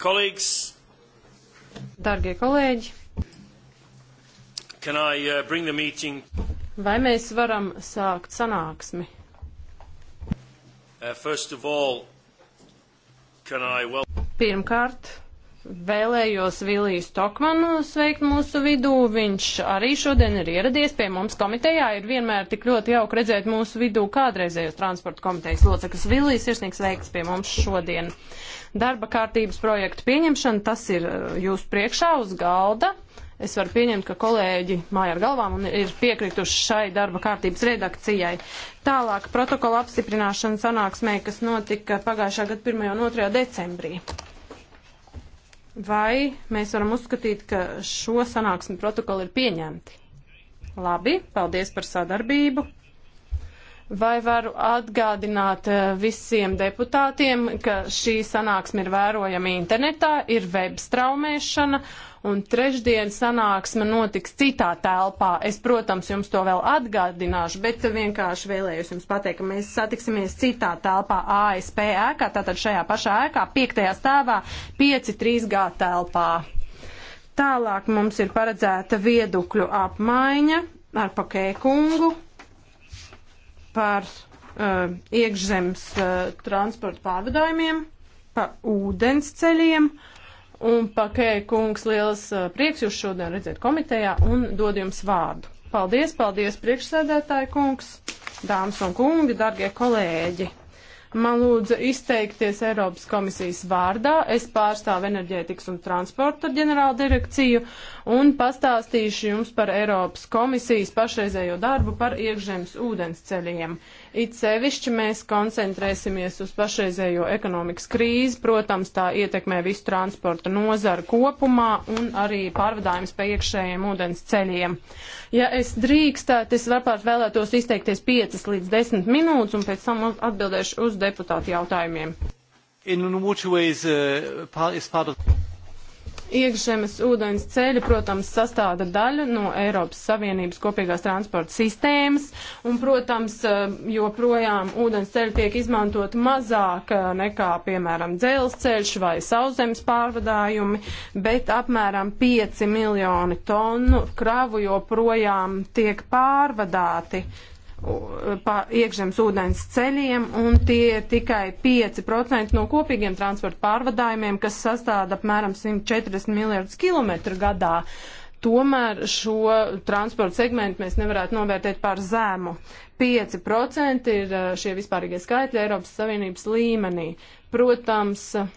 Colleagues, Dargie kolēģi, can I uh, bring the meeting? Vai mēs varam sākt sanāksmi? Uh, first of all, can I well... Pirmkārt, Vēlējos Viliju Stokmanu sveikt mūsu vidū. Viņš arī šodien ir ieradies pie mums komitejā. Ir vienmēr tik ļoti jauki redzēt mūsu vidū kādreizējos transporta komitejas locekļus. Vilijas sirsnīgs veikts pie mums šodien. Darba kārtības projektu pieņemšana, tas ir uh, jūs priekšā uz galda. Es varu pieņemt, ka kolēģi māja ar galvām un ir piekrituši šai darba kārtības redakcijai. Tālāk protokola apstiprināšana sanāksmē, kas notika pagājušā gada 1. un 2. decembrī. Vai mēs varam uzskatīt, ka šo sanāksmi protokoli ir pieņemti? Labi, paldies par sadarbību. Vai varu atgādināt eh, visiem deputātiem, ka šī sanāksme ir vērojama internetā, ir web straumēšana, un trešdien sanāksme notiks citā telpā. Es, protams, jums to vēl atgādināšu, bet vienkārši vēlējos jums pateikt, ka mēs satiksimies citā telpā ASP ēkā, tātad šajā pašā ēkā, piektajā stāvā, 5-3G telpā. Tālāk mums ir paredzēta viedokļu apmaiņa ar pakēkungu par uh, iekšzemes uh, transporta pārvadājumiem, pa ūdens ceļiem. Un pakēja kungs liels uh, prieks jūs šodien redzēt komitejā un dod jums vārdu. Paldies, paldies priekšsēdētāji kungs, dāmas un kungi, dargie kolēģi! Man lūdza izteikties Eiropas komisijas vārdā. Es pārstāvu enerģētikas un transporta ģenerāla direkciju un pastāstīšu jums par Eiropas komisijas pašreizējo darbu par iekšzemes ūdens ceļiem. Uh, It sevišķi mēs koncentrēsimies uz pašreizējo ekonomikas krīzi, protams, tā ietekmē visu transporta nozaru kopumā un arī pārvadājums pa iekšējiem ūdens ceļiem. Ja es drīkstētu, es varbūt vēlētos izteikties 5 līdz 10 minūtes un pēc tam atbildēšu uz deputātu jautājumiem. In which ways uh, part is part of Iekšzemes ūdens ceļi, protams, sastāda daļu no Eiropas Savienības kopīgās transporta sistēmas, un, protams, eh, joprojām ūdens ceļi tiek izmantot mazāk eh, nekā, piemēram, dzelzceļš vai sauszemes pārvadājumi, bet apmēram 5 miljoni tonu kravu joprojām tiek pārvadāti pa iekšzemes ūdens ceļiem, un tie ir tikai 5% no kopīgiem transporta pārvadājumiem, kas sastāda apmēram 140 miljardus kilometru gadā. Tomēr šo transporta segmentu mēs nevarētu novērtēt par zemu. 5% ir eh, šie vispārīgie skaitļi Eiropas Savienības līmenī. Protams, uh,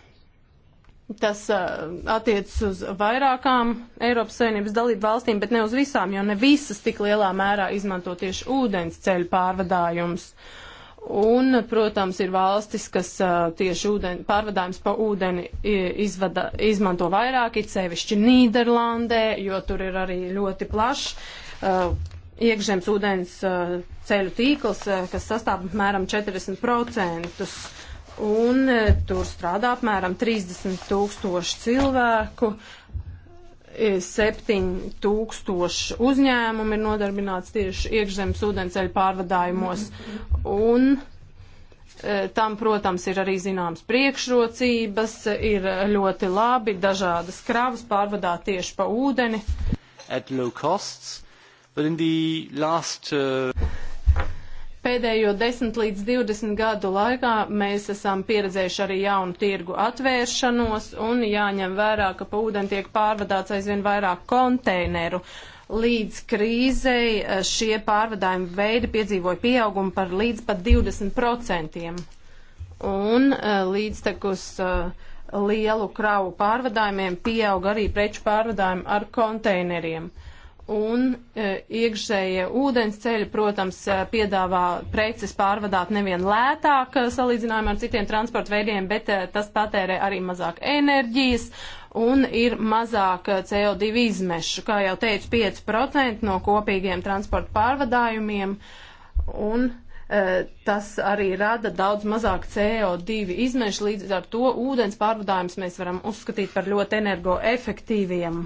Tas attiecas uz vairākām Eiropas Savienības dalību valstīm, bet ne uz visām, jo ne visas tik lielā mērā izmanto tieši ūdens ceļu pārvadājumus. Un, protams, ir valstis, kas tieši ūdeni, pārvadājums pa ūdeni izvada, izmanto vairāk, it sevišķi Nīderlandē, jo tur ir arī ļoti plašs iekšzemes ūdens ceļu tīkls, kas sastāv apmēram 40% un e, tur strādā apmēram 30 tūkstoši cilvēku. 7000 e, uzņēmumi ir nodarbināts tieši iekšzemes ūdenceļa pārvadājumos. Un e, tam, protams, ir arī zināmas priekšrocības, ir ļoti labi dažādas kravas pārvadāt tieši pa ūdeni. At low costs, but in the last uh Pēdējo 10 līdz 20 gadu laikā mēs esam pieredzējuši arī jaunu tirgu atvēršanos un jāņem vērā, ka pa ūdeni tiek pārvadāts aizvien vairāk konteineru. Līdz krīzei eh, šie pārvadājumi veidi piedzīvoja pieaugumu par līdz pat 20%. Un eh, līdz tekus eh, lielu kravu pārvadājumiem pieauga arī preču pārvadājumi ar konteineriem. Un e, iekšējie ūdensceļi, protams, e, piedāvā preces pārvadāt nevien lētāk e, salīdzinājumā ar citiem transporta veidiem, bet e, tas patērē arī mazāk enerģijas un ir mazāk e, CO2 izmešu. Kā jau teicu, 5% no kopīgiem transporta pārvadājumiem. Un e, tas arī rada daudz mazāk CO2 izmešu, līdz ar to ūdens pārvadājumus mēs varam uzskatīt par ļoti energoefektīviem.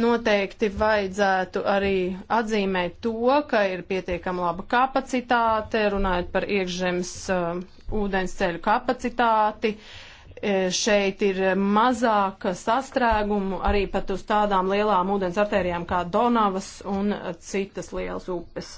Noteikti vajadzētu arī atzīmēt to, ka ir pietiekama laba kapacitāte, runājot par iekšzemes uh, ūdensceļu kapacitāti. E, šeit ir mazāk sastrēgumu arī pat uz tādām lielām ūdens artērijām kā Donavas un citas lielas upes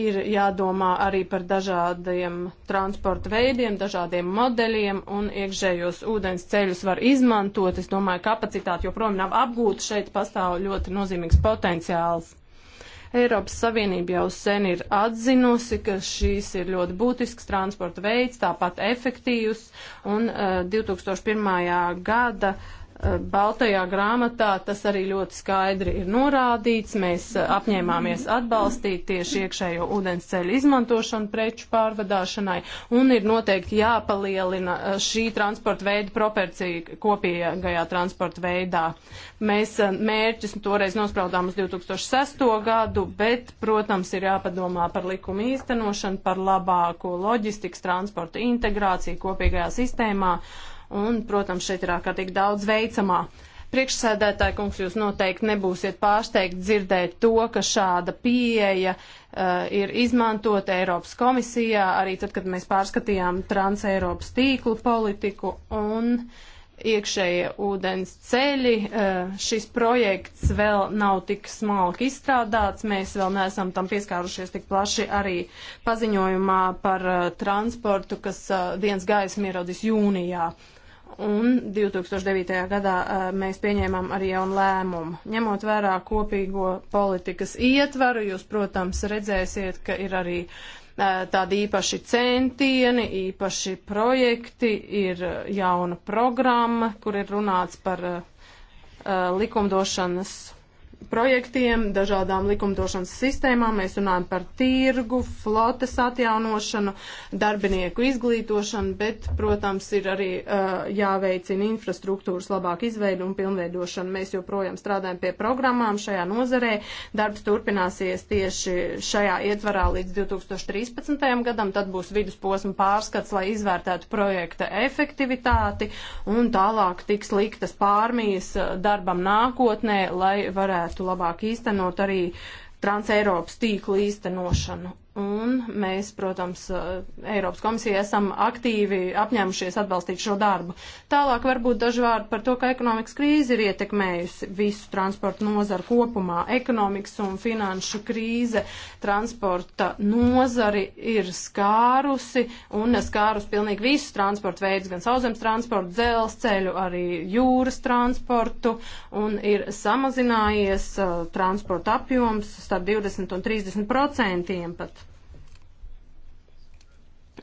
ir jādomā arī par dažādiem transporta veidiem, dažādiem modeļiem un iekšējos ūdens ceļus var izmantot. Es domāju, kapacitāte joprojām nav apgūta, šeit pastāv ļoti nozīmīgs potenciāls. Eiropas Savienība jau sen ir atzinusi, ka šīs ir ļoti būtisks transporta veids, tāpat efektīvs, un uh, eh, 2001. gada uh, Eh, baltajā grāmatā tas arī ļoti skaidri ir norādīts. Mēs eh, apņēmāmies atbalstīt tieši iekšējo ūdens ceļu izmantošanu preču pārvadāšanai un ir noteikti jāpalielina eh, šī transporta veida proporcija kopīgajā transporta veidā. Mēs mērķis toreiz nospraudām uz 2006. gadu, bet, protams, ir jāpadomā par likumu īstenošanu, par labāko loģistikas transporta integrāciju kopīgajā sistēmā Un, protams, šeit ir ārkārtīgi daudz veicamā. Priekšsēdētāji, kungs, jūs noteikti nebūsiet pārsteigti dzirdēt to, ka šāda pieeja uh, ir izmantota Eiropas komisijā, arī tad, kad mēs pārskatījām Trans-Eiropas tīklu politiku un iekšējie ūdens ceļi. Uh, šis projekts vēl nav tik smalki izstrādāts, mēs vēl neesam tam pieskārušies tik plaši arī paziņojumā par uh, transportu, kas uh, dienas gaismu ierodīs jūnijā. Uh, Un 2009. gadā eh, mēs pieņēmām arī jaunu lēmumu. Ņemot vērā kopīgo politikas ietvaru, jūs, protams, redzēsiet, ka ir arī eh, tādi īpaši centieni, īpaši projekti, ir eh, jauna programma, kur ir runāts par likumdošanas projektiem, dažādām likumdošanas sistēmām. Mēs runājam par tirgu, flotes atjaunošanu, darbinieku izglītošanu, bet, protams, ir arī uh, jāveicina infrastruktūras labāk izveidu un pilnveidošanu. Mēs joprojām strādājam pie programmām šajā nozarē. Darbs turpināsies tieši šajā ietvarā līdz 2013. gadam. Tad būs vidusposma pārskats, lai izvērtētu projekta efektivitāti un tālāk tiks liktas pārmijas uh, darbam nākotnē, lai varētu varētu labāk īstenot arī Transeiropas tīkla īstenošanu. Un mēs, protams, Eiropas komisija esam aktīvi apņēmušies atbalstīt šo darbu. Tālāk varbūt daži vārdi par to, ka ekonomikas krīze ir ietekmējusi visu transportu nozaru kopumā. Ekonomikas un finanšu krīze transporta nozari ir skārusi un skārusi pilnīgi visus transporta veidus, gan sauzemes transportu, dzelzceļu, arī jūras transportu un ir samazinājies uh, transporta apjoms starp 20 un 30 procentiem pat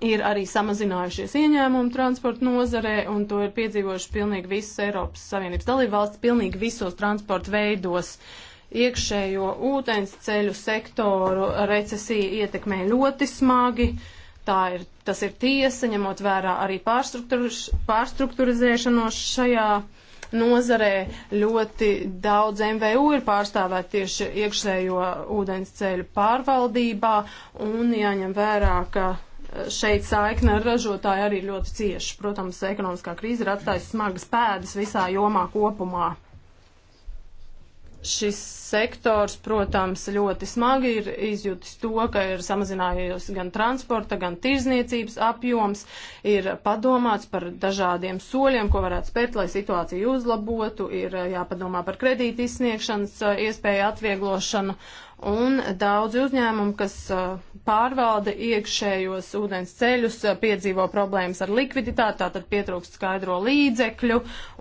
ir arī samazinājušies ieņēmumi transporta nozarē, un to ir piedzīvojuši pilnīgi visas Eiropas Savienības dalībvalsts, pilnīgi visos transporta veidos. Iekšējo ūdens ceļu sektoru recesija ietekmē ļoti smagi. Tā ir, tas ir tiesa, ņemot vērā arī pārstrukturizēšanos šajā nozarē. Ļoti daudz MVU ir pārstāvēt tieši iekšējo ūdens ceļu pārvaldībā, un jāņem vērā, ka šeit saikne ar ražotāju arī ļoti cieši. Protams, ekonomiskā krīze ir atstājusi smagas pēdas visā jomā kopumā. Šis sektors, protams, ļoti smagi ir izjutis to, ka ir samazinājies gan transporta, gan tirzniecības apjoms, ir padomāts par dažādiem soļiem, ko varētu spērt, lai situāciju uzlabotu, ir jāpadomā par kredīti izsniegšanas iespēju atvieglošanu Un daudzi uzņēmumi, kas pārvalda iekšējos ūdens ceļus, piedzīvo problēmas ar likviditāti, tātad pietrūkst skaidro līdzekļu,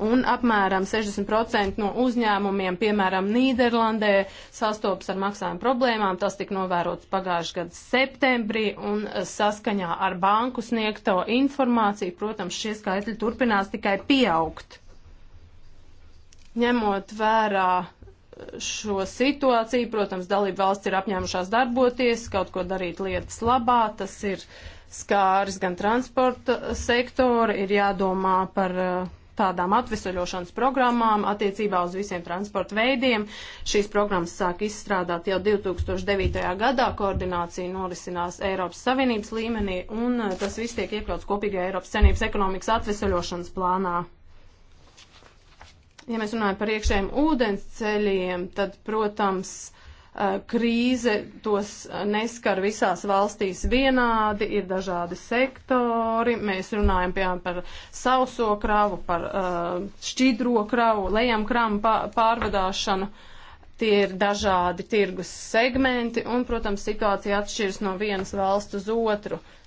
un apmēram 60% no uzņēmumiem, piemēram, Nīderlandē, sastopas ar maksājuma problēmām. Tas tika novērots pagājušajā gadā septembrī, un saskaņā ar banku sniegto informāciju, protams, šie skaitļi turpinās tikai pieaugt. Ņemot vērā šo situāciju. Protams, dalība valsts ir apņēmušās darboties, kaut ko darīt lietas labā. Tas ir skāris gan transporta sektoru, ir jādomā par uh, tādām atvesaļošanas programmām attiecībā uz visiem transporta veidiem. Šīs programmas sāk izstrādāt jau 2009. gadā, koordinācija norisinās Eiropas Savienības līmenī, un uh, tas viss tiek iekļauts kopīgajā Eiropas Savienības ekonomikas atvesaļošanas plānā. Ja mēs runājam par iekšējiem ūdens ceļiem, tad, protams, krīze tos neskar visās valstīs vienādi, ir dažādi sektori. Mēs runājam, piemēram, par sauso kravu, par šķidro kravu, lejam kravu pārvadāšanu. Tie ir dažādi tirgus segmenti un, protams, situācija atšķiras no vienas valsts uz otru. Uh,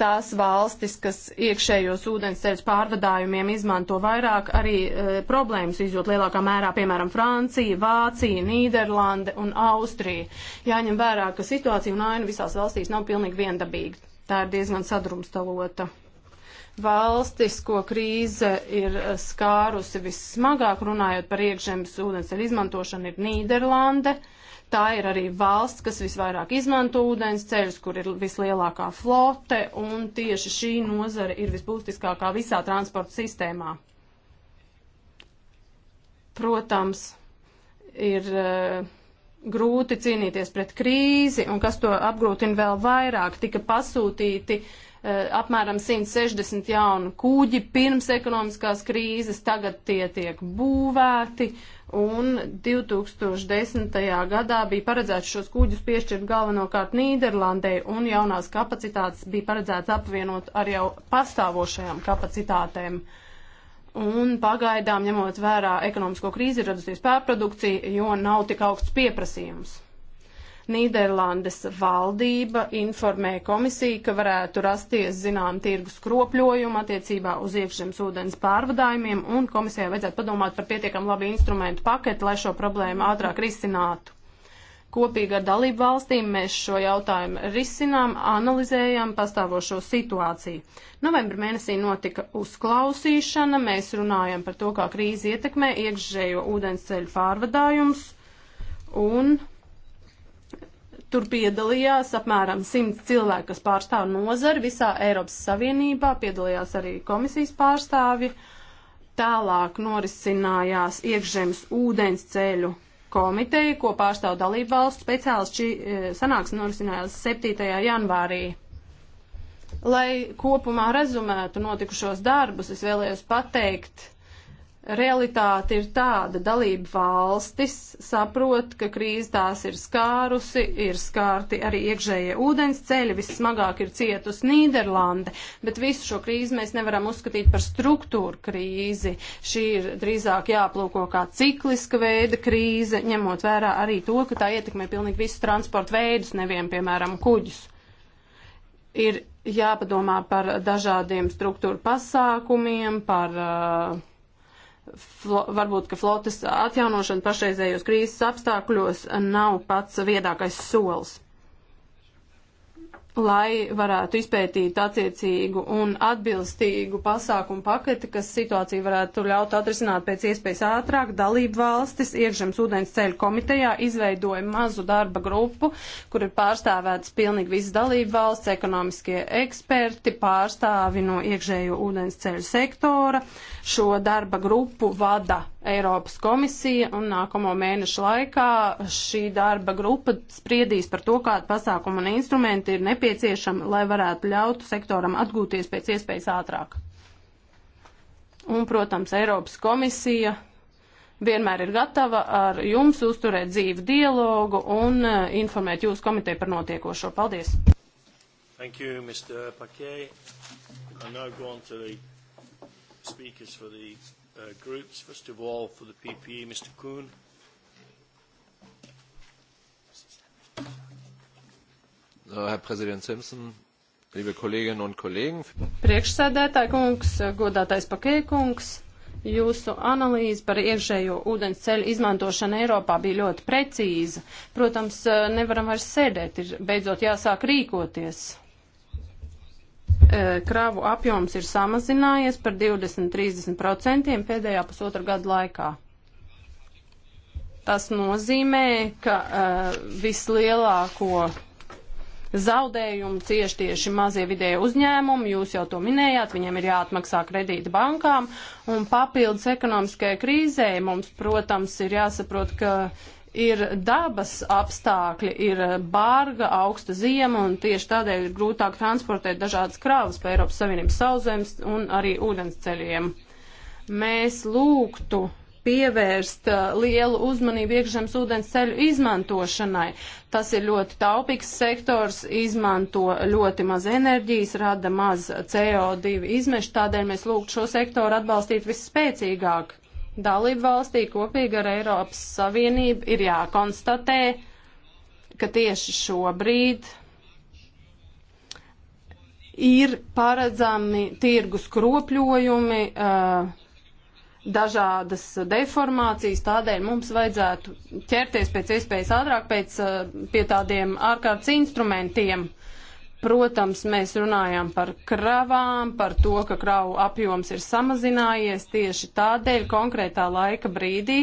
tās valstis, kas iekšējos ūdensceļus pārvadājumiem izmanto vairāk, arī e, problēmas izjūt lielākā mērā, piemēram, Francija, Vācija, Nīderlande un Austrija. Jāņem vērā, ka situācija un aina visās valstīs nav pilnīgi viendabīga. Tā ir diezgan sadrumstalota. Valstis, ko krīze ir e, skārusi vissmagāk, runājot par iekšzemes ūdensceļu izmantošanu, ir Nīderlande. Uh, Tā ir arī valsts, kas visvairāk izmanto ūdens ceļus, kur ir vislielākā flote, un tieši šī nozara ir visbūtiskākā visā transporta sistēmā. Protams, ir eh, grūti cīnīties pret krīzi, un kas to apgrūtina vēl vairāk, tika pasūtīti uh, apmēram 160 jaunu kuģi pirms ekonomiskās krīzes, tagad tie tiek būvēti, un 2010. gadā bija paredzēts šos kuģus piešķirt galvenokārt Nīderlandē, un jaunās kapacitātes bija paredzēts apvienot ar jau pastāvošajām kapacitātēm. Un pagaidām, ņemot vērā ekonomisko krīzi, ir radusies pārprodukcija, jo nav tik augsts pieprasījums. Nīderlandes valdība informēja komisiju, ka varētu rasties zinām tirgus kropļojumu attiecībā uz iekšzemes ūdens pārvadājumiem, un komisijai vajadzētu padomāt par pietiekam labu instrumentu paketi, lai šo problēmu ātrāk risinātu. Kopīgi ar dalību valstīm mēs šo jautājumu risinām, analizējam pastāvošo situāciju. Novembra mēnesī notika uzklausīšana, mēs runājam par to, kā krīze ietekmē iekšējo ūdensceļu pārvadājumus un Tur piedalījās apmēram 100 cilvēki, kas pārstāv nozari visā Eiropas Savienībā, piedalījās arī komisijas pārstāvi. Tālāk norisinājās iekšzemes ūdens ceļu komiteja, ko pārstāv dalību valsts speciāls. Šī e, sanāksme norisinājās 7. janvārī. Lai kopumā rezumētu notikušos darbus, es vēlējos pateikt, realitāte ir tāda, dalība valstis saprot, ka krīze tās ir skārusi, ir skārti arī iekšējie ūdens ceļi, vissmagāk ir cietus Nīderlande, bet visu šo krīzi mēs nevaram uzskatīt par struktūru krīzi. Šī ir drīzāk jāplūko kā cikliska veida krīze, ņemot vērā arī to, ka tā ietekmē pilnīgi visus transporta veidus, nevien, piemēram, kuģus. Ir jāpadomā par dažādiem struktūru pasākumiem, par uh, Flo, varbūt, ka flotes atjaunošana pašreizējos krīzes apstākļos nav pats viedākais solis lai varētu izpētīt attiecīgu un atbilstīgu pasākumu paketi, kas situāciju varētu ļaut atrisināt pēc iespējas ātrāk. Dalību valstis iekšzemes ūdens ceļu komitejā izveidoja mazu darba grupu, kur ir pārstāvētas pilnīgi visas dalību valsts, ekonomiskie eksperti, pārstāvi no iekšējo ūdens ceļu sektora. Šo darba grupu vada Eiropas komisija un nākamo mēnešu laikā šī darba grupa spriedīs par to, kāda pasākuma un instrumenti ir nepieciešami, lai varētu ļaut sektoram atgūties pēc iespējas ātrāk. Un, protams, Eiropas komisija vienmēr ir gatava ar jums uzturēt dzīvu dialogu un e, informēt jūs komiteju par notiekošo. Paldies! Thank you, Mr. Paquet. I now go on to the speakers for the uh, groups. First of all, for the PPE, Mr. Kuhn. Herr Präsident Simpson, liebe Kolleginnen und Kollegen. Priekšsēdētāji kungs, godātais pakēkungs, jūsu analīze par iekšējo ūdens ceļu izmantošanu Eiropā bija ļoti precīza. Protams, nevaram vairs sēdēt, ir beidzot jāsāk rīkoties. Eh, kravu apjoms ir samazinājies par 20-30% pēdējā pusotra gada laikā. Tas nozīmē, ka uh, vislielāko zaudējumu cieši tieši mazie vidēji uzņēmumi, jūs jau to minējāt, viņiem ir jāatmaksā kredīti bankām, un papildus ekonomiskajai krīzē mums, protams, ir jāsaprot, ka uh, ir dabas apstākļi, ir bārga, augsta ziema, un tieši tādēļ ir grūtāk transportēt dažādas krāvas pa Eiropas Savienības sauzemes un arī ūdensceļiem. Mēs lūgtu pievērst uh, lielu uzmanību iekšzemes ūdens ceļu izmantošanai. Tas ir ļoti taupīgs sektors, izmanto ļoti maz enerģijas, rada maz CO2 izmešu, tādēļ mēs lūgtu šo sektoru atbalstīt visspēcīgāk. Dalību valstī kopīgi ar Eiropas Savienību ir jākonstatē, ka tieši šobrīd ir paredzami tirgus kropļojumi, eh, dažādas deformācijas, tādēļ mums vajadzētu ķerties pēc iespējas ātrāk pēc, eh, pie tādiem ārkārtas instrumentiem. Protams, mēs runājam par kravām, par to, ka kravu apjoms ir samazinājies tieši tādēļ konkrētā laika brīdī.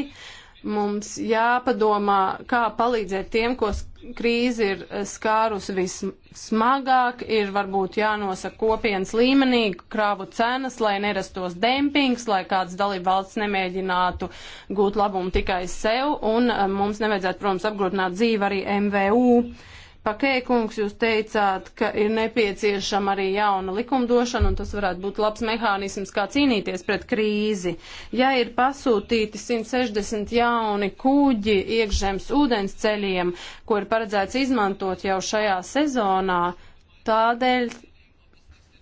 Mums jāpadomā, kā palīdzēt tiem, ko krīze ir eh, skārusi vismagāk, ir varbūt jānosaka kopienas līmenī krāvu cenas, lai nerastos dempings, lai kāds dalība valsts nemēģinātu gūt labumu tikai sev, un eh, mums nevajadzētu, protams, apgrūtināt dzīvi arī MVU. Uh, Pakēkungs, jūs teicāt, ka ir nepieciešama arī jauna likumdošana, un tas varētu būt labs mehānisms, kā cīnīties pret krīzi. Ja ir pasūtīti 160 jauni kuģi iekšzemes ūdens ceļiem, ko ir paredzēts izmantot jau šajā sezonā, tādēļ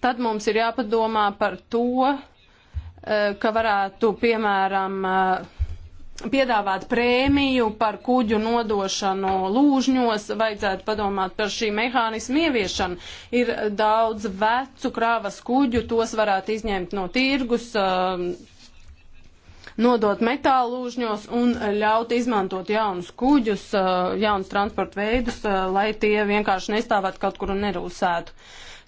tad mums ir jāpadomā par to, eh, ka varētu, piemēram, eh, piedāvāt prēmiju par kuģu nodošanu lūžņos, vajadzētu padomāt par šī mehānismu ieviešanu. Ir daudz vecu krāvas kuģu, tos varētu izņemt no tirgus, um, nodot metālu lūžņos un ļaut izmantot jaunus kuģus, uh, jaunus transporta veidus, uh, lai tie vienkārši nestāvētu kaut kur un nerūsētu.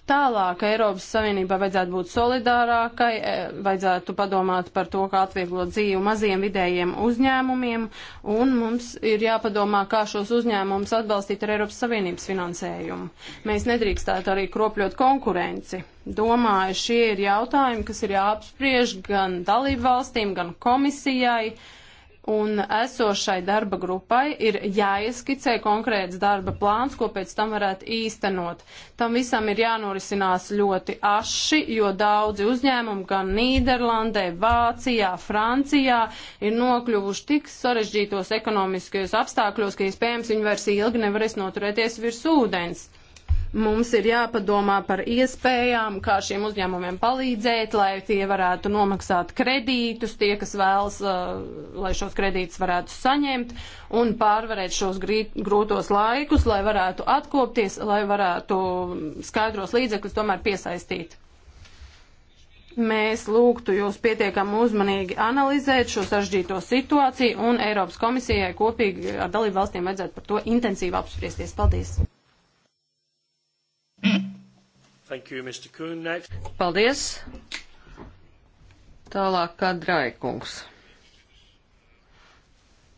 Tālāk Eiropas Savienībā vajadzētu būt solidārākai, e, vajadzētu padomāt par to, kā atvieglot dzīvi maziem vidējiem uzņēmumiem, un mums ir jāpadomā, kā šos uzņēmumus atbalstīt ar Eiropas Savienības finansējumu. Mēs nedrīkstētu arī kropļot konkurenci. Domāju, šie ir jautājumi, kas ir jāapspriež gan dalību valstīm, gan komisijai. Uh, un esošai darba grupai ir jāieskicē konkrēts darba plāns, ko pēc tam varētu īstenot. Tam visam ir jānorisinās ļoti aši, jo daudzi uzņēmumi gan Nīderlandē, Vācijā, Francijā ir nokļuvuši tik sarežģītos ekonomiskajos apstākļos, ka iespējams viņi vairs ilgi nevarēs noturēties virs ūdens. Mums ir jāpadomā par iespējām, kā šiem uzņēmumiem palīdzēt, lai tie varētu nomaksāt kredītus, tie, kas vēlas, uh, lai šos kredītus varētu saņemt un pārvarēt šos grūtos laikus, lai varētu atkopties, lai varētu skaidros līdzekļus tomēr piesaistīt mēs lūgtu jūs pietiekami uzmanīgi analizēt šo sažģīto situāciju un Eiropas komisijai kopīgi ar dalību valstīm vajadzētu par to intensīvi apspriesties. Paldies! Mm. Thank you, Mr. Kuhn. Next. Paldies. Tālāk kā Draikungs.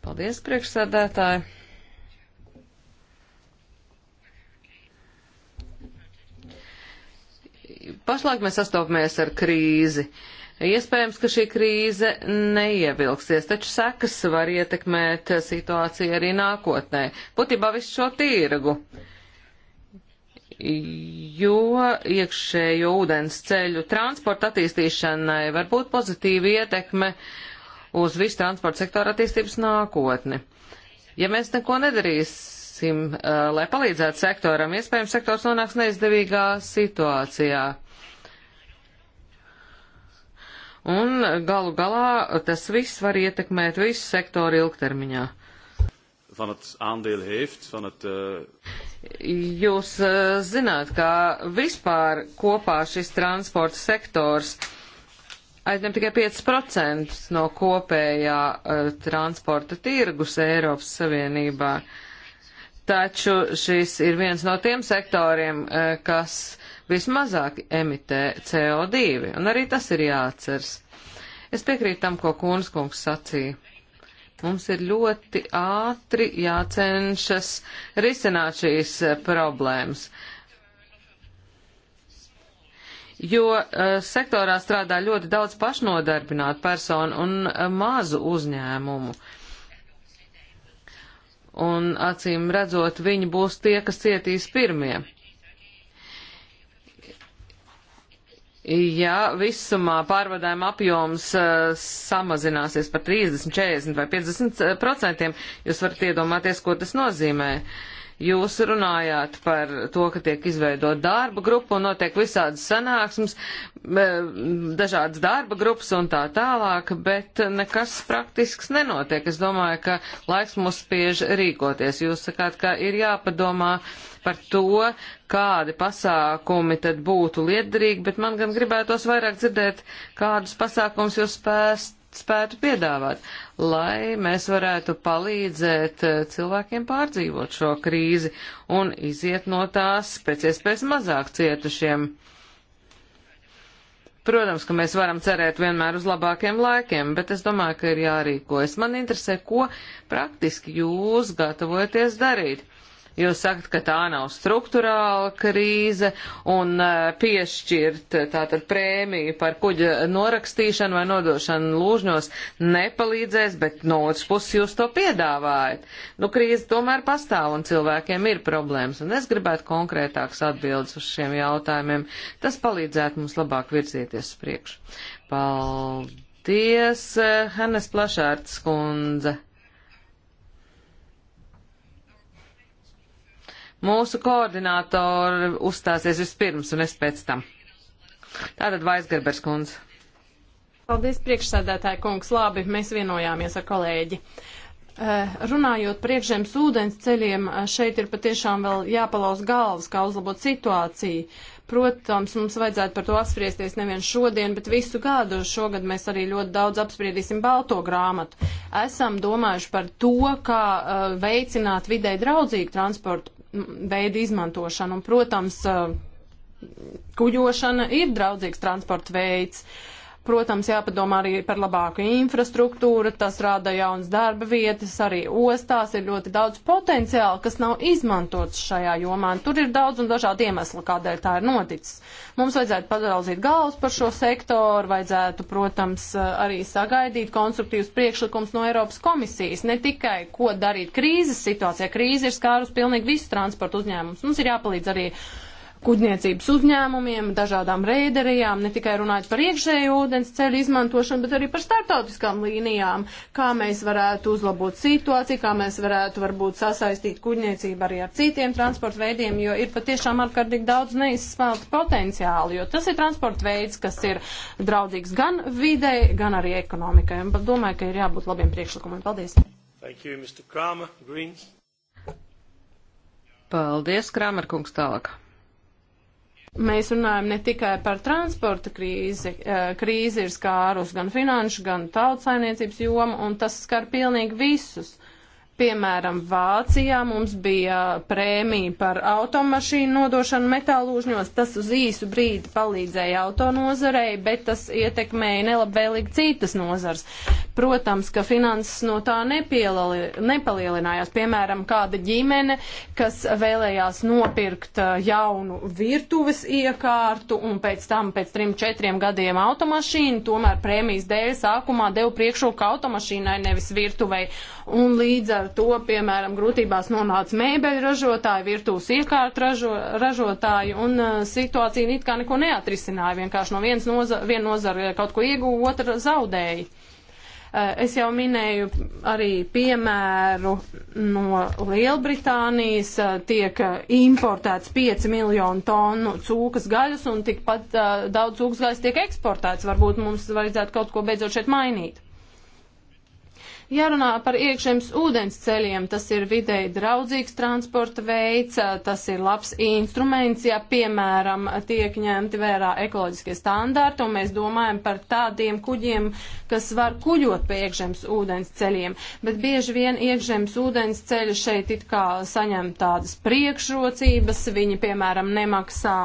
Paldies, priekšsēdētāji. Pašlaik mēs sastopamies ar krīzi. Iespējams, ka šī krīze neievilksies, taču sekas var ietekmēt situāciju arī nākotnē. Būtībā visu šo tīrgu. Uh, jo iekšējo ūdens ceļu transporta attīstīšanai var būt pozitīva ietekme uz visu transporta sektoru attīstības nākotni. Ja mēs neko nedarīsim, eh, lai palīdzētu sektoram, iespējams, sektors nonāks neizdevīgā situācijā. Un galu galā tas viss var ietekmēt visu sektoru ilgtermiņā van het aandeel heeft, van het... Uh... Jūs uh, zināt, ka vispār kopā šis transporta sektors aizņem tikai 5% no kopējā uh, transporta tirgus Eiropas Savienībā. Taču šis ir viens no tiem sektoriem, uh, kas vismazāk emitē CO2, un arī tas ir jāatceras. Es piekrītu tam, ko Kūnskungs sacīja Mums ir ļoti ātri jācenšas risināt šīs eh, problēmas jo uh, sektorā strādā ļoti daudz pašnodarbinātu personu un uh, mazu uzņēmumu. Un acīm redzot, viņi būs tie, kas cietīs pirmie. Ja visumā pārvadājuma apjoms uh, samazināsies par 30, 40 vai 50 eh, procentiem, jūs varat iedomāties, ko tas nozīmē. Uh, Jūs runājāt par to, ka tiek izveidot darba grupa un notiek visādas sanāksmes, dažādas darba grupas un tā tālāk, bet nekas praktisks nenotiek. Es domāju, ka laiks mūs spiež rīkoties. Jūs sakāt, ka ir jāpadomā par to, kādi pasākumi tad būtu liederīgi, bet man gan gribētos vairāk dzirdēt, kādus pasākumus jūs spēst spētu piedāvāt, lai mēs varētu palīdzēt eh, cilvēkiem pārdzīvot šo krīzi un iziet no tās pēc iespējas mazāk cietušiem. Protams, ka mēs varam cerēt vienmēr uz labākiem laikiem, bet es domāju, ka ir jārīkojas. Man interesē, ko praktiski jūs gatavojaties darīt. Jūs sakat, ka tā nav struktūrāla krīze un e, piešķirt e, tātad prēmiju par kuģa norakstīšanu vai nodošanu lūžņos nepalīdzēs, bet no otras puses jūs to piedāvājat. Nu, krīze tomēr pastāv un cilvēkiem ir problēmas, un es gribētu konkrētāks atbildes uz šiem jautājumiem. Tas palīdzētu mums labāk virzieties uz priekšu. Paldies, Hannes Plašārts kundze. Mūsu koordinātori uzstāsies vispirms un es pēc tam. Tātad Vaisgerbers kundze. Paldies, priekšsēdētāji kungs. Labi, mēs vienojāmies ar kolēģi. Eh, runājot par iekšējiem ūdens ceļiem, eh, šeit ir patiešām vēl jāpalauz galvas, kā uzlabot situāciju. Protams, mums vajadzētu par to apspriesties nevien šodien, bet visu gadu. Šogad mēs arī ļoti daudz apspriedīsim balto grāmatu. Esam domājuši par to, kā uh, veicināt vidē draudzīgu transportu veidu izmantošanu. Un, protams, eh, kuģošana ir draudzīgs transporta veids. Uh, Protams, jāpadomā arī par labāku infrastruktūru, tas rada jaunas darba vietas, arī ostās ir ļoti daudz potenciāla, kas nav izmantots šajā jomā. Un tur ir daudz un dažādi iemesli, kādēļ tā ir noticis. Mums vajadzētu padalzīt galvas par šo sektoru, vajadzētu, protams, arī sagaidīt konstruktīvus priekšlikums no Eiropas komisijas, ne tikai ko darīt krīzes situācijā. Krīze ir skārus pilnīgi visu transportu uzņēmumus. Mums ir jāpalīdz arī kuģniecības uzņēmumiem, dažādām reiderijām, ne tikai runājot par iekšēju ūdens ceļu izmantošanu, bet arī par startautiskām līnijām, kā mēs varētu uzlabot situāciju, kā mēs varētu varbūt sasaistīt kuģniecību arī ar citiem transporta veidiem, jo ir patiešām ārkārtīgi daudz neizsmelta potenciāli, jo tas ir transporta veids, kas ir draudīgs gan videi, gan arī ekonomikai. Un domāju, ka ir jābūt labiem priekšlikumiem. Paldies! Thank you, Mr. Kramer, Greens. Paldies, Kramer kungs, tālāk. Mēs runājam ne tikai par transporta krīzi, eh, krīze ir skārus gan finanšu, gan tautsainiecības jomu, un tas skar pilnīgi visus. Piemēram, Vācijā mums bija prēmija par automašīnu nodošanu metālūžņos. Tas uz īsu brīdi palīdzēja autonozarei, bet tas ietekmēja nelabvēlīgi citas nozars. Protams, ka finanses no tā nepalielinājās. Piemēram, kāda ģimene, kas vēlējās nopirkt uh, jaunu virtuves iekārtu un pēc tam pēc trim, četriem gadiem automašīnu, tomēr prēmijas dēļ sākumā deva priekšroku automašīnai, nevis virtuvei. Un līdz ar ar to, piemēram, grūtībās nonāca mēbeļu ražotāji, virtūs iekārtu ražo, ražotāji, un uh, situācija it kā neko neatrisināja. Vienkārši no vienas noza, viena nozara kaut ko ieguva, otra zaudēja. Uh, es jau minēju arī piemēru no Lielbritānijas, uh, tiek importēts 5 miljonu tonu cūkas gaļas un tikpat uh, daudz cūkas gaļas tiek eksportēts. Varbūt mums vajadzētu kaut ko beidzot šeit mainīt. Jārunā par iekšzemes ūdens ceļiem, tas ir videi draudzīgs transporta veids, tas ir labs instruments, ja piemēram tiek ņemti vērā ekoloģiskie standarti, un mēs domājam par tādiem kuģiem, kas var kuģot pa iekšzemes ūdens ceļiem. Bet bieži vien iekšzemes ūdens ceļi šeit it kā saņem tādas priekšrocības, viņi piemēram nemaksā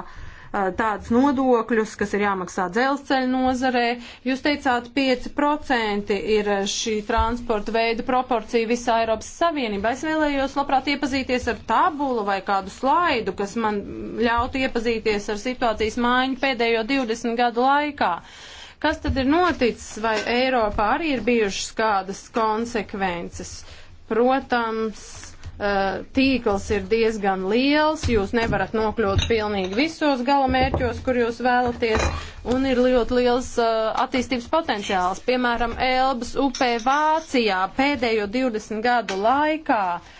tādus nodokļus, kas ir jāmaksā dzelzceļa nozarē. Jūs teicāt, 5% ir šī transporta veida proporcija visā Eiropas Savienībā. Es vēlējos labprāt iepazīties ar tabulu vai kādu slaidu, kas man ļautu iepazīties ar situācijas mājiņu pēdējo 20 gadu laikā. Kas tad ir noticis, vai Eiropā arī ir bijušas kādas konsekvences? Protams, Eh, tīkls ir diezgan liels, jūs nevarat nokļūt pilnīgi visos galamērķos, kur jūs vēlaties, un ir ļoti liels eh, attīstības potenciāls. Piemēram, Elbas upē Vācijā pēdējo 20 gadu laikā uh,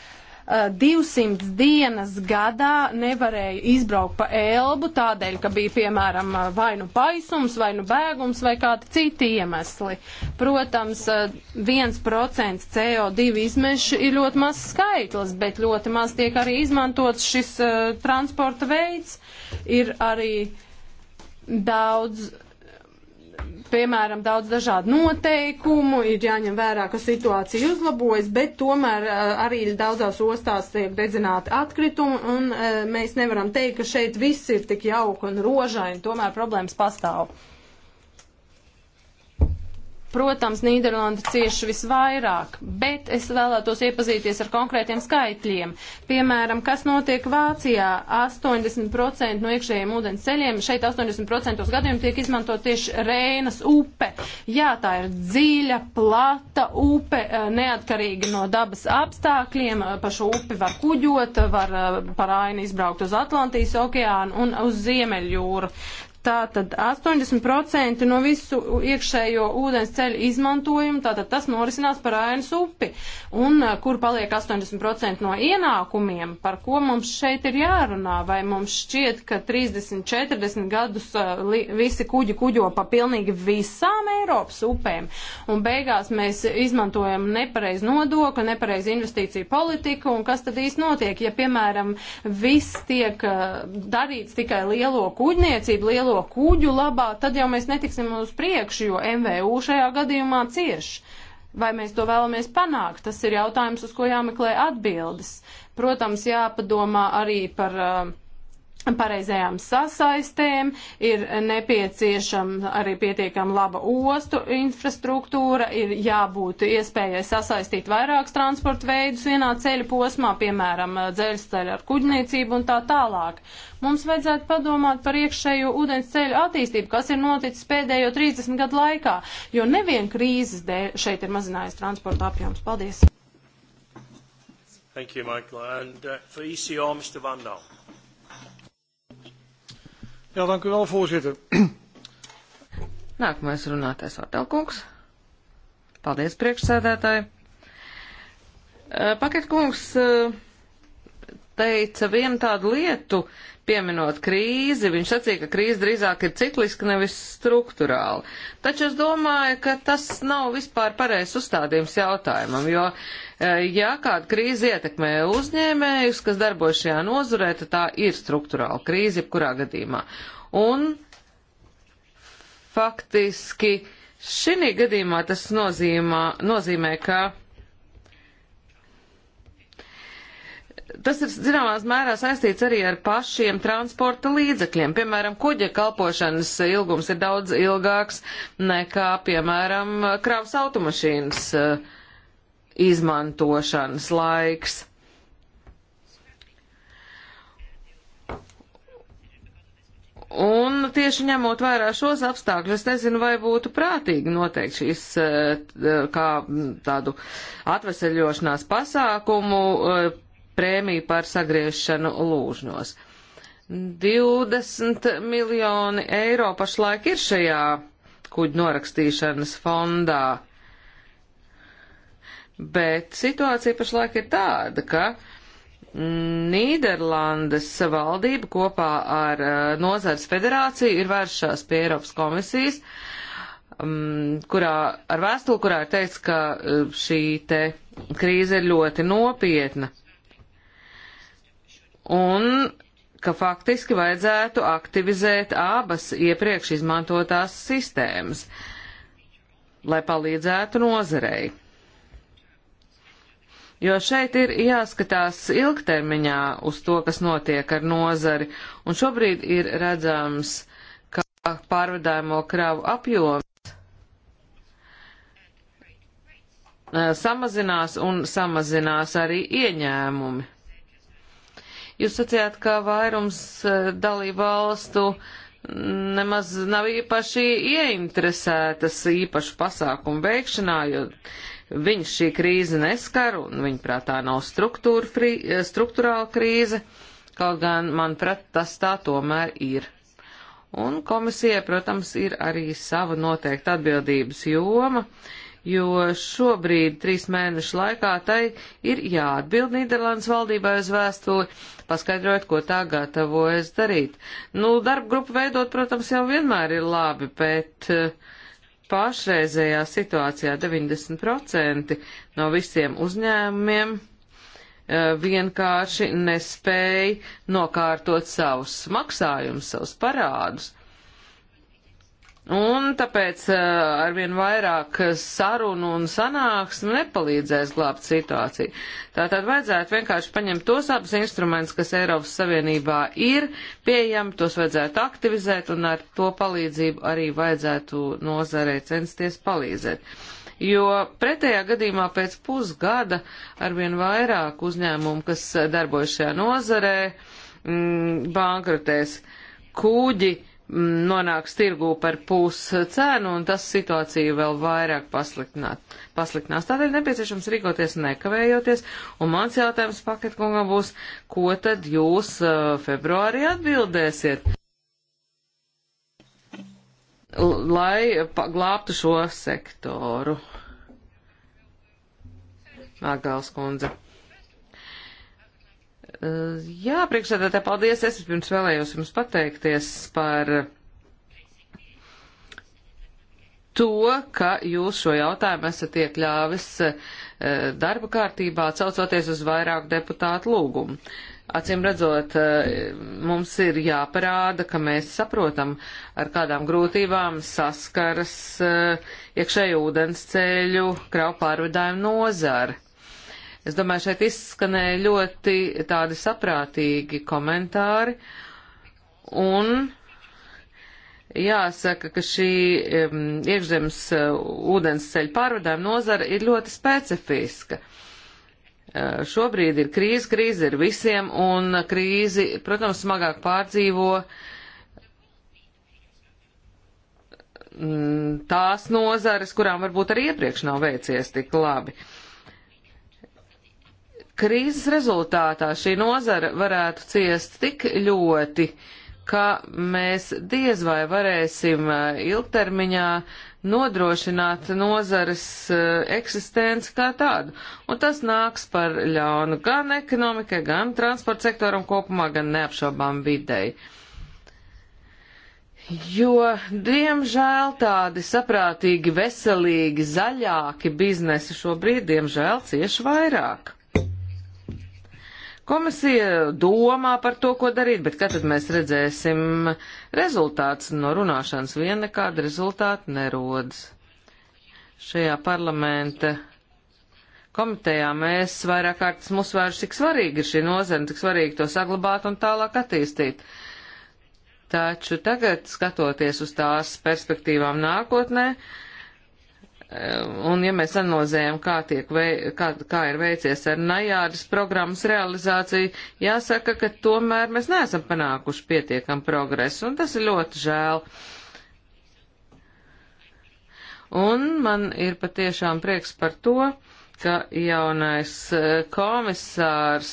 200 eh, dienas gadā nevarēju izbraukt pa Elbu tādēļ, ka bija, piemēram, eh, vai nu paisums, vai nu bēgums, vai kādi citi iemesli. Protams, 1% eh, CO2 izmeši ir ļoti maz skaitlis, bet ļoti maz tiek arī izmantots šis uh, transporta veids. Ir arī daudz piemēram, daudz dažādu noteikumu, ir jāņem vērā, ka situācija uzlabojas, bet tomēr eh, arī daudzās ostās tiek dedzināti atkritumi, un eh, mēs nevaram teikt, ka šeit viss ir tik jauki un rožaini, tomēr problēmas pastāv. Protams, Nīderlanda cieši visvairāk, bet es vēlētos iepazīties ar konkrētiem skaitļiem. Piemēram, kas notiek Vācijā? 80% no iekšējiem ūdens ceļiem, šeit 80% gadījumu tiek izmantot tieši Rēnas upe. Jā, tā ir dziļa, plata upe, eh, neatkarīgi no dabas apstākļiem. Eh, pa šo upi var kuģot, var eh, par aini izbraukt uz Atlantijas okeānu un uz Ziemeļjūru. Tātad 80% no visu iekšējo ūdens ceļu izmantojumu, tātad tas norisinās par ēnas upi. Un eh, kur paliek 80% no ienākumiem, par ko mums šeit ir jārunā? Vai mums šķiet, ka 30, 40 gadus eh, visi kuģi kuģo pa pilnīgi visām Eiropas upēm? Un beigās mēs izmantojam nepareiz nodokli, nepareiz investīciju politiku, un kas tad īsti notiek, ja, piemēram, viss tiek eh, darīts tikai lielo kuģniecību, lielo zaļo kuģu labā, tad jau mēs netiksim uz priekšu, jo MVU šajā gadījumā cieš. Vai mēs to vēlamies panākt? Tas ir jautājums, uz ko jāmeklē atbildes. Protams, jāpadomā arī par uh, pareizajām sasaistēm, ir nepieciešama arī pietiekama laba ostu infrastruktūra, ir jābūt iespējai sasaistīt vairākus transporta veidus vienā ceļa posmā, piemēram, dzelzceļa ar kuģniecību un tā tālāk. Mums vajadzētu padomāt par iekšējo ūdens ceļu attīstību, kas ir noticis pēdējo 30 gadu laikā, jo nevien krīzes dēļ šeit ir mazinājis transporta apjoms. Paldies! Thank you, Michael. And uh, for ECR, Mr. Van Dalen. Jā, dank u vēl, voorzitter. Nākamais runātais Vārtelkungs. Paldies, priekšsēdētāji. Eh, Paketkungs eh, teica vienu tādu lietu, pieminot krīzi, viņš sacīja, ka krīze drīzāk ir cikliska, nevis struktūrāla. Taču es domāju, ka tas nav vispār pareizs uzstādījums jautājumam, jo, e, ja kāda krīze ietekmē uzņēmējus, kas darbojas šajā nozurē, tad tā ir struktūrāla krīze, jebkurā gadījumā. Un faktiski šī gadījumā tas nozīmā, nozīmē, ka tas ir zināmās mērā saistīts arī ar pašiem transporta līdzekļiem. Piemēram, kuģa kalpošanas ilgums ir daudz ilgāks nekā, piemēram, kravas automašīnas eh, izmantošanas laiks. Un tieši ņemot vērā šos apstākļus, es nezinu, vai būtu prātīgi noteikt šīs eh, eh, kā tādu atveseļošanās pasākumu prēmiju par sagriešanu lūžņos. 20 miljoni eiro pašlaik ir šajā kuģu norakstīšanas fondā, bet situācija pašlaik ir tāda, ka mm, Nīderlandes valdība kopā ar uh, Nozars federāciju ir vēršās pie Eiropas komisijas, um, kurā ar vēstuli, kurā ir teikts, ka uh, šī te krīze ir ļoti nopietna un ka faktiski vajadzētu aktivizēt abas iepriekš izmantotās sistēmas, lai palīdzētu nozarei. Jo šeit ir jāskatās ilgtermiņā uz to, kas notiek ar nozari, un šobrīd ir redzams, ka pārvadājumo kravu apjoms eh, samazinās un samazinās arī ieņēmumi. Jūs sacījāt, ka vairums e, dalību valstu nemaz nav īpaši ieinteresētas īpašu pasākumu veikšanā, jo viņas šī krīze neskar un viņa prātā nav frī, e, struktūrāla krīze, kaut gan, manuprāt, tas tā tomēr ir. Un komisijai, protams, ir arī sava noteikta atbildības joma, jo šobrīd trīs mēnešu laikā tai ir jāatbild Nīderlandes valdībai uz vēstuli paskaidrojot, ko tā gatavojas darīt. Nu, darba grupu veidot, protams, jau vienmēr ir labi, bet eh, pašreizējā situācijā 90% no visiem uzņēmumiem eh, vienkārši nespēja nokārtot savus maksājumus, savus parādus. Un tāpēc eh, arvien vairāk sarunu un sanāksmu nepalīdzēs glābt situāciju. Tātad vajadzētu vienkārši paņemt tos abus instrumentus, kas Eiropas Savienībā ir pieejami, tos vajadzētu aktivizēt un ar to palīdzību arī vajadzētu nozarei censties palīdzēt jo pretējā gadījumā pēc pusgada arvien vairāk uzņēmumu, kas darbojas šajā nozarē, mm, bankrotēs. Kūģi nonāks tirgū par pūs cēnu, un tas situāciju vēl vairāk pasliktinās. Tādēļ nepieciešams rīkoties nekavējoties, un mans jautājums paketkungam būs, ko tad jūs februārī atbildēsiet, lai glābtu šo sektoru? Agāls kundze. Jā, priekšsēdētāji, paldies. Es pirms vēlējos jums pateikties par to, ka jūs šo jautājumu esat iekļāvis eh, darba kārtībā, caucoties uz vairāku deputātu lūgumu. Acīm redzot, eh, mums ir jāparāda, ka mēs saprotam, ar kādām grūtībām saskaras eh, iekšēju ūdens ceļu kravu pārvadājumu nozara Es domāju, šeit izskanēja ļoti tādi saprātīgi komentāri, un jāsaka, ka šī um, iekšzemes uh, ūdensceļa pārvadājuma nozara ir ļoti specifiska. Uh, šobrīd ir krīze, krīze ir visiem, un krīzi, protams, smagāk pārdzīvo mm, tās nozares, kurām varbūt arī iepriekš nav veicies tik labi. Uh, Krīzes rezultātā šī nozara varētu ciest tik ļoti, ka mēs diez vai varēsim eh, ilgtermiņā nodrošināt nozares eh, eksistenci kā tādu. Un tas nāks par ļaunu gan ekonomikai, gan transporta sektoram kopumā, gan neapšaubām videi. Jo, diemžēl, tādi saprātīgi, veselīgi, zaļāki biznesi šobrīd, diemžēl, cieši vairāk. Komisija domā par to, ko darīt, bet kad tad mēs redzēsim rezultāts no runāšanas, vien nekāda rezultāta nerodas. Šajā parlamenta komitejā mēs vairāk kārtas mums vērš, cik svarīgi ir šī nozara, cik svarīgi to saglabāt un tālāk attīstīt. Taču tagad, skatoties uz tās perspektīvām nākotnē, uh, Eh, un, ja mēs analizējam, kā, tiek, vei, kā, kā ir veicies ar Najādas programmas realizāciju, jāsaka, ka tomēr mēs neesam panākuši pietiekam progresu, un tas ir ļoti žēl. Un man ir patiešām prieks par to, ka jaunais eh, komisārs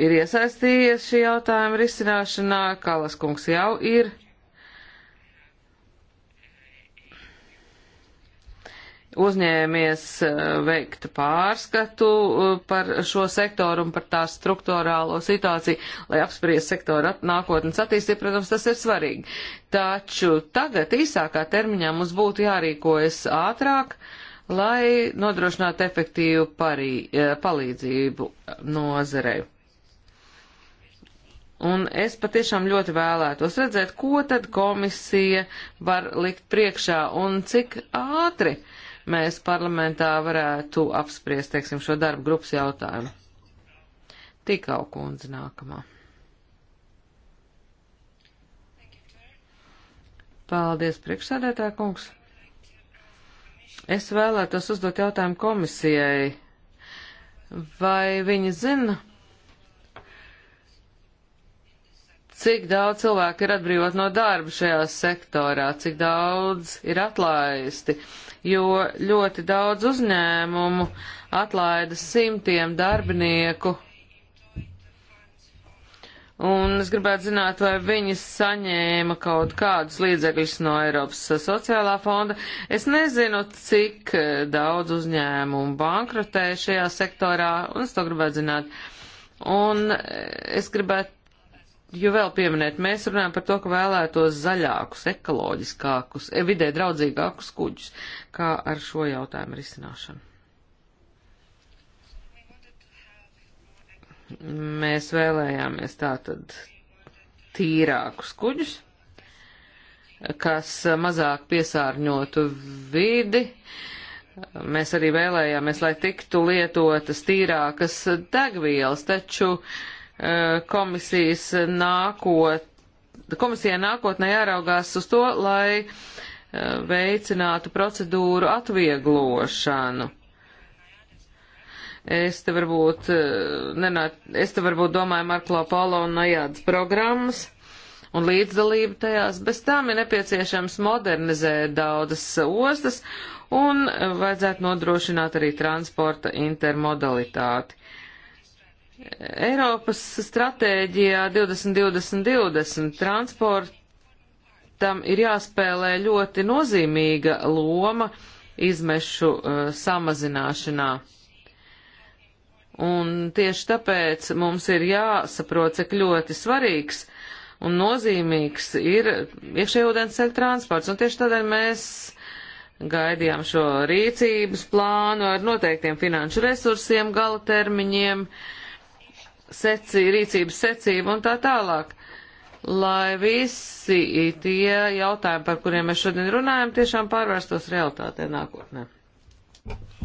ir iesaistījies šī jautājuma risināšanā, Kalas kungs jau ir uzņēmies eh, veikt pārskatu eh, par šo sektoru un par tās struktūrālo situāciju, lai apspriest sektoru nākotnes attīstību, protams, tas ir svarīgi. Taču tagad īsākā termiņā mums būtu jārīkojas ātrāk, lai nodrošinātu efektīvu parī, eh, palīdzību nozarei. Un es patiešām ļoti vēlētos redzēt, ko tad komisija var likt priekšā un cik ātri uh, mēs parlamentā varētu apspriest, teiksim, šo darbu grupas jautājumu. Tikau kundze nākamā. Paldies, priekšsēdētā kungs. Es vēlētos uzdot jautājumu komisijai. Vai viņi zina cik daudz cilvēku ir atbrīvot no darba šajā sektorā, cik daudz ir atlaisti, jo ļoti daudz uzņēmumu atlaida simtiem darbinieku. Un es gribētu zināt, vai viņi saņēma kaut kādus līdzekļus no Eiropas sociālā fonda. Es nezinu, cik eh, daudz uzņēmumu bankrotē šajā sektorā, un es to gribētu zināt. Un eh, es gribētu jo vēl pieminēt, mēs runājam par to, ka vēlētos zaļākus, ekoloģiskākus, e, vidē draudzīgākus kuģus. Kā ar šo jautājumu risināšanu? Mēs vēlējāmies tātad tīrākus kuģus, kas mazāk piesārņotu vidi. Mēs arī vēlējāmies, lai tiktu lietotas tīrākas degvielas, taču uh, Eh, komisijas nākot, komisijai nākotnē jāraugās uz to, lai eh, veicinātu procedūru atvieglošanu. Es te varbūt, eh, nenā, es te varbūt domāju Marko Polo un Najādas programmas un līdzdalību tajās. Bez tām ir nepieciešams modernizēt daudzas ostas un vajadzētu nodrošināt arī transporta intermodalitāti. Eiropas stratēģijā 2020-2020 transportam ir jāspēlē ļoti nozīmīga loma izmešu uh, samazināšanā. Un tieši tāpēc mums ir jāsaprot, cik ļoti svarīgs un nozīmīgs ir iekšējūdensceļa transports. Un tieši tādēļ mēs gaidījām šo rīcības plānu ar noteiktiem finanšu resursiem, gala termiņiem. Uh, secī, rīcības secība un tā tālāk. Lai visi tie jautājumi, par kuriem mēs šodien runājam, tiešām pārvērstos realitātē nākotnē.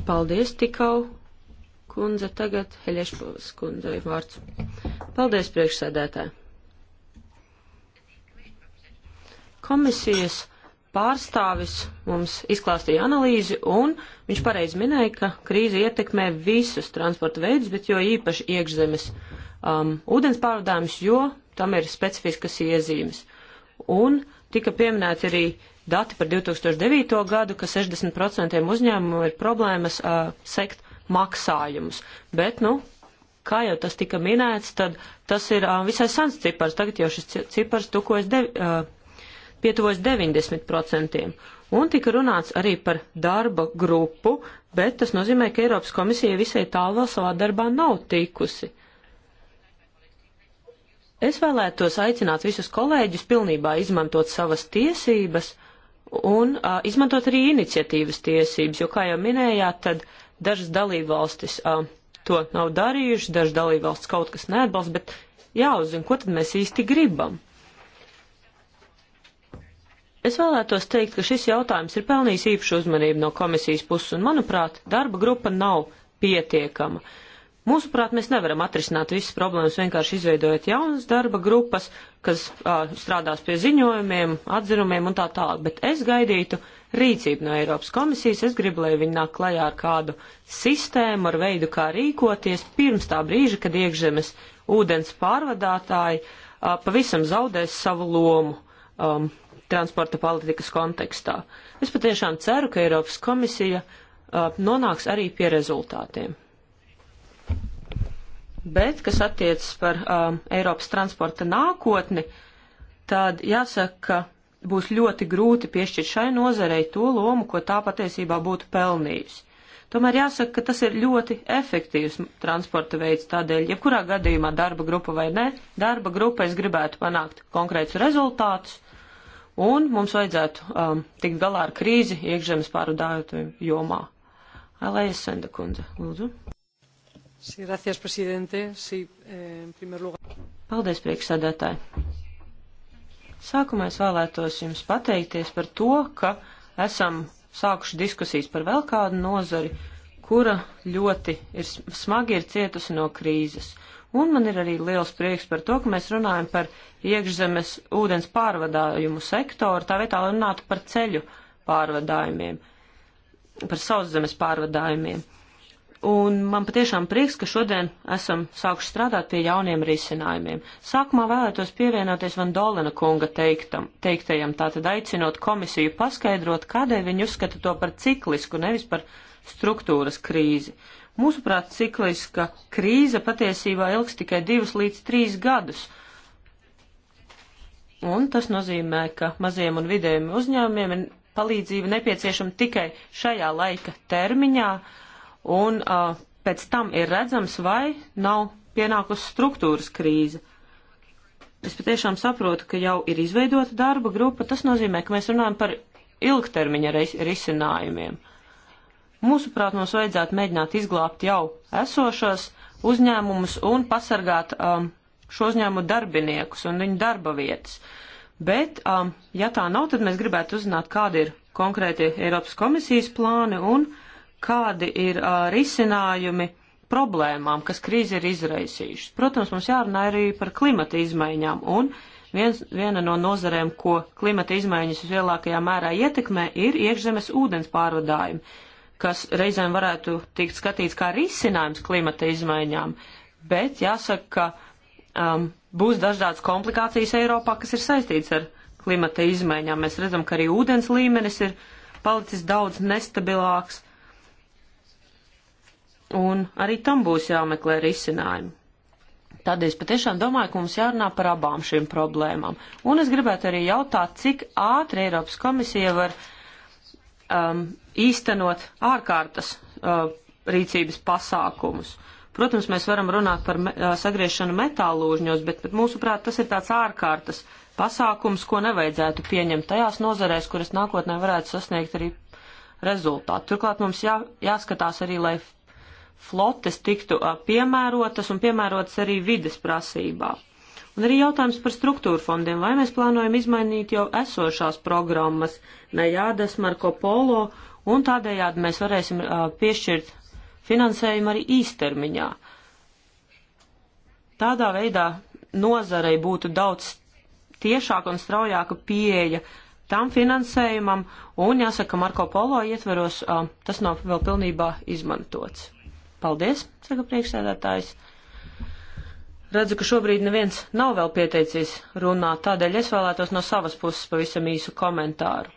Paldies, Tikau kundze, tagad Heļešpovas kundzei vārds. Paldies, priekšsēdētāji. Komisijas pārstāvis mums izklāstīja analīzi un viņš pareizi minēja, ka krīze ietekmē visus transporta veidus, bet jo īpaši iekšzemes um, ūdens pārvadājums, jo tam ir specifiskas iezīmes. Un tika pieminēti arī dati par 2009. gadu, ka 60% uzņēmumu ir problēmas uh, sekt maksājumus. Bet, nu, kā jau tas tika minēts, tad tas ir uh, visai sens cipars. Tagad jau šis cipars tukojas de, uh, pietuvojas 90%. Un tika runāts arī par darba grupu, bet tas nozīmē, ka Eiropas komisija visai tālu vēl savā darbā nav tikusi. Uh, Es vēlētos aicināt visus kolēģus pilnībā izmantot savas tiesības un uh, izmantot arī iniciatīvas tiesības, jo, kā jau minējāt, tad dažas dalībvalstis uh, to nav darījuši, dažas dalībvalstis kaut kas neatbalsta, bet jāuzzina, ko tad mēs īsti gribam. Es vēlētos teikt, ka šis jautājums ir pelnījis īpašu uzmanību no komisijas puses, un, manuprāt, darba grupa nav pietiekama. Uh, Mūsuprāt, mēs nevaram atrisināt visas problēmas vienkārši izveidojot jaunas darba grupas, kas uh, strādās pie ziņojumiem, atzinumiem un tā tālāk, bet es gaidītu rīcību no Eiropas komisijas, es gribu, lai viņi nāk klajā ar kādu sistēmu, ar veidu, kā rīkoties pirms tā brīža, kad iekšzemes ūdens pārvadātāji uh, pavisam zaudēs savu lomu. Um, transporta politikas kontekstā. Es patiešām ceru, ka Eiropas komisija uh, nonāks arī pie rezultātiem. Bet, kas attiecas par um, Eiropas transporta nākotni, tad jāsaka, ka būs ļoti grūti piešķirt šai nozarei to lomu, ko tā patiesībā būtu pelnījusi. Tomēr jāsaka, ka tas ir ļoti efektīvs transporta veids, tādēļ, ja kurā gadījumā darba grupa vai ne, darba grupa es gribētu panākt konkrētus rezultātus, un mums vajadzētu um, tikt galā ar krīzi iekšzemes pārvadājotu jomā. Alējas Senda kundze, lūdzu. Sí, gracias, presidente. Sí, eh, en primer lugar. Paldies, priekšsēdētāji. Sākumā es vēlētos jums pateikties par to, ka esam sākuši diskusijas par vēl kādu nozari, kura ļoti ir smagi ir cietusi no krīzes. Un man ir arī liels prieks par to, ka mēs runājam par iekšzemes ūdens pārvadājumu sektoru, tā vietā, lai runātu par ceļu pārvadājumiem, par sauszemes pārvadājumiem. Un man patiešām prieks, ka šodien esam sākuši strādāt pie jauniem risinājumiem. Sākumā vēlētos pievienoties Van Dolena kunga teiktam, teiktajam, tātad aicinot komisiju paskaidrot, kādēļ viņi uzskata to par ciklisku, nevis par struktūras krīzi. Mūsuprāt, cikliska krīze patiesībā ilgs tikai divus līdz trīs gadus. Un tas nozīmē, ka maziem un vidējiem uzņēmumiem palīdzība nepieciešama tikai šajā laika termiņā. Uh, un uh, pēc tam ir redzams, vai nav pienākusi struktūras krīze. Es patiešām saprotu, ka jau ir izveidota darba grupa, tas nozīmē, ka mēs runājam par ilgtermiņa risinājumiem. Mūsuprāt, mums vajadzētu mēģināt izglābt jau esošos uzņēmumus un pasargāt um, šo uzņēmumu darbiniekus un viņu darba vietas. Bet, um, ja tā nav, tad mēs gribētu uzzināt, kādi ir konkrēti Eiropas komisijas plāni un uh, kādi ir uh, risinājumi problēmām, kas krīze ir izraisījušas. Protams, mums jārunā arī par klimata izmaiņām, un viens, viena no nozarēm, ko klimata izmaiņas vislielākajā mērā ietekmē, ir iekšzemes ūdens pārvadājumi, kas reizēm varētu tikt skatīts kā risinājums klimata izmaiņām, bet jāsaka, ka um, būs dažādas komplikācijas Eiropā, kas ir saistīts ar klimata izmaiņām. Mēs redzam, ka arī ūdens līmenis ir palicis daudz nestabilāks un arī tam būs jāmeklē risinājumi. Tādēļ es patiešām domāju, ka mums jārunā par abām šīm problēmām. Un es gribētu arī jautāt, cik ātri Eiropas komisija var um, īstenot ārkārtas uh, rīcības pasākumus. Protams, mēs varam runāt par me, uh, sagriešanu metālūžņos, bet, bet mūsuprāt, tas ir tāds ārkārtas pasākums, ko nevajadzētu pieņemt tajās nozarēs, kuras nākotnē varētu sasniegt arī rezultātu. Turklāt mums jā, jāskatās arī, lai flotes tiktu piemērotas un piemērotas arī vides prasībā. Un arī jautājums par struktūru fondiem. Vai mēs plānojam izmainīt jau esošās programmas Nejādas, Marko Polo, un tādējādi mēs varēsim uh, piešķirt finansējumu arī īstermiņā. Tādā veidā nozarei būtu daudz tiešāka un straujāka pieeja tam finansējumam, un jāsaka, Marko Polo ietveros uh, tas nav vēl pilnībā izmantots. Paldies, saka priekšsēdētājs. Redzu, ka šobrīd neviens nav vēl pieteicies runāt, tādēļ es vēlētos no savas puses pavisam īsu komentāru.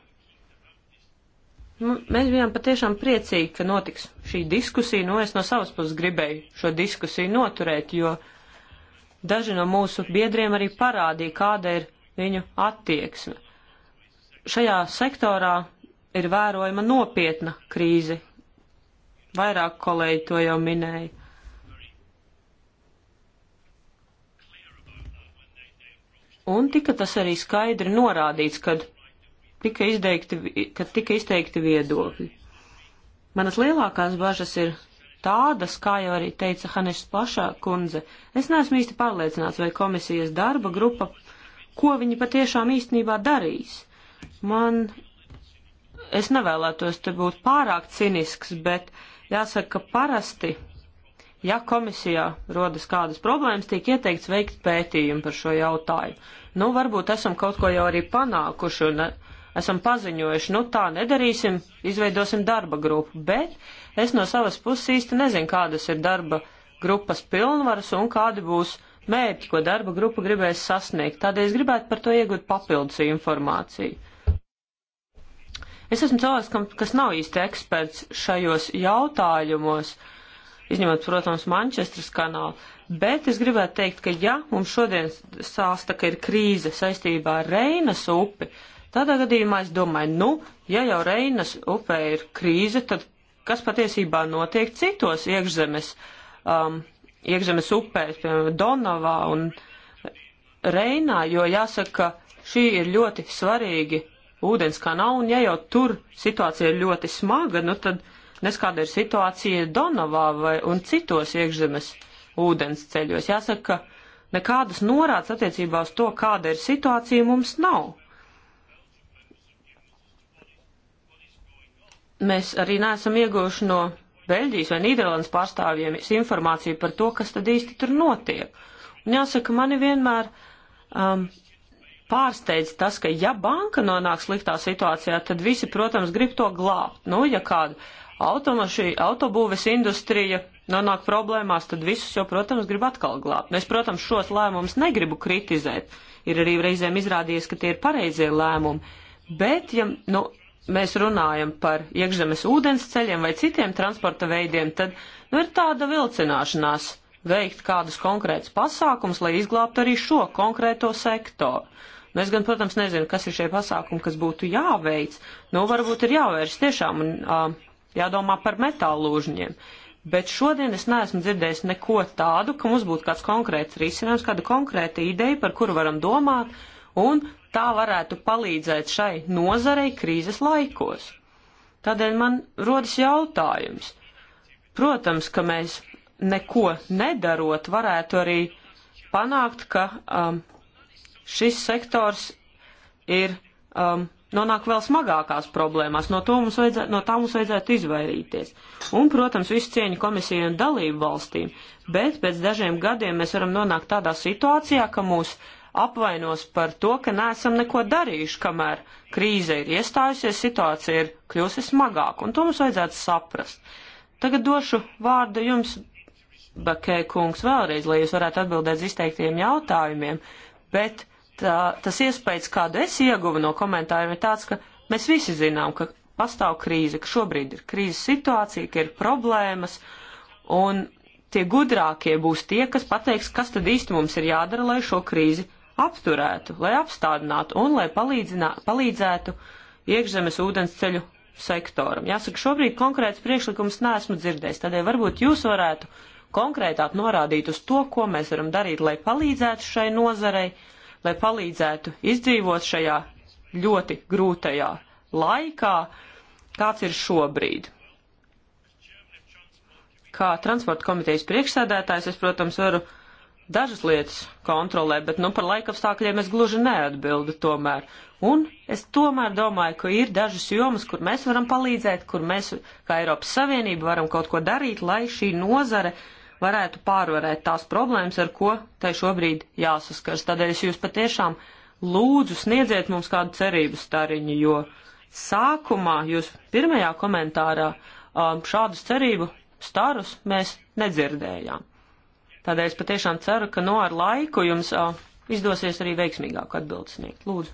Mēs bijām patiešām priecīgi, ka notiks šī diskusija, nu es no savas puses gribēju šo diskusiju noturēt, jo daži no mūsu biedriem arī parādīja, kāda ir viņu attieksme. Šajā sektorā ir vērojama nopietna krīze, Vairāk kolēģi to jau minēja. Un tika tas arī skaidri norādīts, kad tika izteikti, kad tika izteikti viedokļi. Manas lielākās bažas ir tādas, kā jau arī teica Haneša Plašā kundze. Es neesmu īsti pārliecināts, vai komisijas darba grupa, ko viņi patiešām īstenībā darīs. Man, es nevēlētos te būt pārāk cinisks, bet uh, Jāsaka, ka parasti, ja komisijā rodas kādas problēmas, tiek ieteikts veikt pētījumu par šo jautājumu. Nu, varbūt esam kaut ko jau arī panākuši un eh, esam paziņojuši, nu tā nedarīsim, izveidosim darba grupu, bet es no savas puses īsti nezinu, kādas ir darba grupas pilnvaras un kādi būs mērķi, ko darba grupa gribēs sasniegt. Tādēļ es gribētu par to iegūt papildus informāciju. Es esmu cilvēks, kas nav īsti eksperts šajos jautājumos, izņemot, protams, Manchestras kanālu, bet es gribētu teikt, ka ja mums šodien sāsta, ka ir krīze saistībā ar Reinas upi, tādā gadījumā es domāju, nu, ja jau Reinas upē ir krīze, tad kas patiesībā notiek citos iekšzemes, um, iekšzemes upēs, piemēram, Donavā un Reinā, jo jāsaka, ka šī ir ļoti svarīgi ūdens kā nav, un ja jau tur situācija ir ļoti smaga, nu tad neskāda ir situācija Donavā vai un citos iekšzemes ūdens ceļos. Jāsaka, ka nekādas norādes attiecībā uz to, kāda ir situācija, mums nav. Mēs arī neesam ieguvuši no Beļģijas vai Nīderlandes pārstāvjiem informāciju par to, kas tad īsti tur notiek. Un jāsaka, mani vienmēr um, pārsteidz tas, ka ja banka nonāk sliktā situācijā, tad visi, protams, grib to glābt. Nu, ja kāda automašī, autobūves industrija nonāk problēmās, tad visus jau, protams, grib atkal glābt. Es, protams, šos lēmumus negribu kritizēt. Ir arī reizēm izrādījies, ka tie ir pareizie lēmumi. Bet, ja nu, mēs runājam par iekšzemes ūdens ceļiem vai citiem transporta veidiem, tad nu, ir tāda vilcināšanās veikt kādus konkrētus pasākums, lai izglābtu arī šo konkrēto sektoru. Nu, es gan, protams, nezinu, kas ir šie pasākumi, kas būtu jāveic. Nu, varbūt ir jāvērš tiešām un uh, jādomā par metālu lūžņiem. Bet šodien es neesmu dzirdējis neko tādu, ka mums būtu kāds konkrēts risinājums, kāda konkrēta ideja, par kuru varam domāt, un tā varētu palīdzēt šai nozarei krīzes laikos. Tādēļ man rodas jautājums. Protams, ka mēs neko nedarot varētu arī panākt, ka um, šis sektors ir um, nonāk vēl smagākās problēmās. No, mums vajadzē, no tā mums vajadzētu izvairīties. Un, protams, visu cieņu komisiju un dalību valstīm, bet pēc dažiem gadiem mēs varam nonākt tādā situācijā, ka mūs apvainos par to, ka neesam neko darījuši, kamēr krīze ir iestājusies, situācija ir kļūsi smagāka, un to mums vajadzētu saprast. Tagad došu vārdu jums, Bakē kungs, vēlreiz, lai jūs varētu atbildēt uz izteiktiem jautājumiem, bet tā, tas iespējas, kādu es ieguvu no komentāriem, ir tāds, ka mēs visi zinām, ka pastāv krīze, ka šobrīd ir krīzes situācija, ka ir problēmas, un tie gudrākie būs tie, kas pateiks, kas tad īsti mums ir jādara, lai šo krīzi apturētu, lai apstādinātu un lai palīdzētu iekšzemes ūdens ceļu sektoram. Jāsaka, šobrīd konkrēts priekšlikums neesmu dzirdējis, tādēļ varbūt jūs varētu konkrētāk norādīt uz to, ko mēs varam darīt, lai palīdzētu šai nozarei, uh, lai palīdzētu izdzīvot šajā ļoti grūtajā laikā, kāds ir šobrīd. Kā transporta komitejas priekšsēdētājs, es, protams, varu dažas lietas kontrolēt, bet, nu, par laikapstākļiem es gluži neatbildu tomēr. Un es tomēr domāju, ka ir dažas jomas, kur mēs varam palīdzēt, kur mēs, kā Eiropas Savienība, varam kaut ko darīt, lai šī nozare uh, varētu pārvarēt tās problēmas, ar ko tai šobrīd jāsaskars. Tādēļ es jūs patiešām lūdzu sniedziet mums kādu cerības stariņu, jo sākumā jūs pirmajā komentārā um, šādus cerību starus mēs nedzirdējām. Tādēļ es patiešām ceru, ka no ar laiku jums um, izdosies arī veiksmīgāk atbildes sniegt. Lūdzu.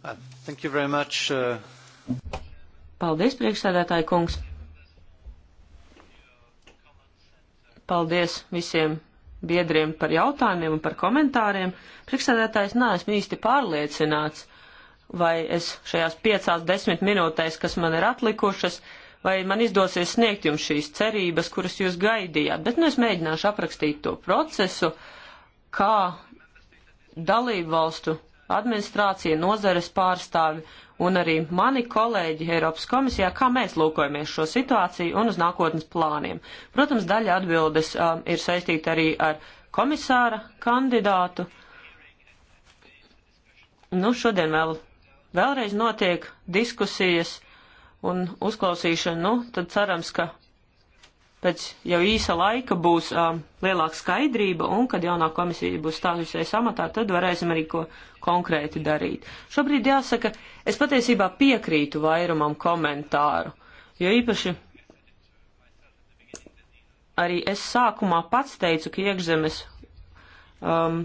Uh, thank you very much. Uh... Paldies, priekšsēdētāji kungs. Paldies visiem biedriem par jautājumiem un par komentāriem. Priekšsēdētājs neesmu īsti pārliecināts, vai es šajās piecās desmit minūtēs, kas man ir atlikušas, vai man izdosies sniegt jums šīs cerības, kuras jūs gaidījāt. Bet nu es mēģināšu aprakstīt to procesu, kā dalību valstu administrācija, nozares pārstāvi un arī mani kolēģi Eiropas komisijā, kā mēs lūkojamies šo situāciju un uz nākotnes plāniem. Protams, daļa atbildes um, ir saistīta arī ar komisāra kandidātu. Nu, šodien vēl, vēlreiz notiek diskusijas un uzklausīšana, nu, tad cerams, ka pēc jau īsa laika būs um, lielāka skaidrība, un kad jaunā komisija būs stājusies amatā, tad varēsim arī ko konkrēti darīt. Šobrīd jāsaka, es patiesībā piekrītu vairumam komentāru, jo īpaši arī es sākumā pats teicu, ka iekšzemes um,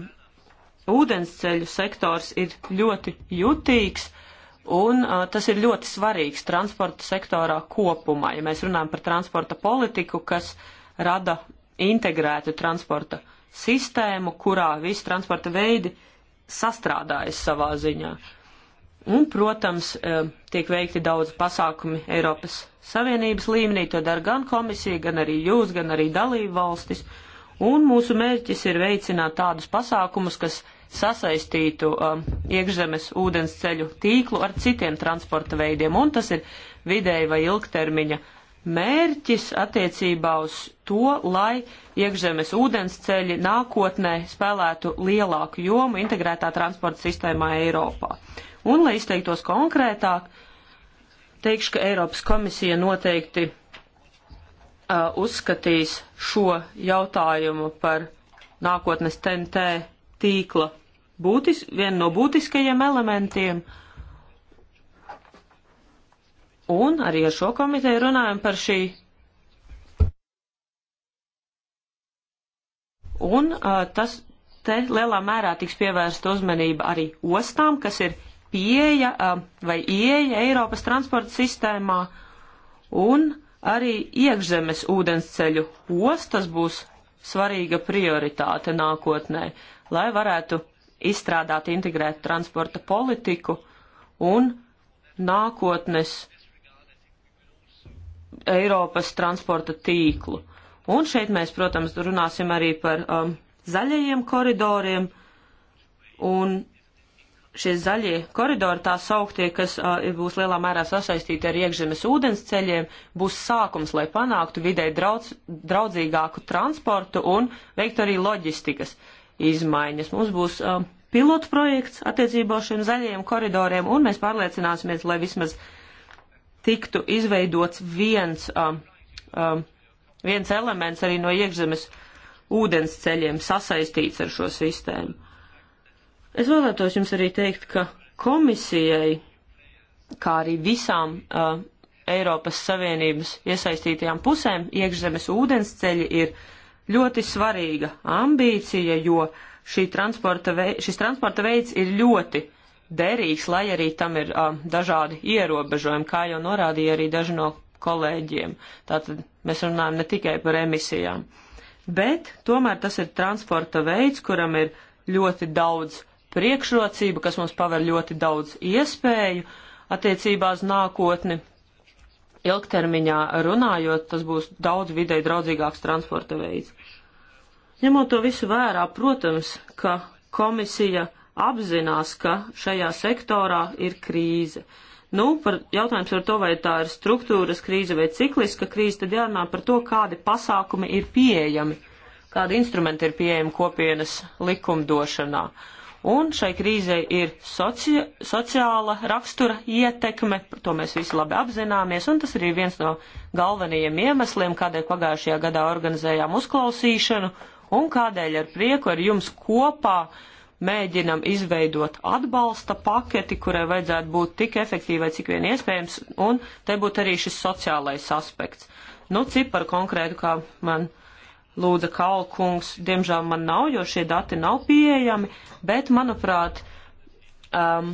ūdensceļu sektors ir ļoti jutīgs Un uh, tas ir ļoti svarīgs transporta sektorā kopumā, ja mēs runājam par transporta politiku, kas rada integrētu transporta sistēmu, kurā visi transporta veidi sastrādājas savā ziņā. Un, protams, tiek veikti daudz pasākumi Eiropas Savienības līmenī, to dara gan komisija, gan arī jūs, gan arī dalību valstis. Un mūsu mērķis ir veicināt tādus pasākumus, kas sasaistītu um, iekšzemes ūdens ceļu tīklu ar citiem transporta veidiem, un tas ir vidēji vai ilgtermiņa mērķis attiecībā uz to, lai iekšzemes ūdens ceļi nākotnē spēlētu lielāku jomu integrētā transporta sistēmā Eiropā. Un, lai izteiktos konkrētāk, teikšu, ka Eiropas komisija noteikti uh, uzskatīs šo jautājumu par nākotnes TNT tīkla būtis, viena no būtiskajiem elementiem. Un arī ar šo komiteju runājam par šī. Un uh, tas te lielā mērā tiks pievērsta uzmanība arī ostām, kas ir pieeja uh, vai ieeja Eiropas transporta sistēmā. Un arī iekšzemes ūdensceļu ostas būs svarīga prioritāte nākotnē. Uh, lai varētu izstrādāt integrētu transporta politiku un nākotnes Eiropas transporta tīklu. Un šeit mēs, protams, runāsim arī par um, zaļajiem koridoriem, un šie zaļie koridori, tā sauktie, kas uh, būs lielā mērā sasaistīti ar iekšzemes ūdens ceļiem, būs sākums, lai panāktu vidē draudz, draudzīgāku transportu un veiktu arī loģistikas. Uh, izmaiņas. Mums būs um, pilotu projekts attiecībā šiem zaļajiem koridoriem, un mēs pārliecināsimies, lai vismaz tiktu izveidots viens, um, um, viens elements arī no iekšzemes ūdens ceļiem sasaistīts ar šo sistēmu. Es vēlētos jums arī teikt, ka komisijai, kā arī visām uh, Eiropas Savienības iesaistītajām pusēm, iekšzemes ūdens ceļi ir uh, ļoti svarīga ambīcija, jo transporta vei, šis transporta veids ir ļoti derīgs, lai arī tam ir uh, dažādi ierobežojumi, kā jau norādīja arī daži no kolēģiem. Tātad mēs runājam ne tikai par emisijām. Bet tomēr tas ir transporta veids, kuram ir ļoti daudz priekšrocību, kas mums paver ļoti daudz iespēju attiecībā uz nākotni, ilgtermiņā runājot, tas būs daudz videi draudzīgāks transporta veids. Ņemot to visu vērā, protams, ka komisija apzinās, ka šajā sektorā ir krīze. Nu, par jautājums par to, vai tā ir struktūras krīze vai cikliska krīze, tad jārunā par to, kādi pasākumi ir pieejami, kādi instrumenti ir pieejami kopienas likumdošanā. Uh, un šai krīzei ir soci, sociāla rakstura ietekme, to mēs visi labi apzināmies, un tas arī viens no galvenajiem iemesliem, kādēļ pagājušajā gadā organizējām uzklausīšanu, un kādēļ ar prieku ar jums kopā mēģinam izveidot atbalsta paketi, kurai vajadzētu būt tik efektīvai, cik vien iespējams, un te būtu arī šis sociālais aspekts. Nu, ciparu konkrētu, kā man uh, lūdza Kalkungs, diemžēl man nav, jo šie dati nav pieejami, bet, manuprāt, um,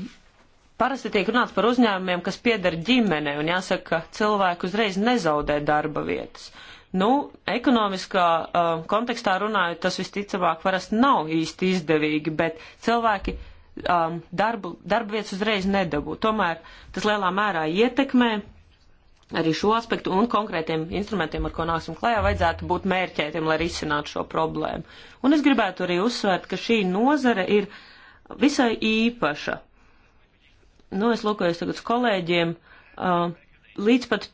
parasti tiek runāts par uzņēmumiem, kas pieder ģimenei, un jāsaka, ka cilvēki uzreiz nezaudē darba vietas. Nu, ekonomiskā um, kontekstā runājot, tas visticamāk parasti nav īsti izdevīgi, bet cilvēki um, darbu, darba vietas uzreiz nedabū. Tomēr tas lielā mērā ietekmē arī šo aspektu un konkrētiem instrumentiem, ar ko nāksim klajā, vajadzētu būt mērķētiem, lai risinātu šo problēmu. Un es gribētu arī uzsvērt, ka šī nozare ir visai īpaša. Nu, es lūkojos tagad uz kolēģiem. Uh, līdz pat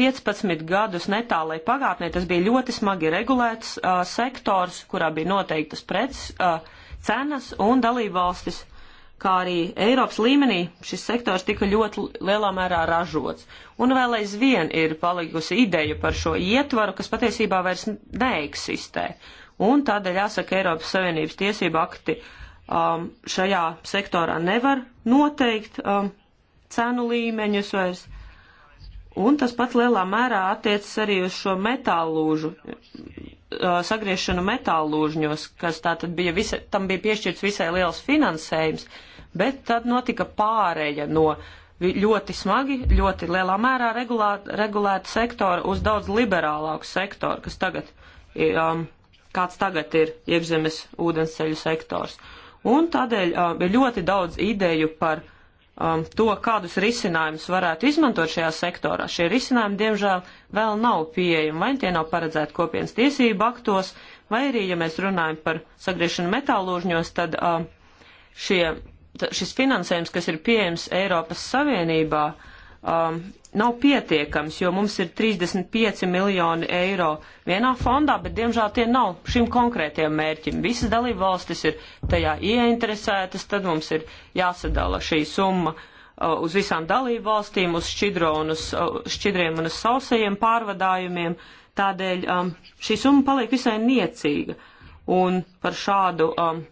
15 gadus netālai pagātnē tas bija ļoti smagi regulēts uh, sektors, kurā bija noteiktas preces, uh, cenas un dalībvalstis kā arī Eiropas līmenī šis sektors tika ļoti lielā mērā ražots. Un vēl aizvien ir palikusi ideja par šo ietvaru, kas patiesībā vairs neeksistē. Un tādēļ jāsaka, Eiropas Savienības tiesība akti um, šajā sektorā nevar noteikt um, cenu līmeņus vairs. Un tas pat lielā mērā attiecas arī uz šo metālūžu uh, sagriešanu metālūžņos, kas tātad bija, visa, tam bija piešķirts visai liels finansējums, uh, bet tad notika pāreja no ļoti smagi, ļoti lielā mērā regulēta, regulēta sektora uz daudz liberālāku sektoru, kas tagad ir, um, kāds tagad ir iekšzemes ūdensceļu sektors. Un tādēļ um, ir ļoti daudz ideju par um, to, kādus risinājumus varētu izmantot šajā sektorā. Šie risinājumi, diemžēl, vēl nav pieejami, vai tie nav paredzēti kopienas tiesību aktos, vai arī, ja mēs runājam par sagriešanu metālūžņos, tad um, šie šis finansējums, kas ir pieejams Eiropas Savienībā, um, nav pietiekams, jo mums ir 35 miljoni eiro vienā fondā, bet diemžēl tie nav šim konkrētajam mērķim. Visas dalība valstis ir tajā ieinteresētas, tad mums ir jāsadala šī summa uh, uz visām dalību valstīm, uz, šķidro un uz uh, šķidriem un uz sausajiem pārvadājumiem. Tādēļ um, šī summa paliek visai niecīga. Un par šādu um,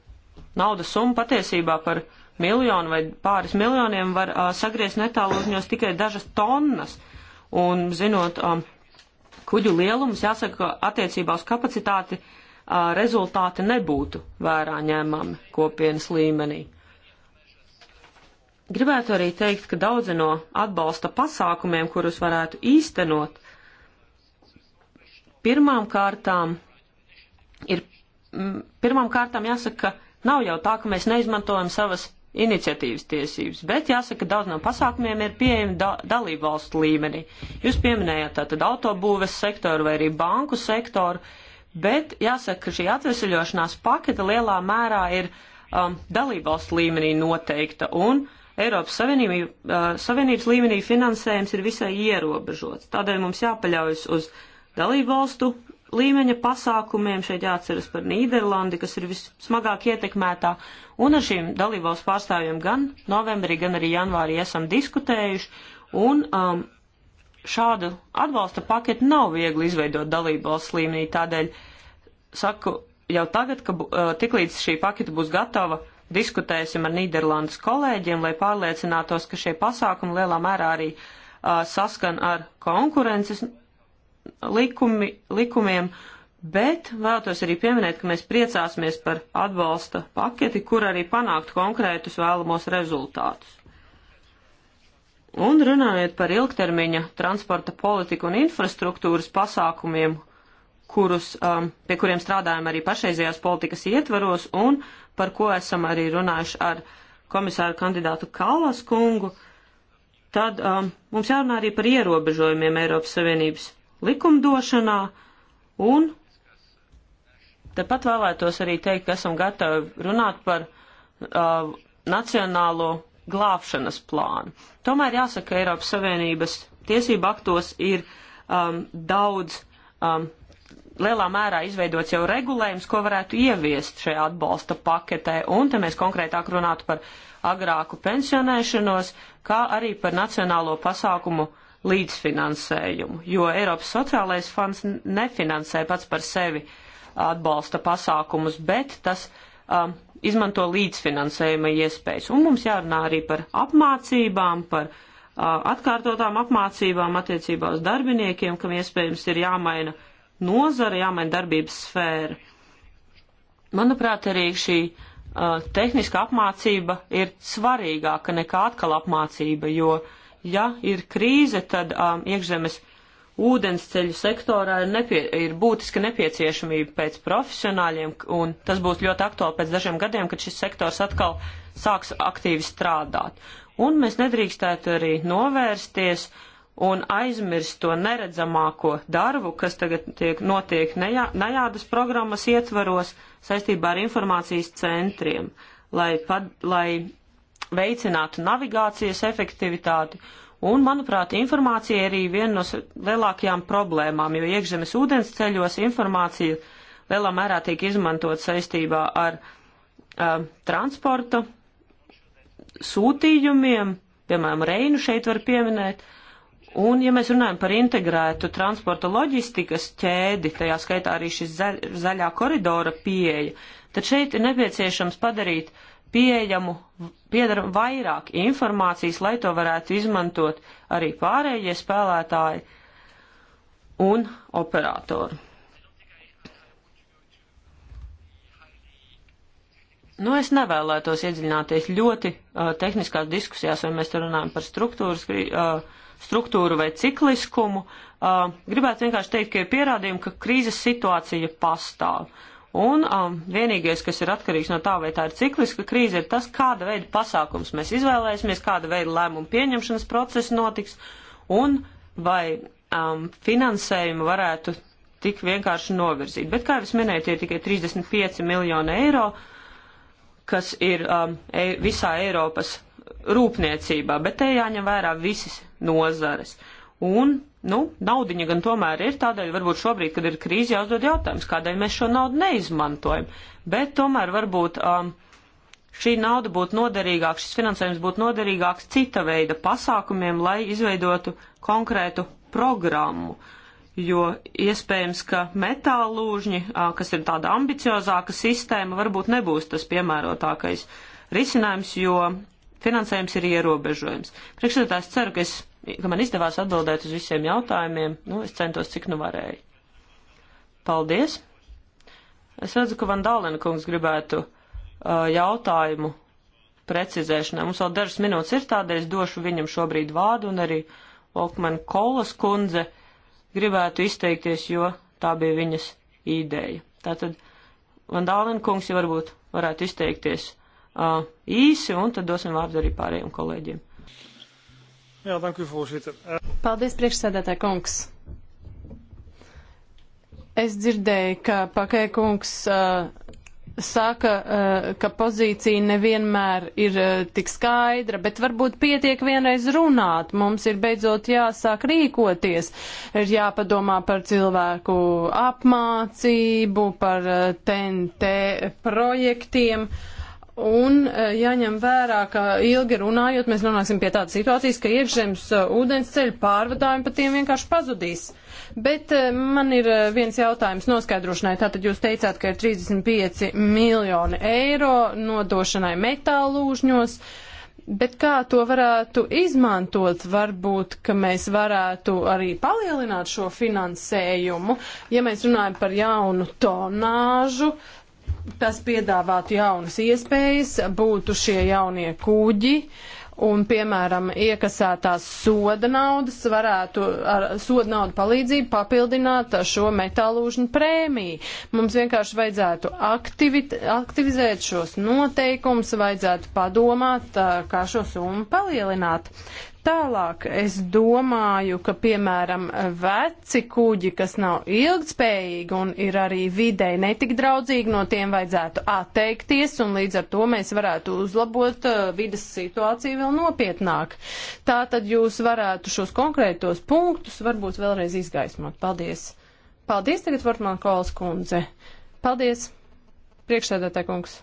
naudas summu patiesībā par uh, miljonu vai pāris miljoniem var uh, sagriezt netālu uzņos tikai dažas tonnas. Un, zinot um, kuģu lielumus, jāsaka, ka attiecībā uz kapacitāti uh, rezultāti nebūtu vērā ņēmami kopienas līmenī. Gribētu arī teikt, ka daudzi no atbalsta pasākumiem, kurus varētu īstenot, pirmām kārtām ir, pirmām kārtām jāsaka, ka nav jau tā, ka mēs neizmantojam savas iniciatīvas tiesības, bet jāsaka, daudz no pasākumiem ir pieejami da dalību valstu līmenī. Jūs pieminējāt tātad autobūves sektoru vai arī banku sektoru, bet jāsaka, ka šī atvesaļošanās paketa lielā mērā ir um, dalību valstu līmenī noteikta un Eiropas Savienība, uh, Savienības līmenī finansējums ir visai ierobežots. Tādēļ mums jāpaļaujas uz dalību valstu līmeņa pasākumiem. Šeit jāatceras par Nīderlandi, kas ir vismagāk ietekmētā. Un ar šiem dalībvalsts pārstāvjiem gan novembrī, gan arī janvārī esam diskutējuši. Un um, šādu atbalsta paketu nav viegli izveidot dalībvalsts līmenī. Tādēļ saku jau tagad, ka uh, tiklīdz šī paketa būs gatava, diskutēsim ar Nīderlandes kolēģiem, lai pārliecinātos, ka šie pasākumi lielā mērā arī uh, saskan ar konkurences likumi, likumiem, bet vēlētos arī pieminēt, ka mēs priecāsimies par atbalsta paketi, kur arī panākt konkrētus vēlamos rezultātus. Un runājot par ilgtermiņa transporta politiku un infrastruktūras pasākumiem, kurus, um, pie kuriem strādājam arī pašreizējās politikas ietvaros un par ko esam arī runājuši ar komisāru kandidātu Kalas kungu, tad um, mums jārunā arī par ierobežojumiem Eiropas Savienības likumdošanā un tepat vēlētos arī teikt, ka esam gatavi runāt par uh, nacionālo glābšanas plānu. Tomēr jāsaka, ka Eiropas Savienības tiesība aktos ir um, daudz um, lielā mērā izveidots jau regulējums, ko varētu ieviest šajā atbalsta paketē, un te mēs konkrētāk runātu par agrāku pensionēšanos, kā arī par nacionālo pasākumu līdzfinansējumu, jo Eiropas sociālais fonds nefinansē pats par sevi atbalsta pasākumus, bet tas um, izmanto līdzfinansējuma iespējas. Un mums jārunā arī par apmācībām, par uh, atkārtotām apmācībām attiecībā uz darbiniekiem, kam iespējams ir jāmaina nozara, jāmaina darbības sfēra. Manuprāt, arī šī uh, tehniska apmācība ir svarīgāka nekā atkal apmācība, jo uh, ja ir krīze, tad um, iekšzemes ūdensceļu sektorā ir, nepie, ir būtiska nepieciešamība pēc profesionāļiem, un tas būs ļoti aktuāli pēc dažiem gadiem, kad šis sektors atkal sāks aktīvi strādāt. Un mēs nedrīkstētu arī novērsties un aizmirst to neredzamāko darbu, kas tagad tiek notiek nejā, nejādas programmas ietvaros saistībā ar informācijas centriem, lai, pad, lai veicinātu navigācijas efektivitāti. Un, manuprāt, informācija ir arī viena no lielākajām problēmām, jo iekšzemes ūdens ceļos informācija lielā mērā tiek izmantot saistībā ar uh, um, transportu sūtījumiem, piemēram, Reinu šeit var pieminēt. Un, ja mēs runājam par integrētu transporta loģistikas ķēdi, tajā skaitā arī šis zaļ, zaļā koridora pieeja, tad šeit ir nepieciešams padarīt uh, pieejamu, piedara vairāk informācijas, lai to varētu izmantot arī pārējie spēlētāji un operatori. Nu, es nevēlētos iedziļināties ļoti uh, tehniskās diskusijās, vai mēs te runājam par struktūras, uh, struktūru vai cikliskumu. Uh, gribētu vienkārši teikt, ka ir pierādījumi, ka krīzes situācija pastāv. Uh, Un um, vienīgais, kas ir atkarīgs no tā, vai tā ir cikliska krīze, ir tas, kāda veida pasākums mēs izvēlēsimies, kāda veida lēmumu pieņemšanas process notiks, un vai um, finansējumu varētu tik vienkārši novirzīt. Bet, kā jau es minēju, tie ir tikai 35 miljoni eiro, kas ir um, e visā Eiropas rūpniecībā, bet te jāņem vērā visas nozares. Un Nu, naudiņa gan tomēr ir, tādēļ varbūt šobrīd, kad ir krīze, jāuzdod jautājums, kādēļ mēs šo naudu neizmantojam. Bet tomēr varbūt um, šī nauda būtu noderīgāka, šis finansējums būtu noderīgāks cita veida pasākumiem, lai izveidotu konkrētu programmu. Jo iespējams, ka metālūžņi, uh, kas ir tāda ambiciozāka sistēma, varbūt nebūs tas piemērotākais risinājums, jo finansējums ir ierobežojums. Priekšsēdētājs ceru, ka es ka man izdevās atbildēt uz visiem jautājumiem. Nu, es centos, cik nu varēju. Paldies! Es redzu, ka Van Dālena kungs gribētu uh, jautājumu precizēšanai. Mums vēl dažas minūtes ir tādēļ, es došu viņam šobrīd vārdu un arī Volkman Kolas kundze gribētu izteikties, jo tā bija viņas ideja. Tātad Van Dālena kungs jau varbūt varētu izteikties uh, īsi un tad dosim vārdu arī pārējiem kolēģiem. Jā, danku, voorzitter. Eh, Paldies, priekšsēdētāji kungs. Es dzirdēju, ka Pakai kungs uh, saka, uh, ka pozīcija nevienmēr ir uh, tik skaidra, bet varbūt pietiek vienreiz runāt. Mums ir beidzot jāsāk rīkoties, ir jāpadomā par cilvēku apmācību, par uh, TNT projektiem. Uh, Un e, jāņem vērā, ka ilgi runājot, mēs nonāksim pie tādas situācijas, ka iekšzemes e, ūdensceļu pārvadājumi pa tiem vienkārši pazudīs. Bet e, man ir viens jautājums noskaidrošanai. Tātad jūs teicāt, ka ir 35 miljoni eiro nodošanai metālūžņos. Bet kā to varētu izmantot? Varbūt, ka mēs varētu arī palielināt šo finansējumu, ja mēs runājam par jaunu tonāžu. Uh, Tas piedāvātu jaunas iespējas, būtu šie jaunie kuģi. Un, piemēram, iekasētās soda naudas varētu ar soda naudu palīdzību papildināt šo metālūžņu prēmiju. Mums vienkārši vajadzētu aktivizēt šos noteikumus, vajadzētu padomāt, kā šo summu palielināt. Tālāk es domāju, ka, piemēram, veci kuģi, kas nav ilgspējīgi un ir arī videi netik draudzīgi, no tiem vajadzētu atteikties, un līdz ar to mēs varētu uzlabot uh, vidas situāciju vēl nopietnāk. Tā tad jūs varētu šos konkrētos punktus varbūt vēlreiz izgaismot. Paldies! Paldies tagad, Vortman Kols kundze! Paldies, priekšsēdētāj kungs!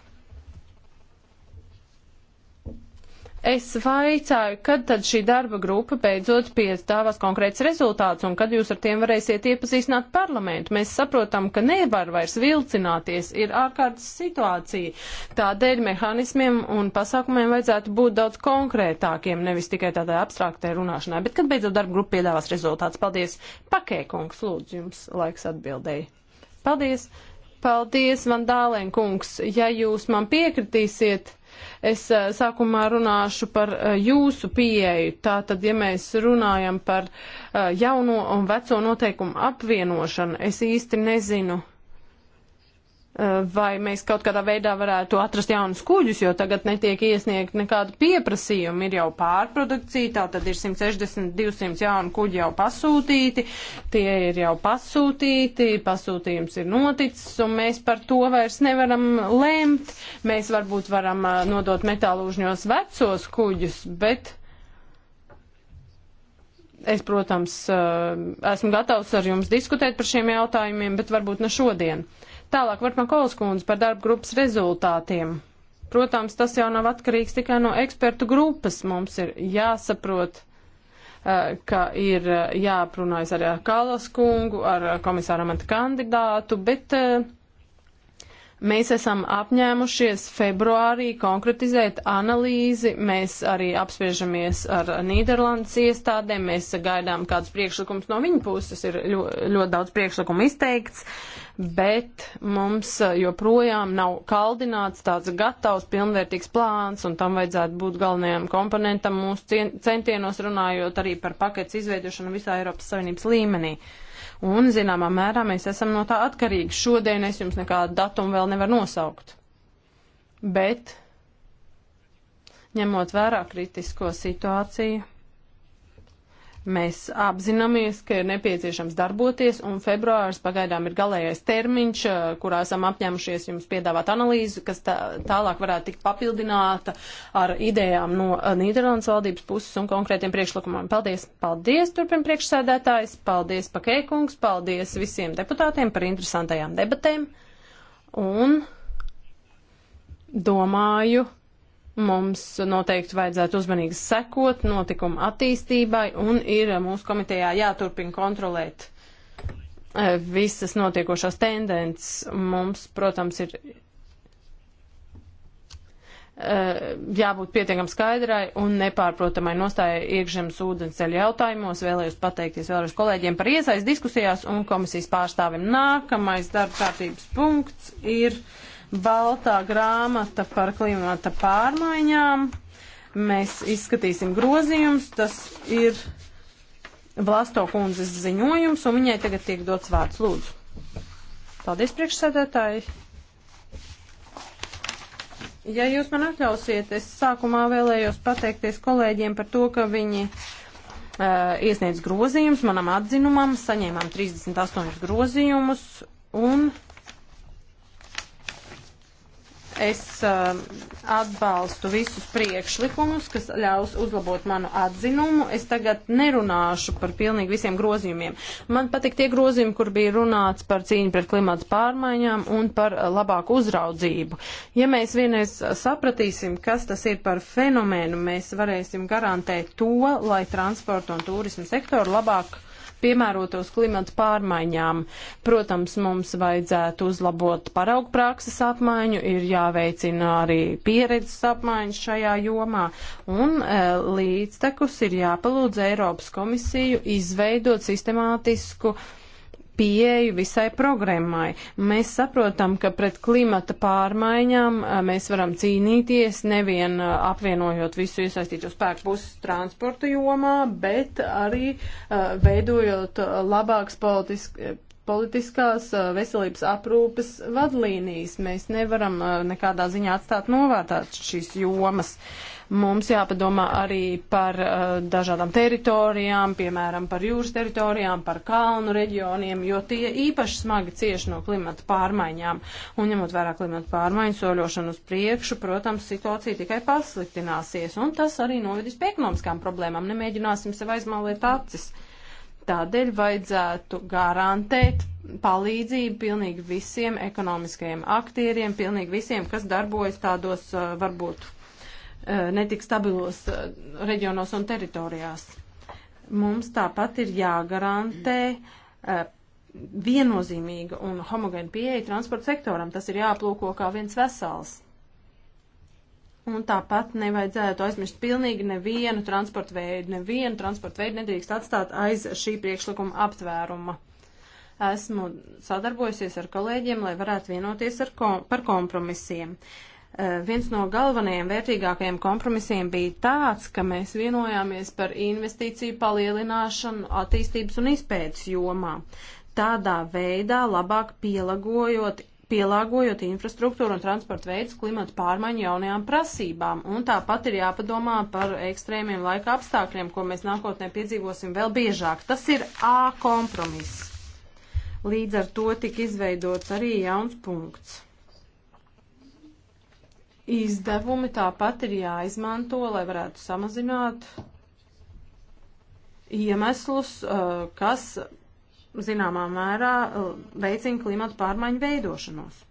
Es vaicāju, kad tad šī darba grupa beidzot piestāvās konkrēts rezultāts un kad jūs ar tiem varēsiet iepazīstināt parlamentu. Mēs saprotam, ka nevar vairs vilcināties, ir ārkārtas situācija. Tādēļ mehānismiem un pasākumiem vajadzētu būt daudz konkrētākiem, nevis tikai tādai abstraktai runāšanai. Bet kad beidzot darba grupa piedāvās rezultāts? Paldies. Pakēkungs, lūdzu, jums laiks atbildēji. Paldies. Paldies, Vandālēn kungs. Ja jūs man piekritīsiet Es eh, sākumā runāšu par eh, jūsu pieeju. Tātad, ja mēs runājam par eh, jauno un veco noteikumu apvienošanu, es īsti nezinu, Eh, vai mēs kaut kādā veidā varētu atrast jaunus kuģus, jo tagad netiek iesniegt nekādu pieprasījumu. Ir jau pārprodukcija, tā tad ir 160-200 jaunu kuģi jau pasūtīti, tie ir jau pasūtīti, pasūtījums ir noticis, un mēs par to vairs nevaram lēmt. Mēs varbūt varam eh, nodot metālūžņos vecos kuģus, bet. Es, protams, eh, esmu gatavs ar jums diskutēt par šiem jautājumiem, bet varbūt ne šodien. Uh, Tālāk Vartman Kolskundze par darba grupas rezultātiem. Protams, tas jau nav atkarīgs tikai no ekspertu grupas. Mums ir jāsaprot, eh, ka ir eh, jāprunājas arī ar Kalas kungu, ar eh, komisāra amata kandidātu, bet mēs esam apņēmušies februārī konkretizēt analīzi. Mēs arī apspiežamies ar Nīderlandes iestādēm. Mēs gaidām kādus priekšlikumus no viņa puses. Ir ļoti, ļoti daudz priekšlikumu izteikts. Uh, bet mums uh, joprojām nav kaldināts tāds gatavs, pilnvērtīgs plāns, un tam vajadzētu būt galvenajam komponentam mūsu centienos runājot arī par paketes izveidošanu visā Eiropas Savienības līmenī. Un, zināmā mērā, mēs esam no tā atkarīgi. Šodien es jums nekādu datumu vēl nevaru nosaukt. Bet, ņemot vērā kritisko situāciju, Mēs apzināmies, ka ir nepieciešams darboties, un februārs pagaidām ir galējais termiņš, eh, kurā esam apņēmušies jums piedāvāt analīzi, kas tā, tālāk varētu tikt papildināta ar idejām no eh, Nīderlandes valdības puses un konkrētiem priekšlikumiem. Paldies! Paldies, turpin priekšsēdētājs! Paldies, Pakeikungs! Paldies visiem deputātiem par interesantajām debatēm! Un domāju, Mums noteikti vajadzētu uzmanīgi sekot notikumu attīstībai un ir mūsu komitejā jāturpina kontrolēt e, visas notiekošās tendences. Mums, protams, ir e, jābūt pietiekam skaidrai un nepārprotamai nostājai iekšzemes ūdensceļa jautājumos. Vēlējos pateikties vēlreiz kolēģiem par iesaist diskusijās un komisijas pārstāvim. Nākamais darba kārtības punkts ir baltā grāmata par klimata pārmaiņām. Mēs izskatīsim grozījumus. Tas ir Vlasto kundzes ziņojums, un viņai tagad tiek dots vārds lūdzu. Paldies, priekšsēdētāji! Ja jūs man atļausiet, es sākumā vēlējos pateikties kolēģiem par to, ka viņi uh, iesniedz grozījumus manam atzinumam, saņēmām 38 grozījumus, un Es uh, atbalstu visus priekšlikumus, kas ļaus uzlabot manu atzinumu. Es tagad nerunāšu par pilnīgi visiem grozījumiem. Man patīk tie grozījumi, kur bija runāts par cīņu pret klimatu pārmaiņām un par uh, labāku uzraudzību. Ja mēs vienreiz uh, sapratīsim, kas tas ir par fenomēnu, mēs varēsim garantēt to, lai transporta un turisma sektoru labāk piemērotos klimata pārmaiņām. Protams, mums vajadzētu uzlabot paraugu prakses apmaiņu, ir jāveicina arī pieredzes apmaiņas šajā jomā, un e, līdztekus ir jāpalūdz Eiropas komisiju izveidot sistemātisku uh, pieeju visai programmai. Mēs saprotam, ka pret klimata pārmaiņām mēs varam cīnīties nevien apvienojot visu iesaistīto spēku puses transporta jomā, bet arī veidojot labāks politisks politiskās veselības aprūpes vadlīnijas. Mēs nevaram nekādā ziņā atstāt novērtāt šīs jomas. Uh, Mums jāpadomā arī par uh, dažādām teritorijām, piemēram, par jūras teritorijām, par kalnu reģioniem, jo tie īpaši smagi cieš no klimata pārmaiņām. Un ņemot vērā klimata pārmaiņu soļošanu uz priekšu, protams, situācija tikai pasliktināsies. Un tas arī novedīs pie ekonomiskām problēmām. Nemēģināsim sev aizmalēt acis. Tādēļ vajadzētu garantēt palīdzību pilnīgi visiem ekonomiskajiem aktieriem, pilnīgi visiem, kas darbojas tādos eh, varbūt Eh, netik stabilos eh, reģionos un teritorijās. Mums tāpat ir jāgarantē eh, viennozīmīga un homogēna pieeja transporta sektoram. Tas ir jāplūko kā viens vesels. Un tāpat nevajadzētu aizmirst pilnīgi nevienu transporta veidu. Nevienu transporta veidu nedrīkst atstāt aiz šī priekšlikuma aptvēruma. Esmu sadarbojusies ar kolēģiem, lai varētu vienoties ar kom par kompromisiem. Uh, Eh, viens no galvenajiem vērtīgākajiem kompromisiem bija tāds, ka mēs vienojāmies par investīciju palielināšanu attīstības un izpētes jomā. Tādā veidā labāk pielagojot pielāgojot infrastruktūru un transporta veidus klimata pārmaiņu jaunajām prasībām. Un tāpat ir jāpadomā par ekstrēmiem laika apstākļiem, ko mēs nākotnē piedzīvosim vēl biežāk. Tas ir A kompromiss. Līdz ar to tika izveidots arī jauns punkts. Izdevumi tāpat ir jāizmanto, lai varētu samazināt iemeslus, eh, kas zināmā mērā eh, veicina klimatu pārmaiņu veidošanos.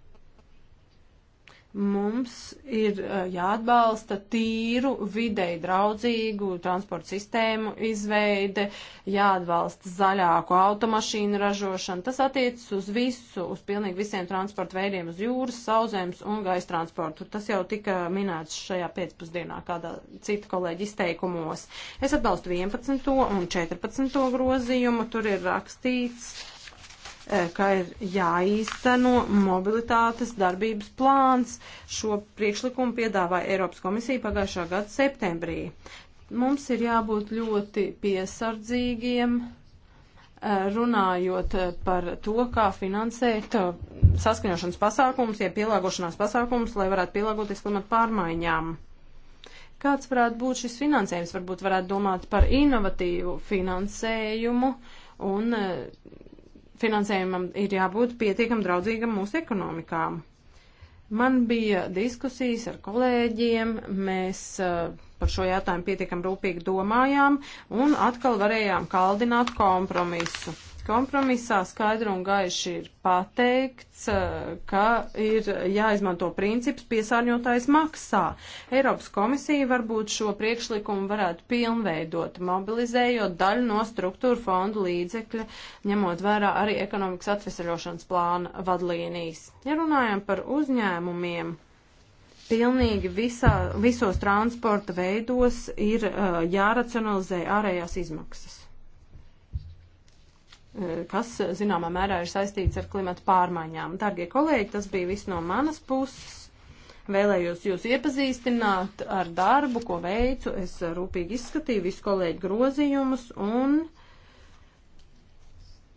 Mums ir eh, jāatbalsta tīru, videi draudzīgu transporta sistēmu izveide, jāatbalsta zaļāku automašīnu ražošanu. Tas attiecas uz visu, uz pilnīgi visiem transporta veidiem, uz jūras, sauzēmas un gaisa transportu. Tas jau tika minēts šajā pēcpusdienā kādā cita kolēģa izteikumos. Es atbalstu 11. un 14. grozījumu. Tur ir rakstīts Eh, ka ir jāīsteno mobilitātes darbības plāns. Šo priekšlikumu piedāvāja Eiropas komisija pagājušā gada septembrī. Mums ir jābūt ļoti piesardzīgiem, eh, runājot eh, par to, kā finansēt saskaņošanas pasākumus, ja pielāgošanās pasākumus, lai varētu pielāgoties klimata pārmaiņām. Kāds varētu būt šis finansējums? Varbūt varētu domāt par inovatīvu finansējumu un finansējumam ir jābūt pietiekam draudzīgam mūsu ekonomikām. Man bija diskusijas ar kolēģiem, mēs eh, par šo jautājumu pietiekam rūpīgi domājām un atkal varējām kaldināt kompromisu kompromisā skaidri un gaiši ir pateikts, eh, ka ir jāizmanto princips piesārņotājs maksā. Eiropas komisija varbūt šo priekšlikumu varētu pilnveidot, mobilizējot daļu no struktūra fondu līdzekļa, ņemot vērā arī ekonomikas atvesaļošanas plāna vadlīnijas. Ja runājam par uzņēmumiem, pilnīgi visā, visos transporta veidos ir uh, jāracionalizē ārējās izmaksas. Eh, kas zināmā mērā ir saistīts ar klimatu pārmaiņām. Dargie kolēģi, tas bija viss no manas puses. Vēlējos jūs iepazīstināt ar darbu, ko veicu. Es rūpīgi izskatīju visu kolēģu grozījumus un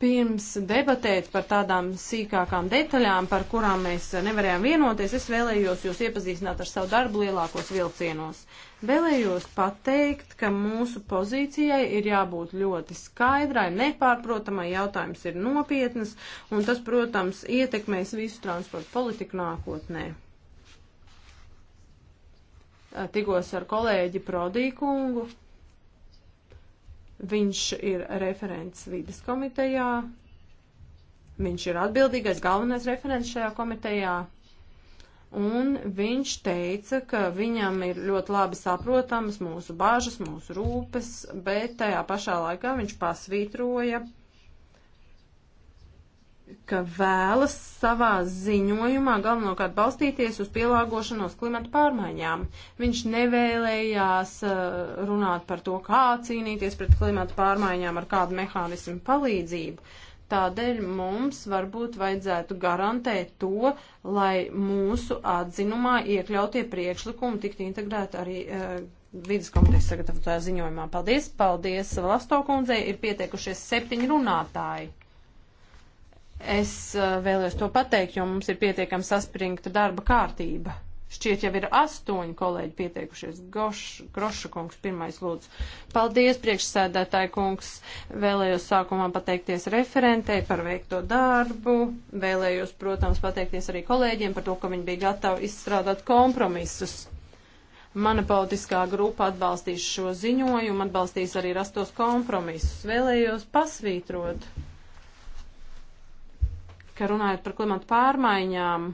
pirms debatēt par tādām sīkākām detaļām, par kurām mēs nevarējām vienoties, es vēlējos jūs iepazīstināt ar savu darbu lielākos vilcienos. Vēlējos pateikt, ka mūsu pozīcijai ir jābūt ļoti skaidrai, nepārprotamai, jautājums ir nopietnas, un tas, protams, ietekmēs visu transportu politiku nākotnē. Tikos ar kolēģi Prodīkungu. Viņš ir referents vides komitejā. Viņš ir atbildīgais galvenais referents šajā komitejā un viņš teica, ka viņam ir ļoti labi saprotamas mūsu bāžas, mūsu rūpes, bet tajā pašā laikā viņš pasvītroja, ka vēlas savā ziņojumā galvenokārt balstīties uz pielāgošanos klimata pārmaiņām. Viņš nevēlējās eh, runāt par to, kā cīnīties pret klimata pārmaiņām, ar kādu mehānismu palīdzību. Uh, Tādēļ mums varbūt vajadzētu garantēt to, lai mūsu atzinumā iekļautie priekšlikumi tiktu integrēti arī uh, vidas komitejas sagatavotā ziņojumā. Paldies, paldies Vlastokundzei, ir pieteikušies septiņi runātāji. Es uh, vēlējos to pateikt, jo mums ir pietiekami saspringta darba kārtība. Šķiet jau ir astoņi kolēģi pieteikušies. Goš, Groša kungs, pirmais lūdzu. Paldies, priekšsēdētāji kungs. Vēlējos sākumā pateikties referentei par veikto darbu. Vēlējos, protams, pateikties arī kolēģiem par to, ka viņi bija gatavi izstrādāt kompromisus. Mana politiskā grupa atbalstīs šo ziņojumu, atbalstīs arī rastos kompromisus. Vēlējos pasvītrot, ka runājot par klimatu pārmaiņām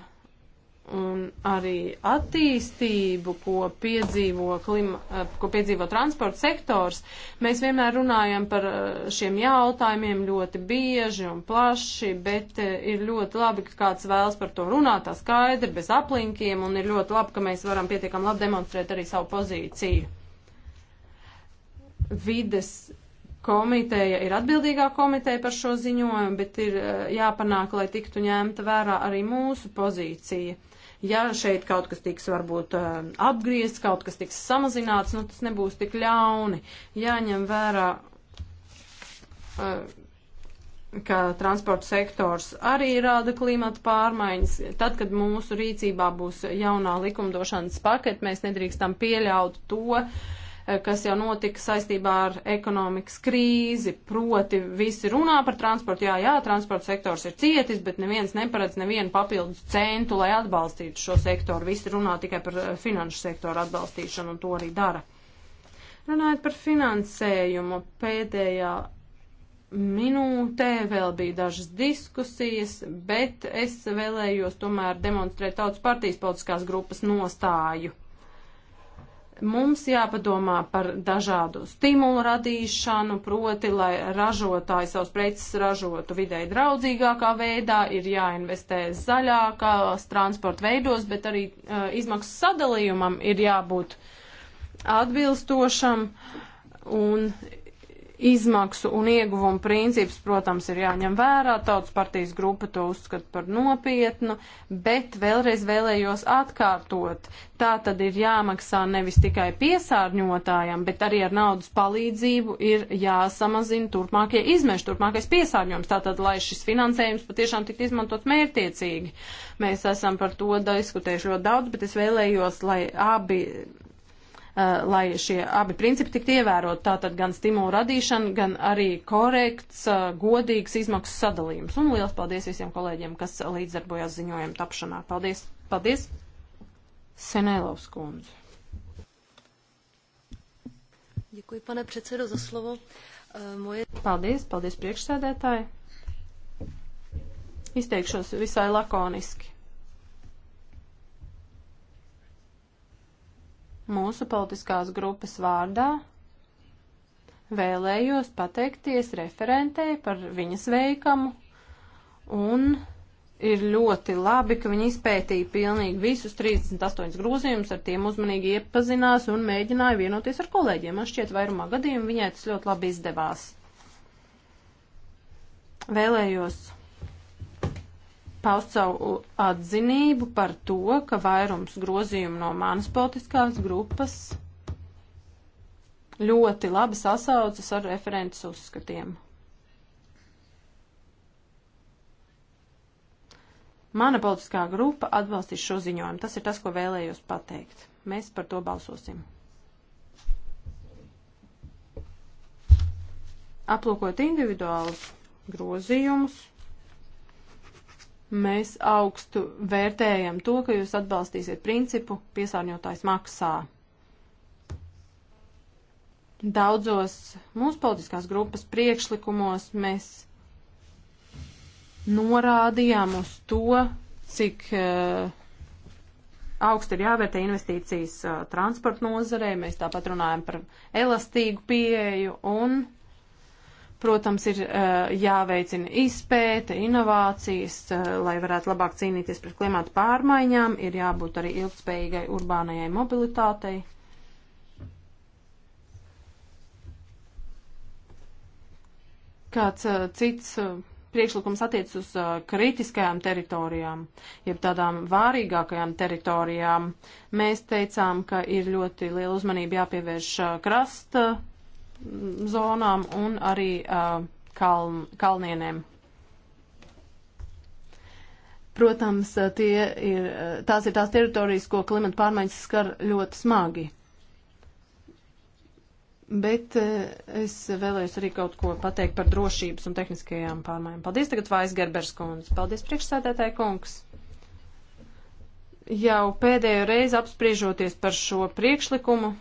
un arī attīstību, ko piedzīvo, klima, eh, ko piedzīvo transporta sektors, mēs vienmēr runājam par eh, šiem jautājumiem ļoti bieži un plaši, bet eh, ir ļoti labi, ka kāds vēlas par to runāt, tā skaidri, bez aplinkiem, un ir ļoti labi, ka mēs varam pietiekam labi demonstrēt arī savu pozīciju. Vides komiteja ir atbildīgā komiteja par šo ziņojumu, bet ir jāpanāk, lai tiktu ņemta vērā arī mūsu pozīcija. Ja šeit kaut kas tiks varbūt eh, apgriezt, kaut kas tiks samazināts, nu tas nebūs tik ļauni. Jāņem vērā, eh, ka transporta sektors arī rāda klimata pārmaiņas. Tad, kad mūsu rīcībā būs jaunā likumdošanas paketa, mēs nedrīkstam pieļaut to, uh, kas jau notika saistībā ar ekonomikas krīzi, proti visi runā par transportu, jā, jā, transporta sektors ir cietis, bet neviens neparedz nevienu papildus centu, lai atbalstītu šo sektoru. Visi runā tikai par eh, finanšu sektoru atbalstīšanu un to arī dara. Runājot par finansējumu, pēdējā minūtē vēl bija dažas diskusijas, bet es vēlējos tomēr demonstrēt tautas partijas politiskās grupas nostāju. Mums jāpadomā par dažādu stimulu radīšanu, proti, lai ražotāji savus preces ražotu videi draudzīgākā veidā, ir jāinvestē zaļākās transporta veidos, bet arī uh, izmaksu sadalījumam ir jābūt atbilstošam un Izmaksu un ieguvumu princips, protams, ir jāņem vērā, tautas partijas grupa to uzskata par nopietnu, bet vēlreiz vēlējos atkārtot, tā tad ir jāmaksā nevis tikai piesārņotājiem, bet arī ar naudas palīdzību ir jāsamazina turpmākie izmeši, turpmākais piesārņojums, tātad, lai šis finansējums patiešām tiktu izmantot mērtiecīgi. Mēs esam par to diskutējuši ļoti daudz, bet es vēlējos, lai abi Eh, lai šie abi principi tiktu ievērot. Tātad gan stimulu radīšana, gan arī korekts, eh, godīgs izmaksu sadalījums. Un liels paldies visiem kolēģiem, kas līdzdarbojās ziņojumu tapšanā. Paldies! Paldies! Senēlovs kundze. Děkuji, pane předsedo, za slovo. Eh, moje... Paldies, paldies priekšsēdētāji. Izteikšos visai lakoniski. Mūsu politiskās grupas vārdā vēlējos pateikties referentei par viņas veikamu un ir ļoti labi, ka viņi izpētīja pilnīgi visus 38 grozījumus, ar tiem uzmanīgi iepazinās un mēģināja vienoties ar kolēģiem. Man šķiet, vairumā gadījumu viņai tas ļoti labi izdevās. Vēlējos paust savu atzinību par to, ka vairums grozījumu no manas politiskās grupas ļoti labi sasaucas ar referents uzskatiem. Mana politiskā grupa atbalstīs šo ziņojumu. Tas ir tas, ko vēlējos pateikt. Mēs par to balsosim. Aplūkot individuālus grozījumus. Mēs augstu vērtējam to, ka jūs atbalstīsiet principu piesārņotājs maksā. Daudzos mūsu politiskās grupas priekšlikumos mēs norādījām uz to, cik uh, augsti ir jāvērtē investīcijas uh, eh, transporta nozarē. Mēs tāpat runājam par elastīgu pieeju un Protams, ir eh, jāveicina izpēte, inovācijas, eh, lai varētu labāk cīnīties pret klimatu pārmaiņām, ir jābūt arī ilgspējīgai urbānajai mobilitātei. Kāds eh, cits priekšlikums attiec uz uh, kritiskajām teritorijām, jeb tādām vārīgākajām teritorijām. Mēs teicām, ka ir ļoti liela uzmanība jāpievērš uh, krasta zonām un arī uh, kaln, kalnieniem. Protams, tie ir, tās ir tās teritorijas, ko klimata pārmaiņas skar ļoti smagi. Bet es vēlējos arī kaut ko pateikt par drošības un tehniskajām pārmaiņām. Paldies tagad Vais Gerbers kundze. Paldies priekšsēdētāji kungs. Jau pēdējo reizi apspriežoties par šo priekšlikumu,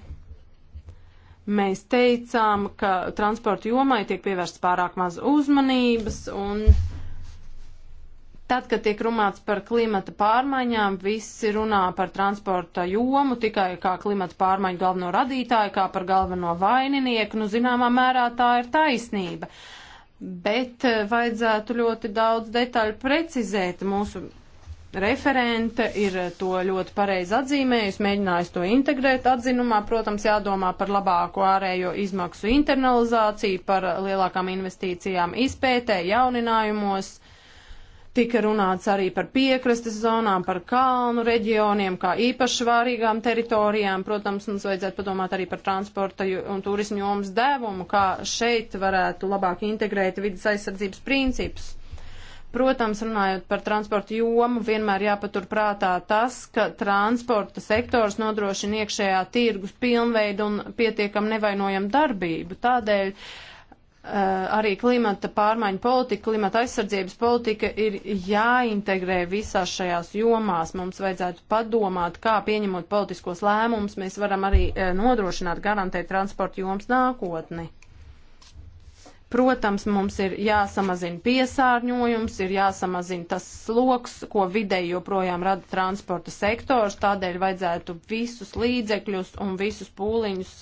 Mēs teicām, ka transporta jomai tiek pievērsts pārāk maz uzmanības un tad, kad tiek runāts par klimata pārmaiņām, visi runā par transporta jomu tikai kā klimata pārmaiņu galveno radītāju, kā par galveno vaininieku. Nu, zināmā mērā tā ir taisnība. Bet eh, vajadzētu ļoti daudz detaļu precizēt mūsu Referente ir to ļoti pareizi atzīmējusi, mēģinājusi to integrēt atzinumā. Protams, jādomā par labāko ārējo izmaksu internalizāciju, par lielākām investīcijām izpētē, jauninājumos. Tika runāts arī par piekrastes zonām, par kalnu reģioniem, kā īpaši vārīgām teritorijām. Protams, mums vajadzētu padomāt arī par transporta un turismu jomas devumu, kā šeit varētu labāk integrēt vidas aizsardzības principus. Protams, runājot par transportu jomu, vienmēr jāpatur prātā tas, ka transporta sektors nodrošina iekšējā tirgus pilnveidu un pietiekam nevainojam darbību. Tādēļ uh, arī klimata pārmaiņu politika, klimata aizsardzības politika ir jāintegrē visās šajās jomās. Mums vajadzētu padomāt, kā pieņemot politiskos lēmumus, mēs varam arī uh, nodrošināt, garantēt transporta jomas nākotni. Protams, mums ir jāsamazina piesārņojums, ir jāsamazina tas sloks, ko videi joprojām rada transporta sektors, tādēļ vajadzētu visus līdzekļus un visus pūliņus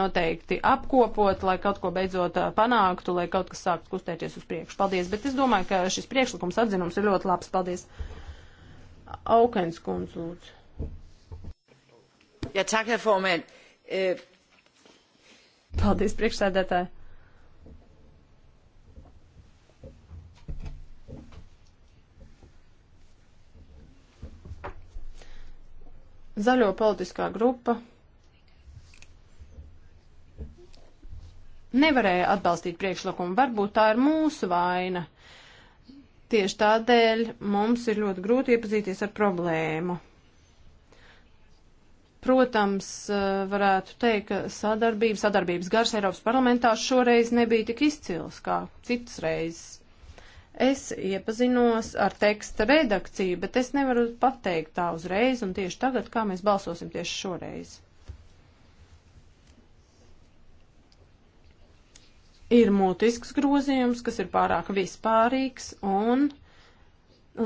noteikti apkopot, lai kaut ko beidzot panāktu, lai kaut kas sāktu kustēties uz priekšu. Paldies, bet es domāju, ka šis priekšlikums atzinums ir ļoti labs. Paldies. Aukens kundz, lūdzu. Ja, tak, Herr Formand. Paldies, priekšsēdētāji. Zaļo politiskā grupa nevarēja atbalstīt priekšlikumu. Varbūt tā ir mūsu vaina. Tieši tādēļ mums ir ļoti grūti iepazīties ar problēmu. Protams, eh, varētu teikt, ka sadarbība, sadarbības gars Eiropas parlamentā šoreiz nebija tik izcils kā citas reizes. Es iepazinos ar teksta redakciju, bet es nevaru pateikt tā uzreiz un tieši tagad, kā mēs balsosim tieši šoreiz. Ir mutisks grozījums, kas ir pārāk vispārīgs un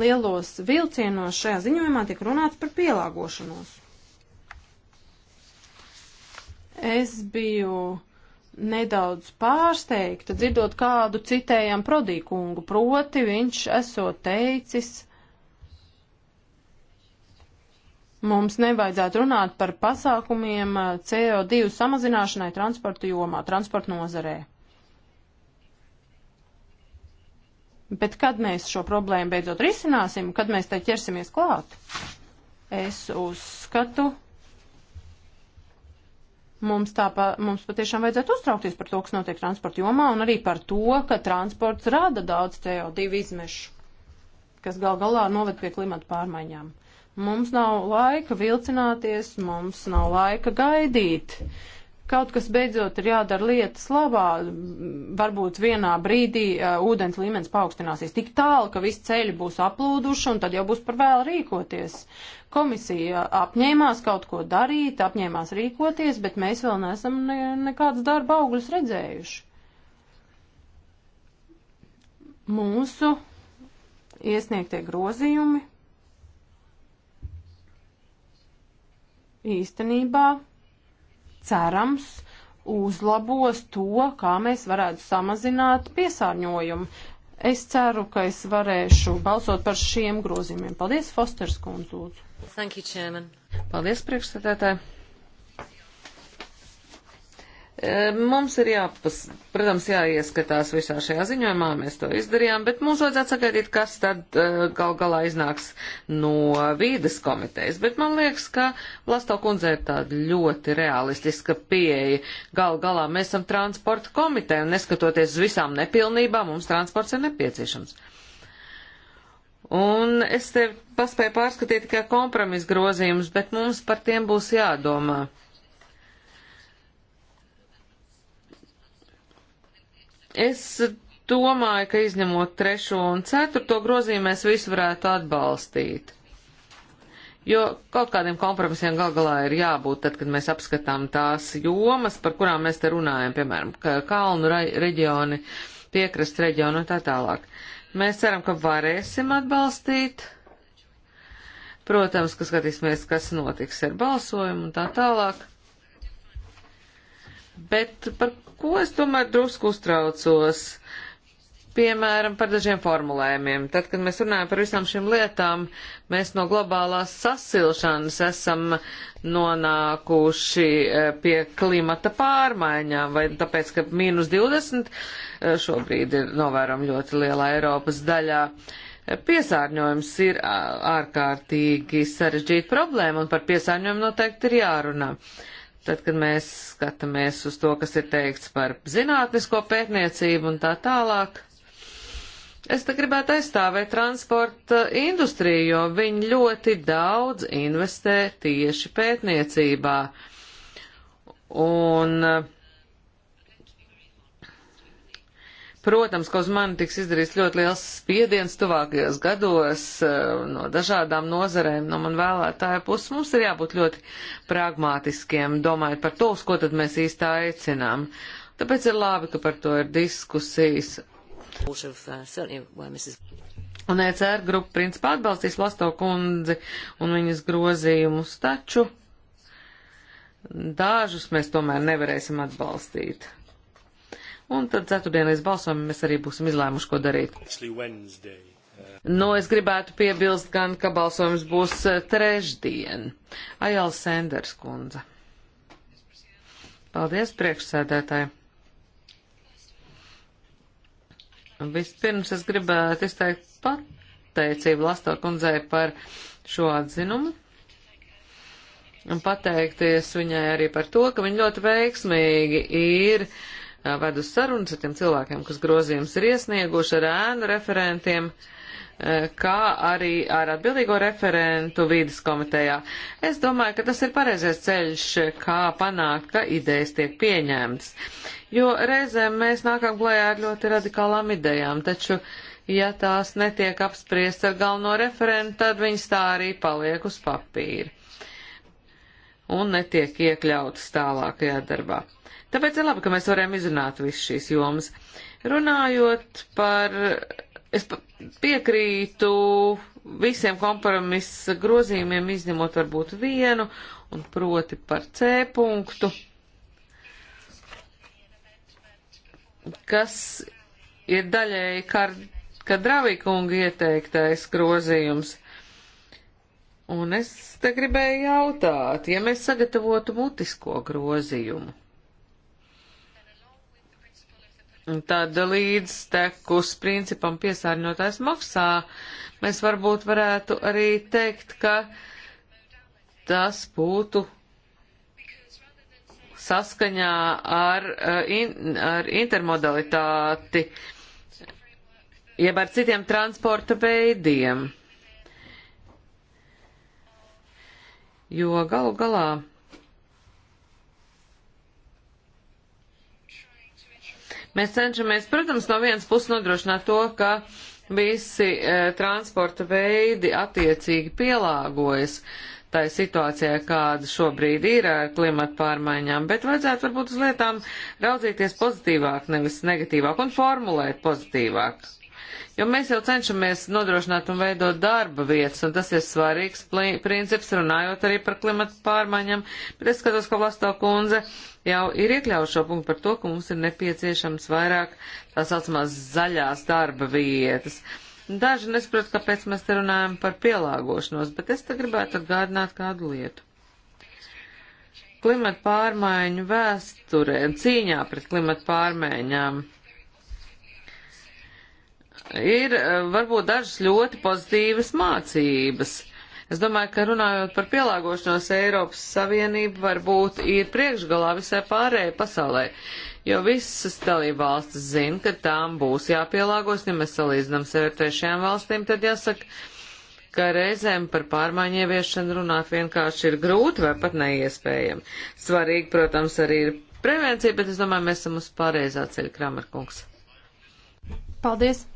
lielos vilcienos šajā ziņojumā tiek runāts par pielāgošanos. Es biju nedaudz pārsteigta dzirdot kādu citējam prodīkungu, proti viņš esot teicis, mums nevajadzētu runāt par pasākumiem eh, CO2 samazināšanai transporta jomā, transporta nozarē. Bet kad mēs šo problēmu beidzot risināsim, kad mēs tai ķersimies klāt? Es uzskatu, Mums, tāpā, mums patiešām vajadzētu uztraukties par to, kas notiek transporta jomā, un arī par to, ka transports rada daudz CO2 izmešu, kas gal galā noved pie klimata pārmaiņām. Mums nav laika vilcināties, mums nav laika gaidīt. Uh, Kaut kas beidzot ir jādara lietas labā, varbūt vienā brīdī uh, ūdens līmenis paaugstināsies tik tālu, ka visi ceļi būs aplūduši un tad jau būs par vēl rīkoties. Komisija apņēmās kaut ko darīt, apņēmās rīkoties, bet mēs vēl neesam ne, nekādas darba augļus redzējuši. Mūsu iesniegtie grozījumi īstenībā cerams uzlabos to, kā mēs varētu samazināt piesārņojumu. Es ceru, ka es varēšu balsot par šiem grozījumiem. Paldies, Fosters kundz, lūdzu. Thank you, Chairman. Paldies, priekšstādētāji. E, mums ir jāpas, protams, jāieskatās visā šajā ziņojumā, mēs to izdarījām, bet mums vajadzētu sagaidīt, kas tad e, gal galā iznāks no vīdes komitejas. Bet man liekas, ka Vlasto kundze ir tāda ļoti realistiska pieeja. Gal galā mēs esam transporta komiteja un neskatoties uz visām nepilnībām, mums transports ir nepieciešams. Un es te paspēju pārskatīt tikai kompromisu grozījumus, bet mums par tiem būs jādomā. Es domāju, ka izņemot trešo un ceturto grozījumu mēs visu varētu atbalstīt. Jo kaut kādiem kompromisiem gal galā ir jābūt, tad, kad mēs apskatām tās jomas, par kurām mēs te runājam, piemēram, kalnu reģioni, piekrast reģionu un tā tālāk. Mēs ceram, ka varēsim atbalstīt. Protams, ka skatīsimies, kas notiks ar balsojumu un tā tālāk. Bet par ko es tomēr drusku uztraucos. Piemēram, par dažiem formulējumiem. Tad, kad mēs runājam par visām šīm lietām, mēs no globālās sasilšanas esam nonākuši eh, pie klimata pārmaiņām, vai tāpēc, ka mīnus 20 eh, šobrīd ir novēram ļoti lielā Eiropas daļā. Eh, piesārņojums ir ārkārtīgi sarežģīta problēma, un par piesārņojumu noteikti ir jārunā. Uh, Tad, kad mēs skatāmies uz to, kas ir teikts par zinātnisko pētniecību un tā tālāk, es te gribētu aizstāvēt transporta industriju, jo viņi ļoti daudz investē tieši pētniecībā. Un uh, Protams, ka uz mani tiks izdarīts ļoti liels spiediens tuvākajos gados eh, no dažādām nozarēm, no man vēlētāja puses. Mums ir jābūt ļoti pragmātiskiem, domājot par to, uz ko tad mēs īstā aicinām. Tāpēc ir labi, ka par to ir diskusijas. Uh, un ECR grupa principā atbalstīs Lasto kundzi un viņas grozījumus, taču dažus mēs tomēr nevarēsim atbalstīt. Un tad ceturtdien līdz balsojumam mēs arī būsim izlēmuši, ko darīt. Uh, nu, es gribētu piebilst gan, ka balsojums būs uh, trešdien. Ajāls Sanders kundze. Paldies, priekšsēdētāji. Vispirms es gribētu izteikt pateicību Lastor kundzei par šo atzinumu un pateikties viņai arī par to, ka viņa ļoti veiksmīgi ir uh, ved uz sarunas ar tiem cilvēkiem, kas grozījums ir iesnieguši, ar ēnu referentiem, kā arī ar atbildīgo referentu vīdes komitejā. Es domāju, ka tas ir pareizais ceļš, kā panākt, ka idejas tiek pieņemtas. Jo reizēm mēs nākam klajā ar ļoti radikālām idejām, taču, ja tās netiek apspriest ar galveno referentu, tad viņas tā arī paliek uz papīra un netiek iekļautas tālākajā darbā. Tāpēc ir labi, ka mēs varējām izrunāt visu šīs jomas. Runājot par, es piekrītu visiem kompromisa grozījumiem, izņemot varbūt vienu, un proti par C punktu, kas ir daļēji Kadravīkunga ieteiktais grozījums. Un es te gribēju jautāt, ja mēs sagatavotu mutisko grozījumu, Tad līdz tekus principam piesārņotājs maksā, mēs varbūt varētu arī teikt, ka tas būtu saskaņā ar, eh, in, ar intermodalitāti, jeb ar citiem transporta veidiem. Jo galu galā Mēs cenšamies, protams, no vienas puses nodrošināt to, ka visi e, transporta veidi attiecīgi pielāgojas tai situācijai, kāda šobrīd ir ar klimatu pārmaiņām, bet vajadzētu varbūt uz lietām raudzīties pozitīvāk, nevis negatīvāk un formulēt pozitīvāk. Jo mēs jau cenšamies nodrošināt un veidot darba vietas, un tas ir svarīgs princips, runājot arī par klimatu pārmaiņām, bet es skatos, ka Vlasto kundze jau ir iekļaušo punktu par to, ka mums ir nepieciešams vairāk tā saucamās zaļās darba vietas. Daži nesaprot, kāpēc mēs te runājam par pielāgošanos, bet es te gribētu atgādināt kādu lietu klimata pārmaiņu vēsturē, cīņā pret klimata pārmaiņām ir eh, varbūt dažas ļoti pozitīvas mācības. Es domāju, ka runājot par pielāgošanos Eiropas Savienību, varbūt ir priekšgalā visai pārējai pasaulē, jo visas dalība valstis zina, ka tām būs jāpielāgos, ja mēs salīdzinām sevi ar trešajām valstīm, tad jāsaka, ka reizēm par pārmaiņu ieviešanu runāt vienkārši ir grūti vai pat neiespējami. Svarīgi, protams, arī ir prevencija, bet es domāju, mēs esam uz pareizā ceļa, Kramerkungs. Paldies!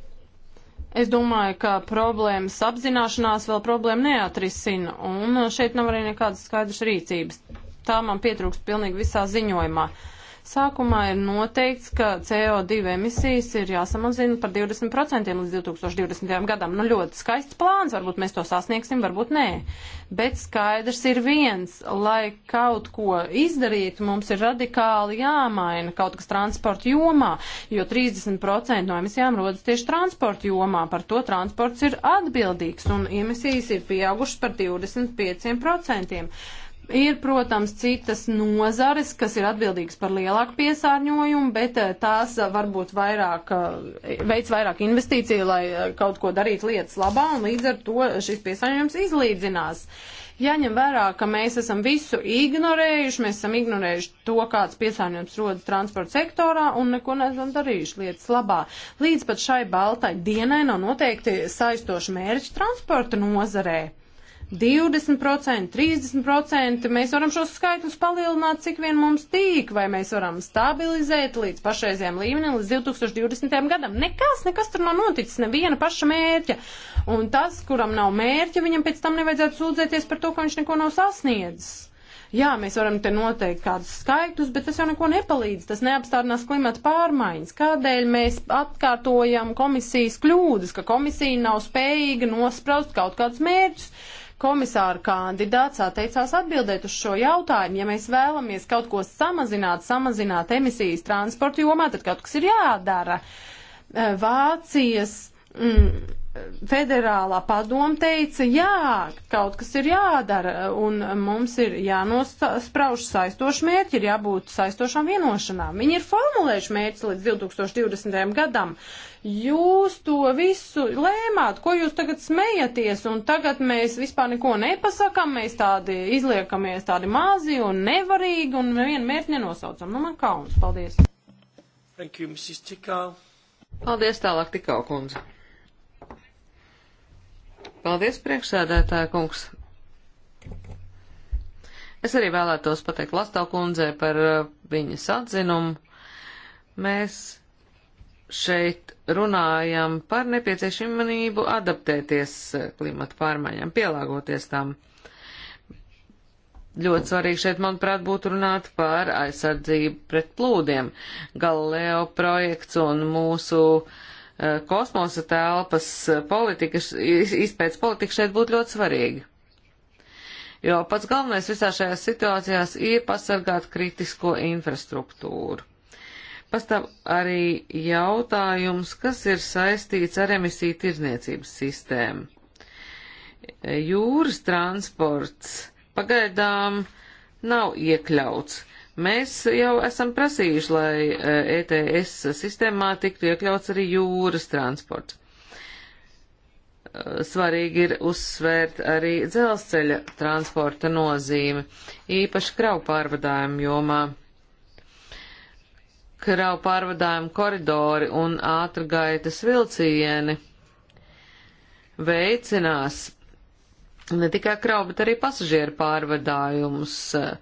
Es domāju, ka problēmas apzināšanās vēl problēma neatrisina, un šeit nav arī nekādas skaidras rīcības. Tā man pietrūkst pilnīgi visā ziņojumā. Uh, Sākumā ir noteikts, ka CO2 emisijas ir jāsamazina par 20% līdz 2020. gadam. Nu, ļoti skaists plāns, varbūt mēs to sasniegsim, varbūt nē. Bet skaidrs ir viens, lai kaut ko izdarītu, mums ir radikāli jāmaina kaut kas transporta jomā, jo 30% no emisijām rodas tieši transporta jomā. Par to transports ir atbildīgs un emisijas ir pieaugušas par 25%. Ir, protams, citas nozares, kas ir atbildīgas par lielāku piesārņojumu, bet eh, tās eh, varbūt vairāk, eh, veids vairāk investīciju, lai kaut ko darītu lietas labā, un līdz ar to šis piesārņojums izlīdzinās. Jāņem vērā, ka mēs esam visu ignorējuši, mēs esam ignorējuši to, kāds piesārņojums rodas transporta sektorā un neko neesam darījuši lietas labā. Līdz pat šai baltai dienai nav noteikti saistoši mērķi transporta nozarē. 20%, 30%. Mēs varam šos skaitļus palielināt, cik vien mums tīk, vai mēs varam stabilizēt līdz pašreizējiem līmenim, līdz 2020. gadam. Nekas, nekas tur nav noticis, neviena paša mērķa. Un tas, kuram nav mērķa, viņam pēc tam nevajadzētu sūdzēties par to, ka viņš neko nav sasniedzis. Jā, mēs varam te noteikt kādus skaitļus, bet tas jau neko nepalīdz. Tas neapstādinās klimata pārmaiņas. Kādēļ mēs atkārtojam komisijas kļūdas, ka komisija nav spējīga nospraust kaut kādus mērķus? komisāra kandidāts atteicās atbildēt uz šo jautājumu. Ja mēs vēlamies kaut ko samazināt, samazināt emisijas transporta jomā, tad kaut kas ir jādara. Vācijas. Mm, federālā padoma teica, jā, kaut kas ir jādara un mums ir jānosprauž saistoši mērķi, ir jābūt saistošām vienošanām. Viņi ir formulējuši mērķis līdz 2020. gadam. Jūs to visu lēmāt, ko jūs tagad smejaties, un tagad mēs vispār neko nepasakām, mēs tādi izliekamies tādi mazi un nevarīgi, un nevienu mērķi nenosaucam. Nu, man kauns. Paldies. Thank you, Mrs. Tikau. Paldies tālāk, Tikau kundze. Paldies, priekšsēdētāja kungs. Es arī vēlētos pateikt Lastau kundzē par uh, viņas atzinumu. Mēs šeit runājam par nepieciešamību adaptēties uh, klimata pārmaiņām, pielāgoties tam. Ļoti svarīgi šeit, manuprāt, būtu runāt par aizsardzību pret plūdiem. Galileo projekts un mūsu uh, Eh, kosmosa telpas eh, politikas, izpēc politika šeit būtu ļoti svarīga. Jo pats galvenais visā šajās situācijās ir pasargāt kritisko infrastruktūru. Pastāv arī jautājums, kas ir saistīts ar emisiju tirzniecības sistēmu. Eh, jūras transports pagaidām nav iekļauts Mēs jau esam prasījuši, lai ETS eh, e sistēmā tiktu iekļauts arī jūras transports. Eh, svarīgi ir uzsvērt arī dzelzceļa transporta nozīmi, īpaši kravu pārvadājumu jomā. Kravu pārvadājumu koridori un ātrgaitas vilcieni veicinās ne tikai kravu, bet arī pasažieru pārvadājumus eh,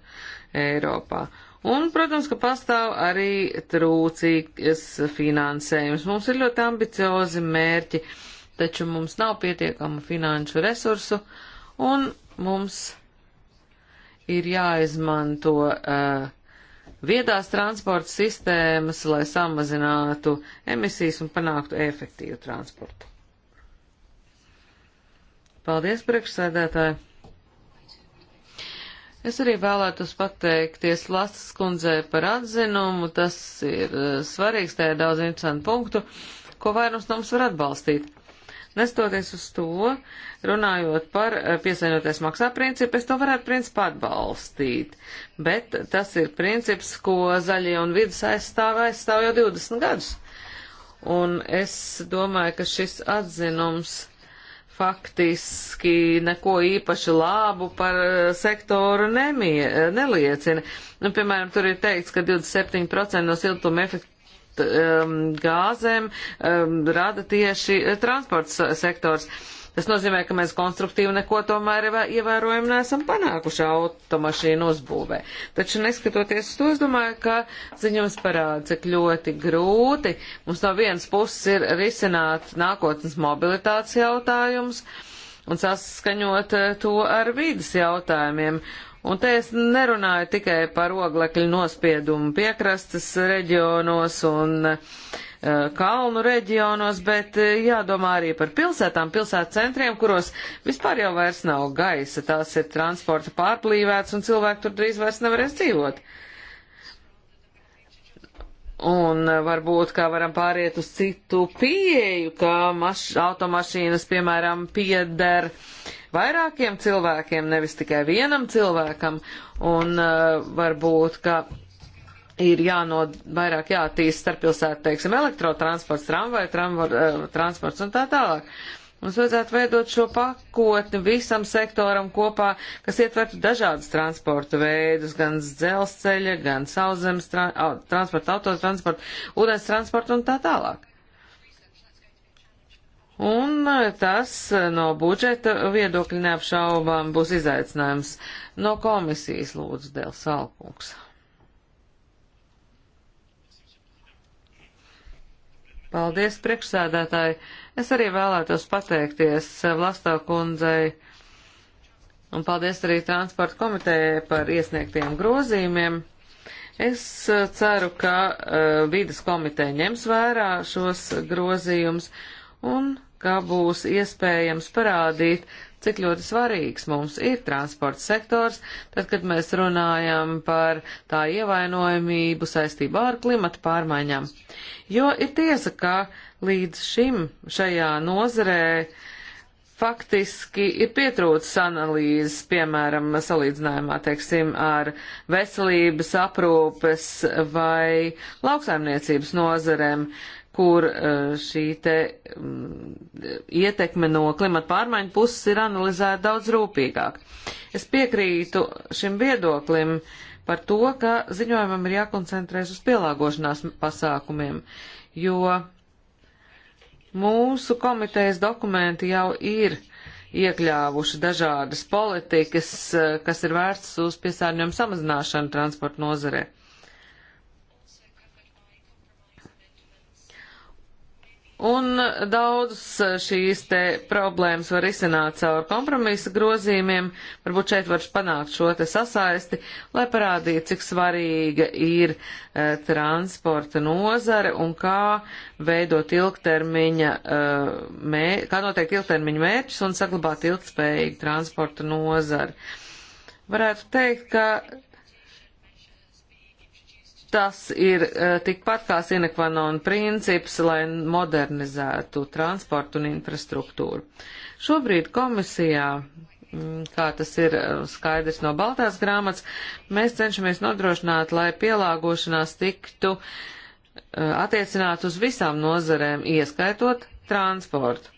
Eiropā. Uh, Un, protams, ka pastāv arī trūcīgs finansējums. Mums ir ļoti ambiciozi mērķi, taču mums nav pietiekama finanšu resursu, un mums ir jāizmanto uh, viedās transporta sistēmas, lai samazinātu emisijas un panāktu efektīvu transportu. Paldies, priekšsēdētāji! Es arī vēlētos pateikties Lasas kundzē par atzinumu, tas ir eh, svarīgs, tā ir daudz interesantu punktu, ko vairums no mums var atbalstīt. Nestoties uz to, runājot par eh, piesaņoties maksā principu, es to varētu principā atbalstīt, bet tas ir princips, ko zaļie un vidas aizstāv aizstāv jau 20 gadus. Un es domāju, ka šis atzinums faktiski neko īpaši labu par eh, sektoru nemie, eh, neliecina. Nu, piemēram, tur ir teikts, ka 27% no siltuma efekta ehm, gāzēm um, rada tieši eh, transports sektors. Uh, Tas nozīmē, ka mēs konstruktīvi neko tomēr ievērojam neesam panākuši automašīnu uzbūvē. Taču neskatoties uz to, es domāju, ka ziņums parāda, cik ļoti grūti mums no vienas puses ir risināt nākotnes mobilitātes jautājumus un saskaņot eh, to ar vīdas jautājumiem. Un te es nerunāju tikai par oglekļu nospiedumu piekrastes reģionos un uh, Eh, kalnu reģionos, bet eh, jādomā arī par pilsētām, pilsētu centriem, kuros vispār jau vairs nav gaisa, tās ir transporta pārplīvēts un cilvēki tur drīz vairs nevarēs dzīvot. Un eh, varbūt, kā varam pāriet uz citu pieeju, ka maš, automašīnas, piemēram, pieder vairākiem cilvēkiem, nevis tikai vienam cilvēkam, un uh, varbūt, ka ir jānod vairāk jātīst starppilsētu, teiksim, elektrotransports, tramvai, eh, transports un tā tālāk. Mums vajadzētu veidot šo pakotni visam sektoram kopā, kas ietvertu dažādas transporta veidus, gan dzelzceļa, gan sauszemes tra transporta, autotransporta, ūdens transporta un tā tālāk. Un eh, tas eh, no budžeta viedokļa neapšaubām būs izaicinājums no komisijas lūdzu Dēls Alkungs. Paldies, priekšsēdētāji. Es arī vēlētos pateikties Vlastā kundzei un paldies arī transporta komitējai par iesniegtiem grozījumiem. Es eh, ceru, ka uh, eh, vidas komiteja ņems vērā šos grozījumus un ka būs iespējams parādīt cik ļoti svarīgs mums ir transporta sektors, tad, kad mēs runājam par tā ievainojamību saistībā ar klimatu pārmaiņām. Jo ir tiesa, ka līdz šim šajā nozarē faktiski ir pietrūcis analīzes, piemēram, salīdzinājumā, teiksim, ar veselības aprūpes vai lauksaimniecības nozarēm. Uh, kur eh, šī te mm, ietekme no klimata pārmaiņu puses ir analizēta daudz rūpīgāk. Es piekrītu šim viedoklim par to, ka ziņojumam ir jākoncentrēs uz pielāgošanās pasākumiem, jo mūsu komitejas dokumenti jau ir iekļāvuši dažādas politikas, eh, kas ir vērstas uz piesārņojumu samazināšanu transporta nozarei. Un daudzas eh, šīs te problēmas var izsināt caur kompromisa grozījumiem, varbūt šeit var panākt šo te sasaisti, lai parādītu, cik svarīga ir e, transporta nozare un kā veidot ilgtermiņa, e, mē, kā noteikt ilgtermiņa mērķus un saglabāt ilgspējīgu transporta nozari. Varētu teikt, ka Tas ir eh, tikpat kā Sinekvanona princips, lai modernizētu transportu un infrastruktūru. Šobrīd komisijā, mm, kā tas ir eh, skaidrs no Baltās grāmatas, mēs cenšamies nodrošināt, lai pielāgošanās tiktu eh, attiecināt uz visām nozarēm, ieskaitot transportu.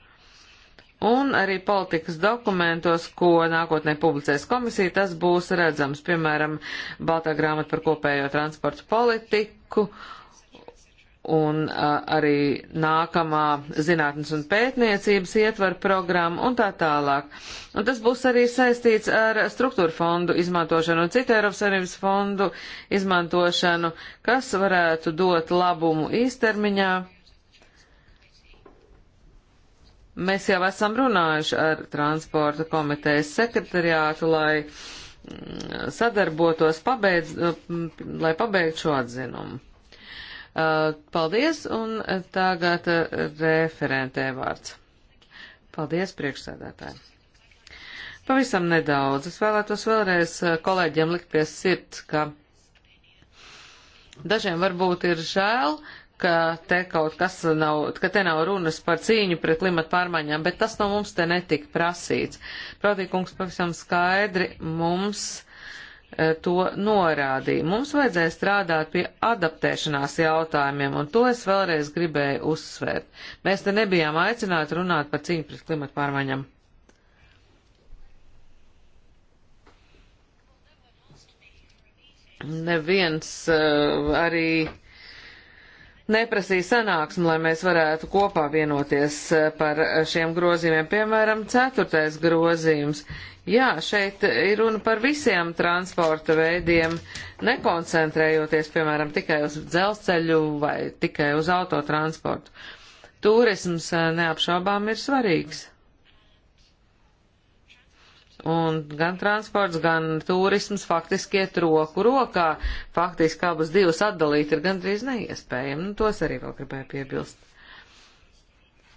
Un arī politikas dokumentos, ko nākotnē publicēs komisija, tas būs redzams, piemēram, Baltā grāmata par kopējo transportu politiku un uh, arī nākamā zinātnes un pētniecības ietver programma un tā tālāk. Un tas būs arī saistīts ar struktūra fondu izmantošanu un citu Eiropas Savienības fondu izmantošanu, kas varētu dot labumu īstermiņā Mēs jau esam runājuši ar transporta komitejas sekretariātu, lai mm, sadarbotos, pabeidz, mm, lai pabeigtu šo atzinumu. Uh, paldies, un tagad referentē vārds. Paldies, priekšsēdētāji. Pavisam nedaudz. Es vēlētos vēlreiz uh, kolēģiem likt pie sirds, ka dažiem varbūt ir žēl, uh, ka te kaut kas nav, ka te nav runas par cīņu pret klimatu pārmaiņām, bet tas no mums te netika prasīts. Protīkums pavisam skaidri mums e, to norādīja. Mums vajadzēja strādāt pie adaptēšanās jautājumiem, un to es vēlreiz gribēju uzsvērt. Mēs te nebijām aicināti runāt par cīņu pret klimatu pārmaiņām. Neviens uh, e, arī uh, neprasīja sanāksmi, lai mēs varētu kopā vienoties eh, par šiem grozījumiem. Piemēram, ceturtais grozījums. Jā, šeit ir runa par visiem transporta veidiem, nekoncentrējoties, piemēram, tikai uz dzelzceļu vai tikai uz autotransportu. Turisms eh, neapšaubām ir svarīgs. Mm. Un gan transports, gan turisms faktiski iet roku rokā. Faktiski abas divas atdalīt ir gandrīz neiespējami. Nu, tos arī vēl gribēju piebilst.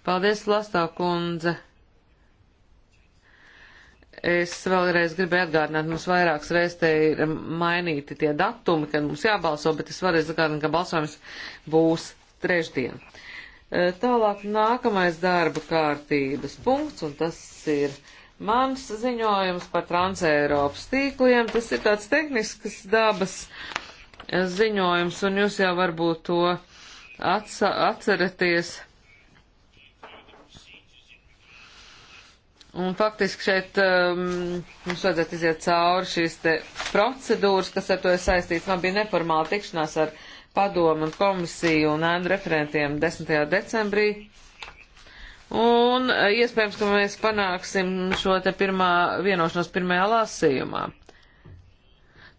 Paldies, Lastā kundze. Es vēlreiz gribēju atgādināt, mums vairākas reizes te ir mainīti tie datumi, kad mums jābalso, bet es vēlreiz atgādinu, ka balsojums būs trešdien. E, tālāk nākamais darba kārtības punkts, un tas ir Mans ziņojums par transeiropas tīkliem, tas ir tāds tehnisks dabas eh, ziņojums, un jūs jau varbūt to atceraties. Un faktiski šeit um, mums vajadzētu iziet cauri šīs te procedūras, kas ar to ir saistīts. Man bija neformāla tikšanās ar padomu un komisiju un ēnu referentiem 10. decembrī. Uh, Un eh, iespējams, ka mēs panāksim šo te pirmā vienošanos pirmajā lasījumā.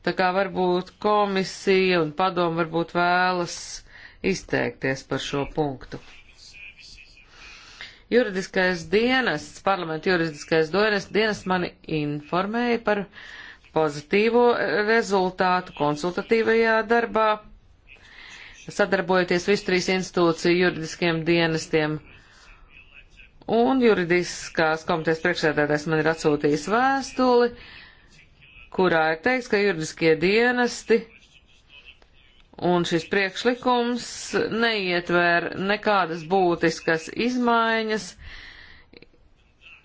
Tā kā varbūt komisija un padomu varbūt vēlas izteikties par šo punktu. Juridiskais dienests, parlamenta juridiskais dienests mani informēja par pozitīvo eh, rezultātu konsultatīvajā darbā, sadarbojoties visu trīs institūciju juridiskiem dienestiem. Un juridiskās komitejas priekšsēdētājs man ir atsūtījis vēstuli, kurā ir teikts, ka juridiskie dienesti un šis priekšlikums neietver nekādas būtiskas izmaiņas,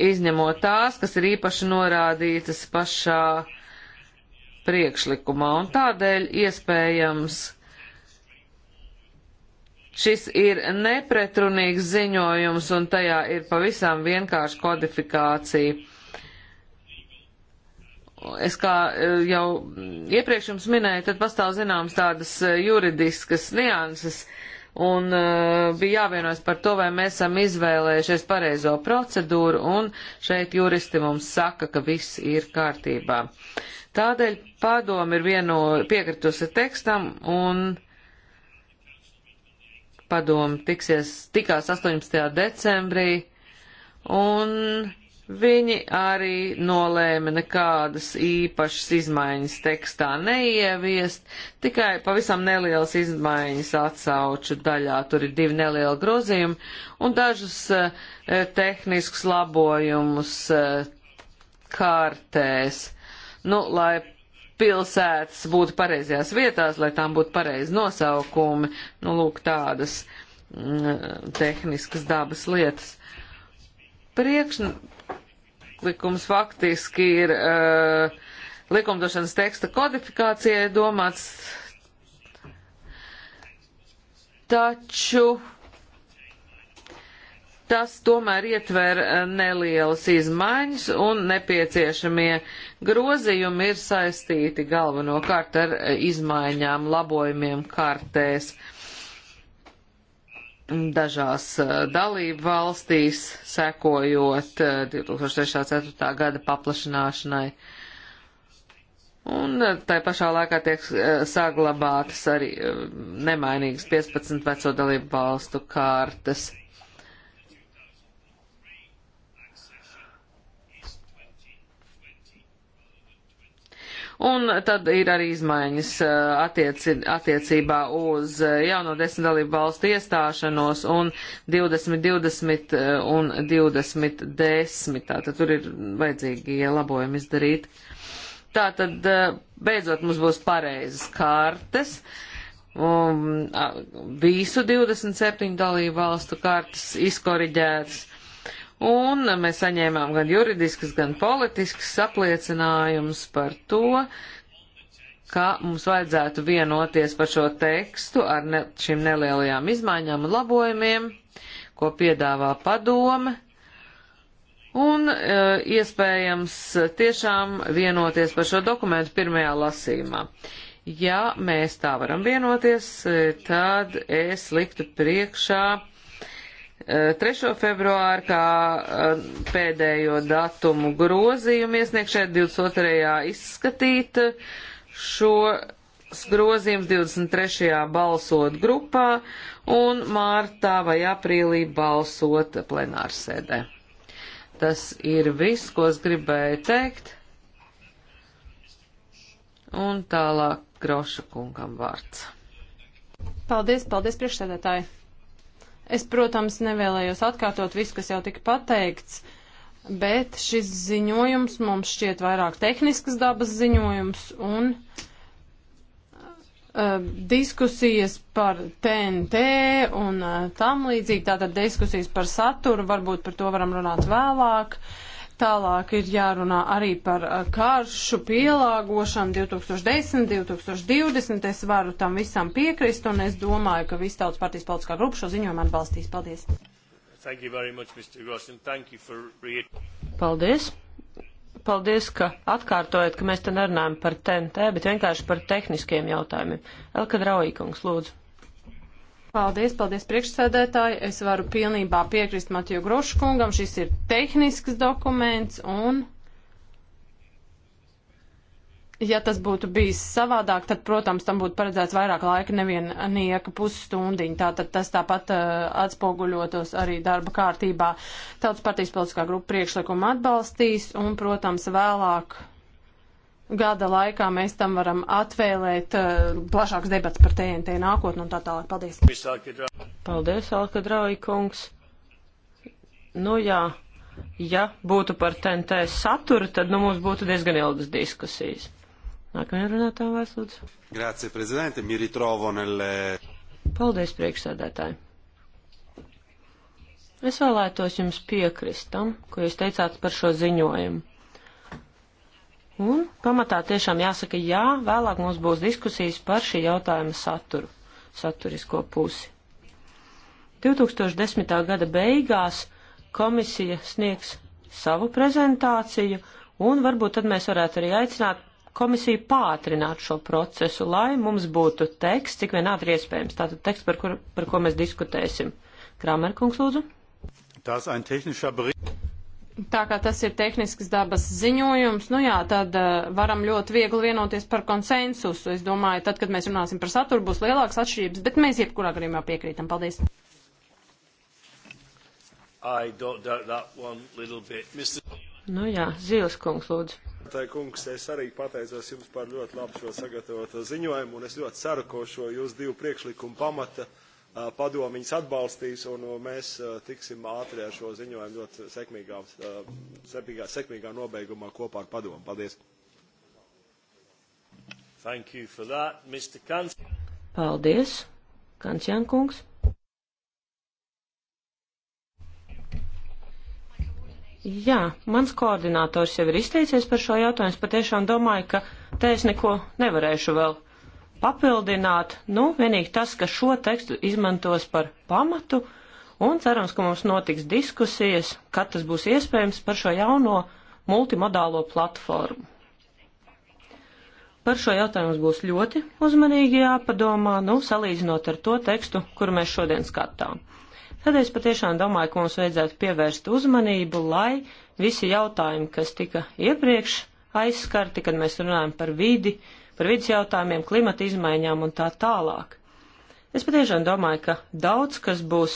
izņemot tās, kas ir īpaši norādītas pašā priekšlikumā. Un tādēļ iespējams, Šis ir nepretrunīgs ziņojums un tajā ir pavisam vienkārši kodifikācija. Es kā e, jau iepriekš jums minēju, tad pastāv zināms tādas e, juridiskas nianses un e, bija jāvienojas par to, vai mēs esam izvēlējušies pareizo procedūru un šeit juristi mums saka, ka viss ir kārtībā. Tādēļ padomi ir vieno piekritusi tekstam un padomu tiksies, tikās 18. decembrī, un viņi arī nolēma nekādas īpašas izmaiņas tekstā neieviest, tikai pavisam nelielas izmaiņas atsauču daļā, tur ir divi nelieli grozījumi un dažus eh, tehniskus labojumus eh, kārtēs. Nu, lai pilsētas būtu pareizajās vietās, lai tām būtu pareizi nosaukumi, nu, lūk, tādas mm, tehniskas dabas lietas. Priekšlikums faktiski ir uh, likumdošanas teksta kodifikācijai domāts, taču Tas tomēr ietver eh, nelielas izmaiņas un nepieciešamie grozījumi ir saistīti galvenokārt ar eh, izmaiņām, labojumiem kartēs dažās eh, dalību valstīs, sekojot 2003. gada paplašanāšanai. Un tai pašā laikā tiek saglabātas arī nemainīgas 15 veco dalību valstu kārtas. Un tad ir arī izmaiņas eh, attieci, attiecībā uz eh, jauno desmit dalību valstu iestāšanos un 20, 20 eh, un 20, 10. Tātad tur ir vajadzīgi labojumi izdarīt. Tātad beidzot mums būs pareizas kartes. Um, visu 27 dalību valstu kartes izkoriģētas Un mēs saņēmām gan juridiskas, gan politiskas apliecinājumus par to, ka mums vajadzētu vienoties par šo tekstu ar ne, šīm nelielajām izmaiņām un labojumiem, ko piedāvā padome. Un e, iespējams tiešām vienoties par šo dokumentu pirmajā lasīmā. Ja mēs tā varam vienoties, e, tad es liktu priekšā 3. Eh, februāru kā eh, pēdējo datumu grozījumu iesniegšai 22. izskatīt šos grozījumus 23. balsot grupā un mārtā vai aprīlī balsot plenārsēdē. Tas ir viss, ko es gribēju teikt. Un tālāk Groša kungam vārds. Paldies, paldies priekšsēdētāji. Es, protams, nevēlējos atkārtot visu, kas jau tika pateikts, bet šis ziņojums mums šķiet vairāk tehniskas dabas ziņojums un uh, diskusijas par TNT un uh, tam līdzīgi, tātad diskusijas par saturu, varbūt par to varam runāt vēlāk. Uh, Tālāk ir jārunā arī par uh, karšu pielāgošanu 2010, 2020. Es varu tam visam piekrist, un es domāju, ka viss tautas partijas politiskā grupa šo ziņojumu atbalstīs. Paldies! Much, for... Paldies! Paldies, ka atkārtojat, ka mēs te nerunājam par TNT, bet vienkārši par tehniskiem jautājumiem. Elka Draujīkungs, lūdzu. Paldies, paldies priekšsēdētāji. Es varu pilnībā piekrist Matiju Grošu kungam. Šis ir tehnisks dokuments un. Ja tas būtu bijis savādāk, tad, protams, tam būtu paredzēts vairāk laika, neviena nieka pusstundiņa. Tātad tas tāpat uh, atspoguļotos arī darba kārtībā. Tautas partijas politiskā grupa priekšlikumu atbalstīs un, protams, vēlāk gada laikā mēs tam varam atvēlēt uh, eh, plašāks debats par TNT nākotnu un tā tālāk. Paldies. Paldies, Alka Drauji kungs. Nu jā, ja būtu par TNT saturu, tad nu mums būtu diezgan ilgas diskusijas. Nākamajā runātājā vairs lūdzu. Grācie, prezidente, mi ritrovo nelle. Paldies, priekšsēdētāji. Es vēlētos jums piekrist tam, ko jūs teicāt par šo ziņojumu Un pamatā tiešām jāsaka, jā, vēlāk mums būs diskusijas par šī jautājuma saturu, saturisko pusi. 2010. gada beigās komisija sniegs savu prezentāciju, un varbūt tad mēs varētu arī aicināt komisiju pātrināt šo procesu, lai mums būtu teksts, cik vien ātri iespējams. Tātad teksts, par, kur, par ko mēs diskutēsim. Kramerkungs, lūdzu tā kā tas ir tehnisks dabas ziņojums, nu jā, tad uh, varam ļoti viegli vienoties par konsensusu. Es domāju, tad, kad mēs runāsim par saturu, būs lielākas atšķirības, bet mēs jebkurā gadījumā piekrītam. Paldies. Mr... Nu jā, Zils kungs, lūdzu. Tā kungs, es arī pateicos jums par ļoti labu šo sagatavoto ziņojumu, un es ļoti ceru, ko šo jūs divu priekšlikumu pamata uh, padomiņas atbalstīs, un uh, mēs tiksim ātri ar šo ziņojumu ļoti sekmīgā, sekmīgā, sekmīgā nobeigumā kopā ar padomu. Paldies! Thank you for that, Mr. Kans. Paldies, Kansjankungs. Jā, mans koordinators jau ir izteicies par šo jautājumu. Es patiešām domāju, ka te es neko nevarēšu vēl papildināt, nu, vienīgi tas, ka šo tekstu izmantos par pamatu, un cerams, ka mums notiks diskusijas, kad tas būs iespējams par šo jauno multimodālo platformu. Par šo jautājumu mums būs ļoti uzmanīgi jāpadomā, nu, salīdzinot ar to tekstu, kuru mēs šodien skatām. Tad es patiešām domāju, ka mums vajadzētu pievērst uzmanību, lai visi jautājumi, kas tika iepriekš aizskarti, kad mēs runājam par vidi, uh, par vidas jautājumiem, klimata izmaiņām un tā tālāk. Es patiešām domāju, ka daudz kas būs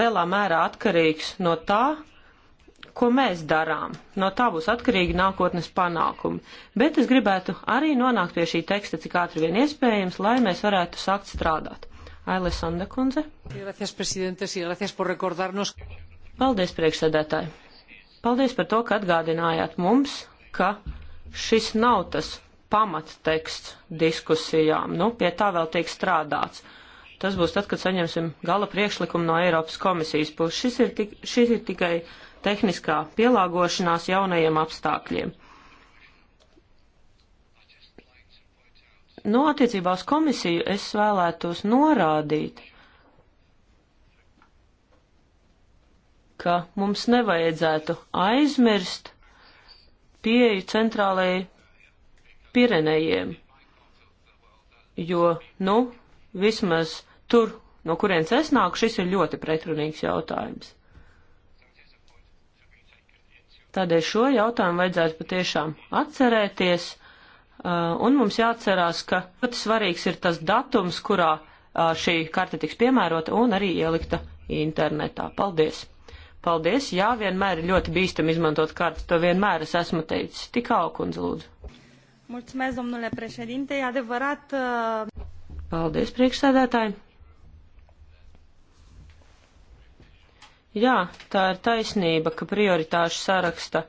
lielā mērā atkarīgs no tā, ko mēs darām. No tā būs atkarīgi nākotnes panākumi. Bet es gribētu arī nonākt pie šī teksta, cik ātri vien iespējams, lai mēs varētu sākt strādāt. Aile Sanda kundze. Paldies, priekšsēdētāji. Paldies par to, ka atgādinājāt mums, ka šis nav tas pamatteksts diskusijām. Nu, pie tā vēl tiek strādāts. Tas būs tad, kad saņemsim gala priekšlikumu no Eiropas komisijas puses. Šis ir, tik, šis ir tikai tehniskā pielāgošanās jaunajiem apstākļiem. Nu, attiecībā uz komisiju es vēlētos norādīt, ka mums nevajadzētu aizmirst pieeju centrālajai Pirenejiem, jo, nu, vismaz tur, no kurienes es nāku, šis ir ļoti pretrunīgs jautājums. Tādēļ šo jautājumu vajadzētu patiešām atcerēties, uh, un mums jāatcerās, ka ļoti svarīgs ir tas datums, kurā uh, šī karte tiks piemērota un arī ielikta internetā. Paldies! Paldies! Jā, vienmēr ir ļoti bīstam izmantot karti, to vienmēr es esmu teicis. Tikā, kundze, lūdzu! Mulțumesc, domnule președinte. E adevărat... Uh, Paldies, priekšsēdētāji. Jā, tā ir taisnība, ka prioritāšu saraksta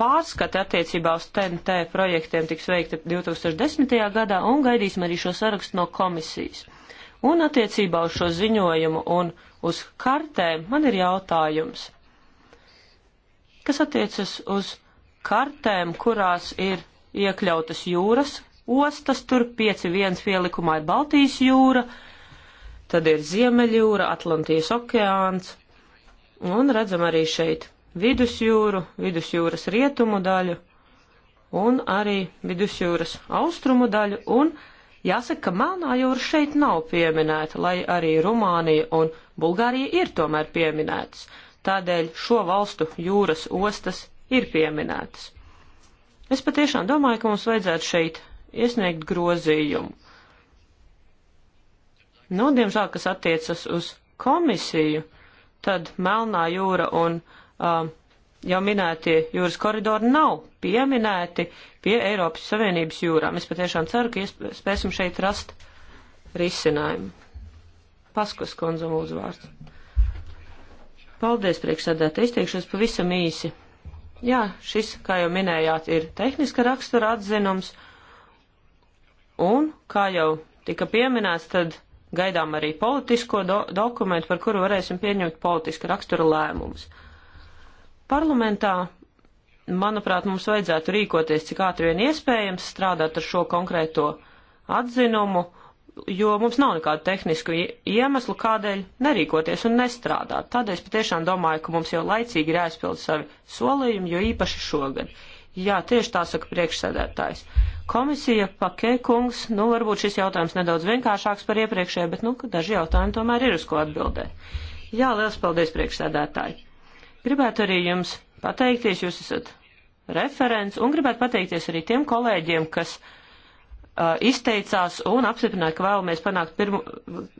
pārskata attiecībā uz TNT projektiem tiks veikta 2010. gadā un gaidīsim arī šo sarakstu no komisijas. Un attiecībā uz šo ziņojumu un uz kartēm man ir jautājums, kas attiecas uz kartēm, kurās ir iekļautas jūras ostas, tur 5.1 pielikumā ir Baltijas jūra, tad ir Ziemeļjūra, Atlantijas okeāns, un redzam arī šeit vidusjūru, vidusjūras rietumu daļu, un arī vidusjūras austrumu daļu, un jāsaka, ka Melnā jūra šeit nav pieminēta, lai arī Rumānija un Bulgārija ir tomēr pieminētas. Tādēļ šo valstu jūras ostas ir pieminētas. Es patiešām domāju, ka mums vajadzētu šeit iesniegt grozījumu. Nu, diemžēl, kas attiecas uz komisiju, tad Melnā jūra un um, jau minētie jūras koridori nav pieminēti pie Eiropas Savienības jūrām. Es patiešām ceru, ka spēsim šeit rast risinājumu. Paskas konzumu uzvārds. Paldies, priekšsēdētāji. Izteikšos pavisam īsi. Jā, šis, kā jau minējāt, ir tehniska rakstura atzinums, un, kā jau tika pieminēts, tad gaidām arī politisko do dokumentu, par kuru varēsim pieņemt politiska rakstura lēmumus. Parlamentā, manuprāt, mums vajadzētu rīkoties cik ātri vien iespējams, strādāt ar šo konkrēto atzinumu jo mums nav nekādu tehnisku iemeslu, kādēļ nerīkoties un nestrādāt. Tādēļ es patiešām domāju, ka mums jau laicīgi ir jāizpild savi solījumi, jo īpaši šogad. Jā, tieši tā saka priekšsēdētājs. Komisija pakeikungs, nu varbūt šis jautājums nedaudz vienkāršāks par iepriekšēju, bet nu, daži jautājumi tomēr ir uz ko atbildēt. Jā, liels paldies priekšsēdētāji. Gribētu arī jums pateikties, jūs esat referents, un gribētu pateikties arī tiem kolēģiem, kas izteicās un apstiprināja, ka vēlamies panākt pirmu,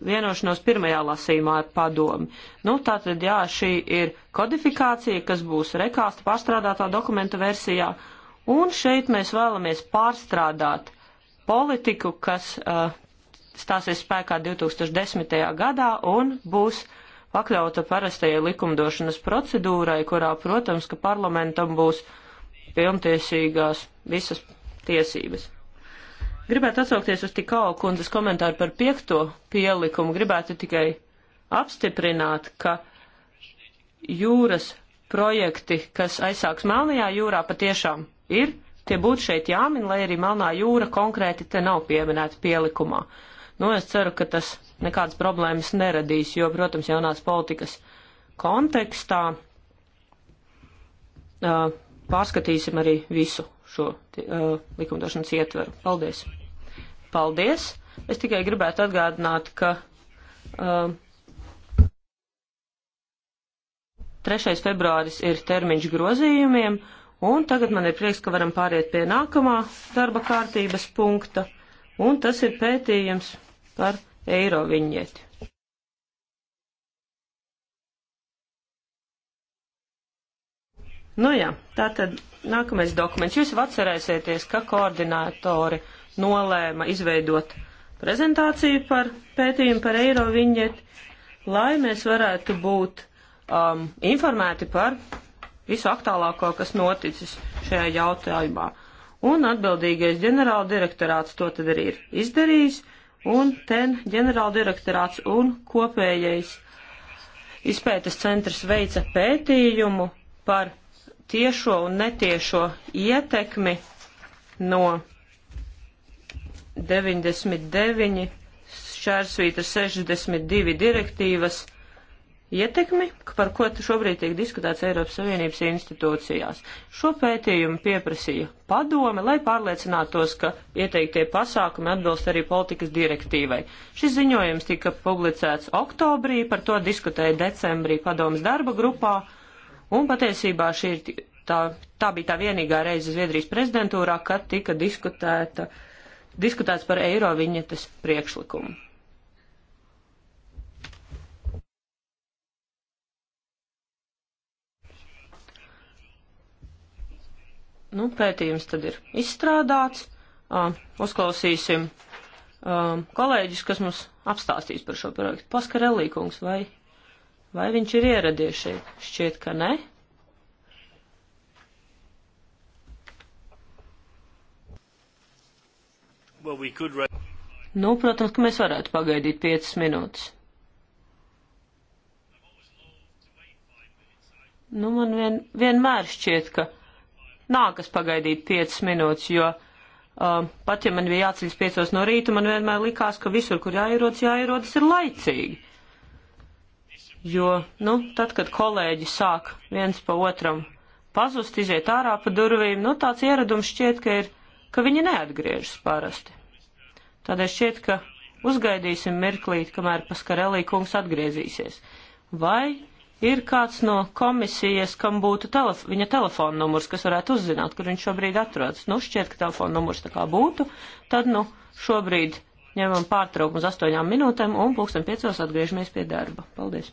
vienošanos pirmajā lasīmā ar padomi. Nu, tātad, jā, šī ir kodifikācija, kas būs rekāsta pārstrādātā dokumenta versijā, un šeit mēs vēlamies pārstrādāt politiku, kas uh, stāsies spēkā 2010. gadā un būs pakļauta parastajai likumdošanas procedūrai, kurā, protams, ka parlamentam būs pilntiesīgās visas tiesības. Gribētu atsaukties uz tikau kundzes komentāru par piekto pielikumu. Gribētu tikai apstiprināt, ka jūras projekti, kas aizsāks Melnajā jūrā, patiešām ir. Tie būtu šeit jāmin, lai arī Melnā jūra konkrēti te nav pieminēta pielikumā. Nu, es ceru, ka tas nekādas problēmas neradīs, jo, protams, jaunās politikas kontekstā uh, pārskatīsim arī visu šo uh, likumdošanas ietveru. Paldies! Paldies! Es tikai gribētu atgādināt, ka um, 3. februāris ir termiņš grozījumiem, un tagad man ir prieks, ka varam pāriet pie nākamā darba kārtības punkta, un tas ir pētījums par eiro viņieti. Nu jā, tātad nākamais dokuments. Jūs atcerēsieties, ka koordinātori uh, nolēma izveidot prezentāciju par pētījumu par eiro viņeti, lai mēs varētu būt um, informēti par visu aktālāko, kas noticis šajā jautājumā. Un atbildīgais ģenerāla direktorāts to tad arī ir izdarījis, un ten ģenerāla direktorāts un kopējais izpētes centrs veica pētījumu par tiešo un netiešo ietekmi no 99 šķērsvīta 62 direktīvas ietekmi, par ko šobrīd tiek diskutēts Eiropas Savienības institūcijās. Šo pētījumu pieprasīja padome, lai pārliecinātos, ka ieteiktie pasākumi atbilst arī politikas direktīvai. Šis ziņojums tika publicēts oktobrī, par to diskutēja decembrī padomas darba grupā, un patiesībā šī ir tā, tā bija tā vienīgā reize Zviedrijas prezidentūrā, kad tika diskutēta uh, diskutēts par eiro viņetes priekšlikumu. Nu, pētījums tad ir izstrādāts. Uh, uzklausīsim uh, kolēģis, kas mums apstāstīs par šo projektu. Paskarelīkungs, vai, vai viņš ir ieradies šeit? Šķiet, ka ne. Well, we could... Nu, protams, ka mēs varētu pagaidīt piecas minūtes. Nu, man vien, vienmēr šķiet, ka nākas pagaidīt piecas minūtes, jo um, pat ja man bija jāceļas piecos no rīta, man vienmēr likās, ka visur, kur jāierodas, jāierodas ir laicīgi. Jo, nu, tad, kad kolēģi sāk viens pa otram pazust, iziet ārā pa durvīm, nu, tāds ieradums šķiet, ka ir ka viņi neatgriežas parasti. Tādēļ šķiet, ka uzgaidīsim mirklīt, kamēr Paskarelī kungs atgriezīsies. Vai ir kāds no komisijas, kam būtu telef viņa telefona numurs, kas varētu uzzināt, kur viņš šobrīd atrodas? Nu, šķiet, ka telefona numurs tā kā būtu, tad, nu, šobrīd ņemam pārtraukumu uz astoņām minūtēm un pulksten piecos atgriežamies pie darba. Paldies!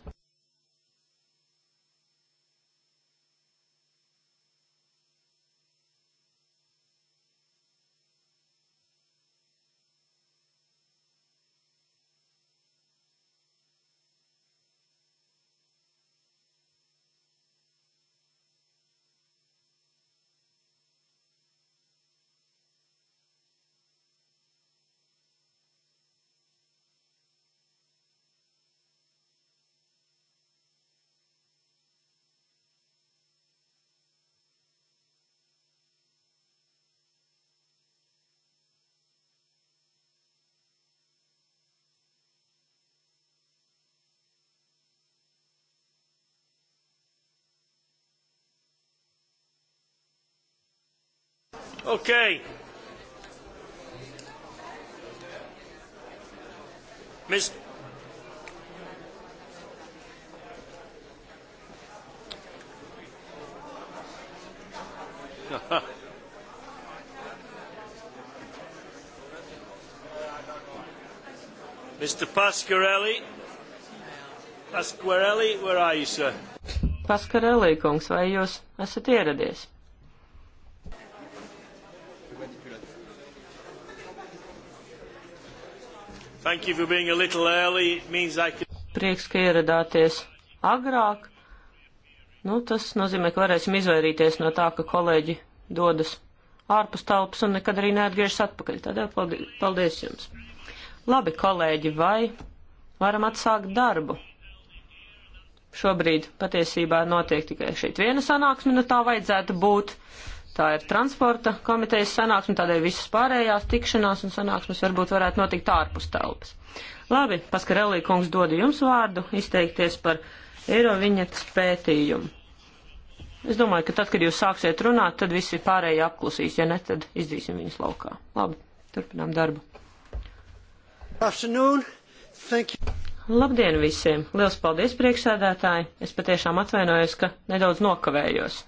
Okay. Ms. Mr. Pasquarelli. Pasquarelli, where are you, sir? Pasquarelli, kungs, vai jūs esat ieradies? Thank you for being a little early. It means I can... Prieks, ka ieradāties agrāk. Nu, tas nozīmē, ka varēsim izvairīties no tā, ka kolēģi dodas ārpus telpas un nekad arī neatgriežas atpakaļ. Tādēļ paldies, paldies jums. Labi, kolēģi, vai varam atsākt darbu? Šobrīd patiesībā notiek tikai šeit viena sanāksme, nu tā vajadzētu būt tā ir transporta komitejas sanāksme, tādēļ visas pārējās tikšanās un sanāksmes varbūt varētu notikt ārpus telpas. Labi, Paskarelī kungs dodu jums vārdu izteikties par Eiroviņetas pētījumu. Es domāju, ka tad, kad jūs sāksiet runāt, tad visi pārējie apklusīs, ja ne, tad izdzīsim viņus laukā. Labi, turpinām darbu. Afternoon. Thank you. Labdien visiem! Liels paldies priekšsēdētāji! Es patiešām atvainojos, ka nedaudz nokavējos.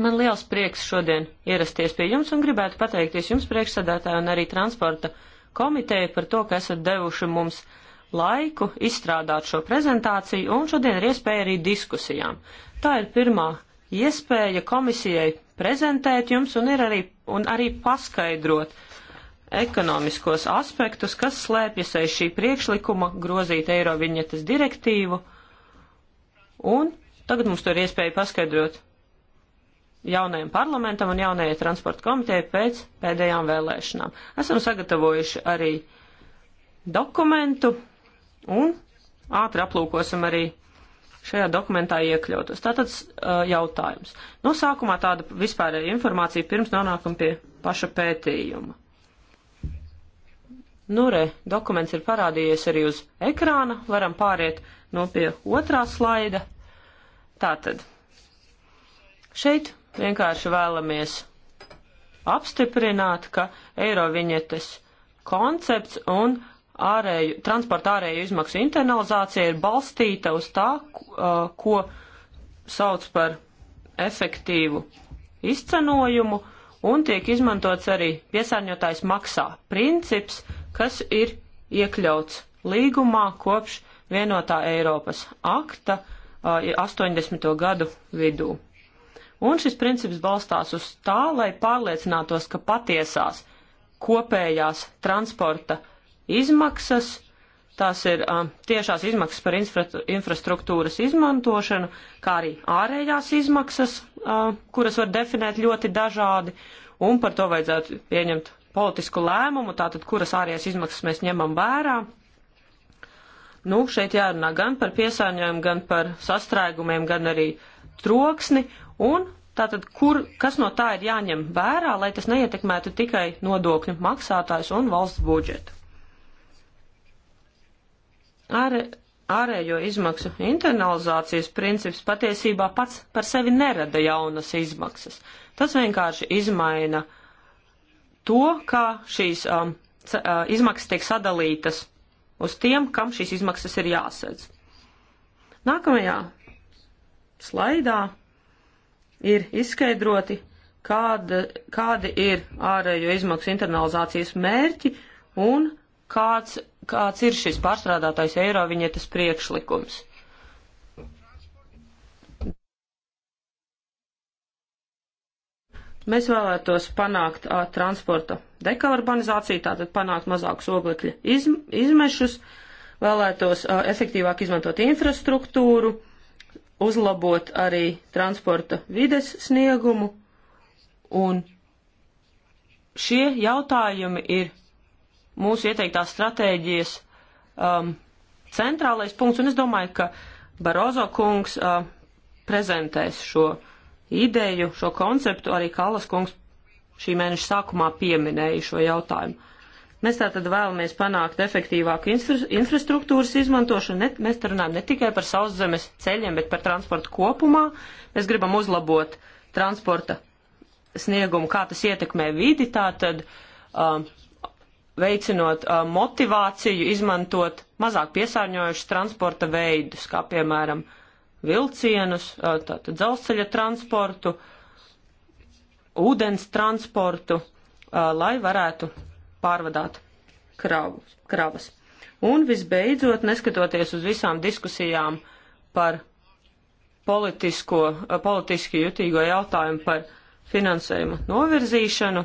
Man liels prieks šodien ierasties pie jums un gribētu pateikties jums priekšsadātāju un arī transporta komiteju par to, ka esat devuši mums laiku izstrādāt šo prezentāciju un šodien ir iespēja arī diskusijām. Tā ir pirmā iespēja komisijai prezentēt jums un, arī, un arī paskaidrot ekonomiskos aspektus, kas slēpjas aiz šī priekšlikuma grozīt Eiroviņetas direktīvu. Un tagad mums to ir iespēja paskaidrot jaunajam parlamentam un jaunajai transporta komitejai pēc pēdējām vēlēšanām. Esam sagatavojuši arī dokumentu un ātri aplūkosim arī šajā dokumentā iekļautos. Tātad uh, jautājums. No sākumā tāda vispārēja informācija pirms nonākam pie paša pētījuma. Nu re, dokuments ir parādījies arī uz ekrāna, varam pāriet no pie otrā slaida. Tātad, šeit Vienkārši vēlamies apstiprināt, ka eiroviņetes koncepts un ārēju, transporta ārēju izmaksu internalizācija ir balstīta uz tā, ko sauc par efektīvu izcenojumu un tiek izmantots arī piesārņotājs maksā princips, kas ir iekļauts līgumā kopš vienotā Eiropas akta 80. gadu vidū. Un šis princips balstās uz tā, lai pārliecinātos, ka patiesās kopējās transporta izmaksas, tās ir um, tiešās izmaksas par infra infrastruktūras izmantošanu, kā arī ārējās izmaksas, uh, kuras var definēt ļoti dažādi, un par to vajadzētu pieņemt politisku lēmumu, tātad kuras ārējās izmaksas mēs ņemam vērā. Nu, šeit jārunā gan par piesārņojumu, gan par sastrēgumiem, gan arī troksni un tātad, kur, kas no tā ir jāņem vērā, lai tas neietekmētu tikai nodokļu maksātājs un valsts budžetu. Ar, ārējo izmaksu internalizācijas princips patiesībā pats par sevi nerada jaunas izmaksas. Tas vienkārši izmaina to, kā šīs um, uh, izmaksas tiek sadalītas uz tiem, kam šīs izmaksas ir jāsedz. Nākamajā slaidā ir izskaidroti, kāda, kādi ir ārējo izmaksu internalizācijas mērķi un kāds, kāds ir šis pārstrādātais eiro viņietas priekšlikums. Mēs vēlētos panākt a, transporta dekarbonizāciju, tātad panākt mazākus oglekļa izm izmešus, vēlētos a, efektīvāk izmantot infrastruktūru, uzlabot arī transporta vides sniegumu, un šie jautājumi ir mūsu ieteiktās stratēģijas um, centrālais punkts, un es domāju, ka Barozo kungs uh, prezentēs šo ideju, šo konceptu, arī Kalas kungs šī mēneša sākumā pieminēja šo jautājumu. Mēs tātad vēlamies panākt efektīvāku infra infrastruktūras izmantošanu. Ne, mēs te runājam ne tikai par sauszemes ceļiem, bet par transportu kopumā. Mēs gribam uzlabot transporta sniegumu, kā tas ietekmē vidi, tātad um, veicinot um, motivāciju izmantot mazāk piesārņojušas transporta veidus, kā piemēram vilcienus, uh, tātad dzelzceļa transportu, ūdens transportu, uh, lai varētu pārvadāt kravus, kravas. Un visbeidzot, neskatoties uz visām diskusijām par politisko, politiski jutīgo jautājumu par finansējumu novirzīšanu,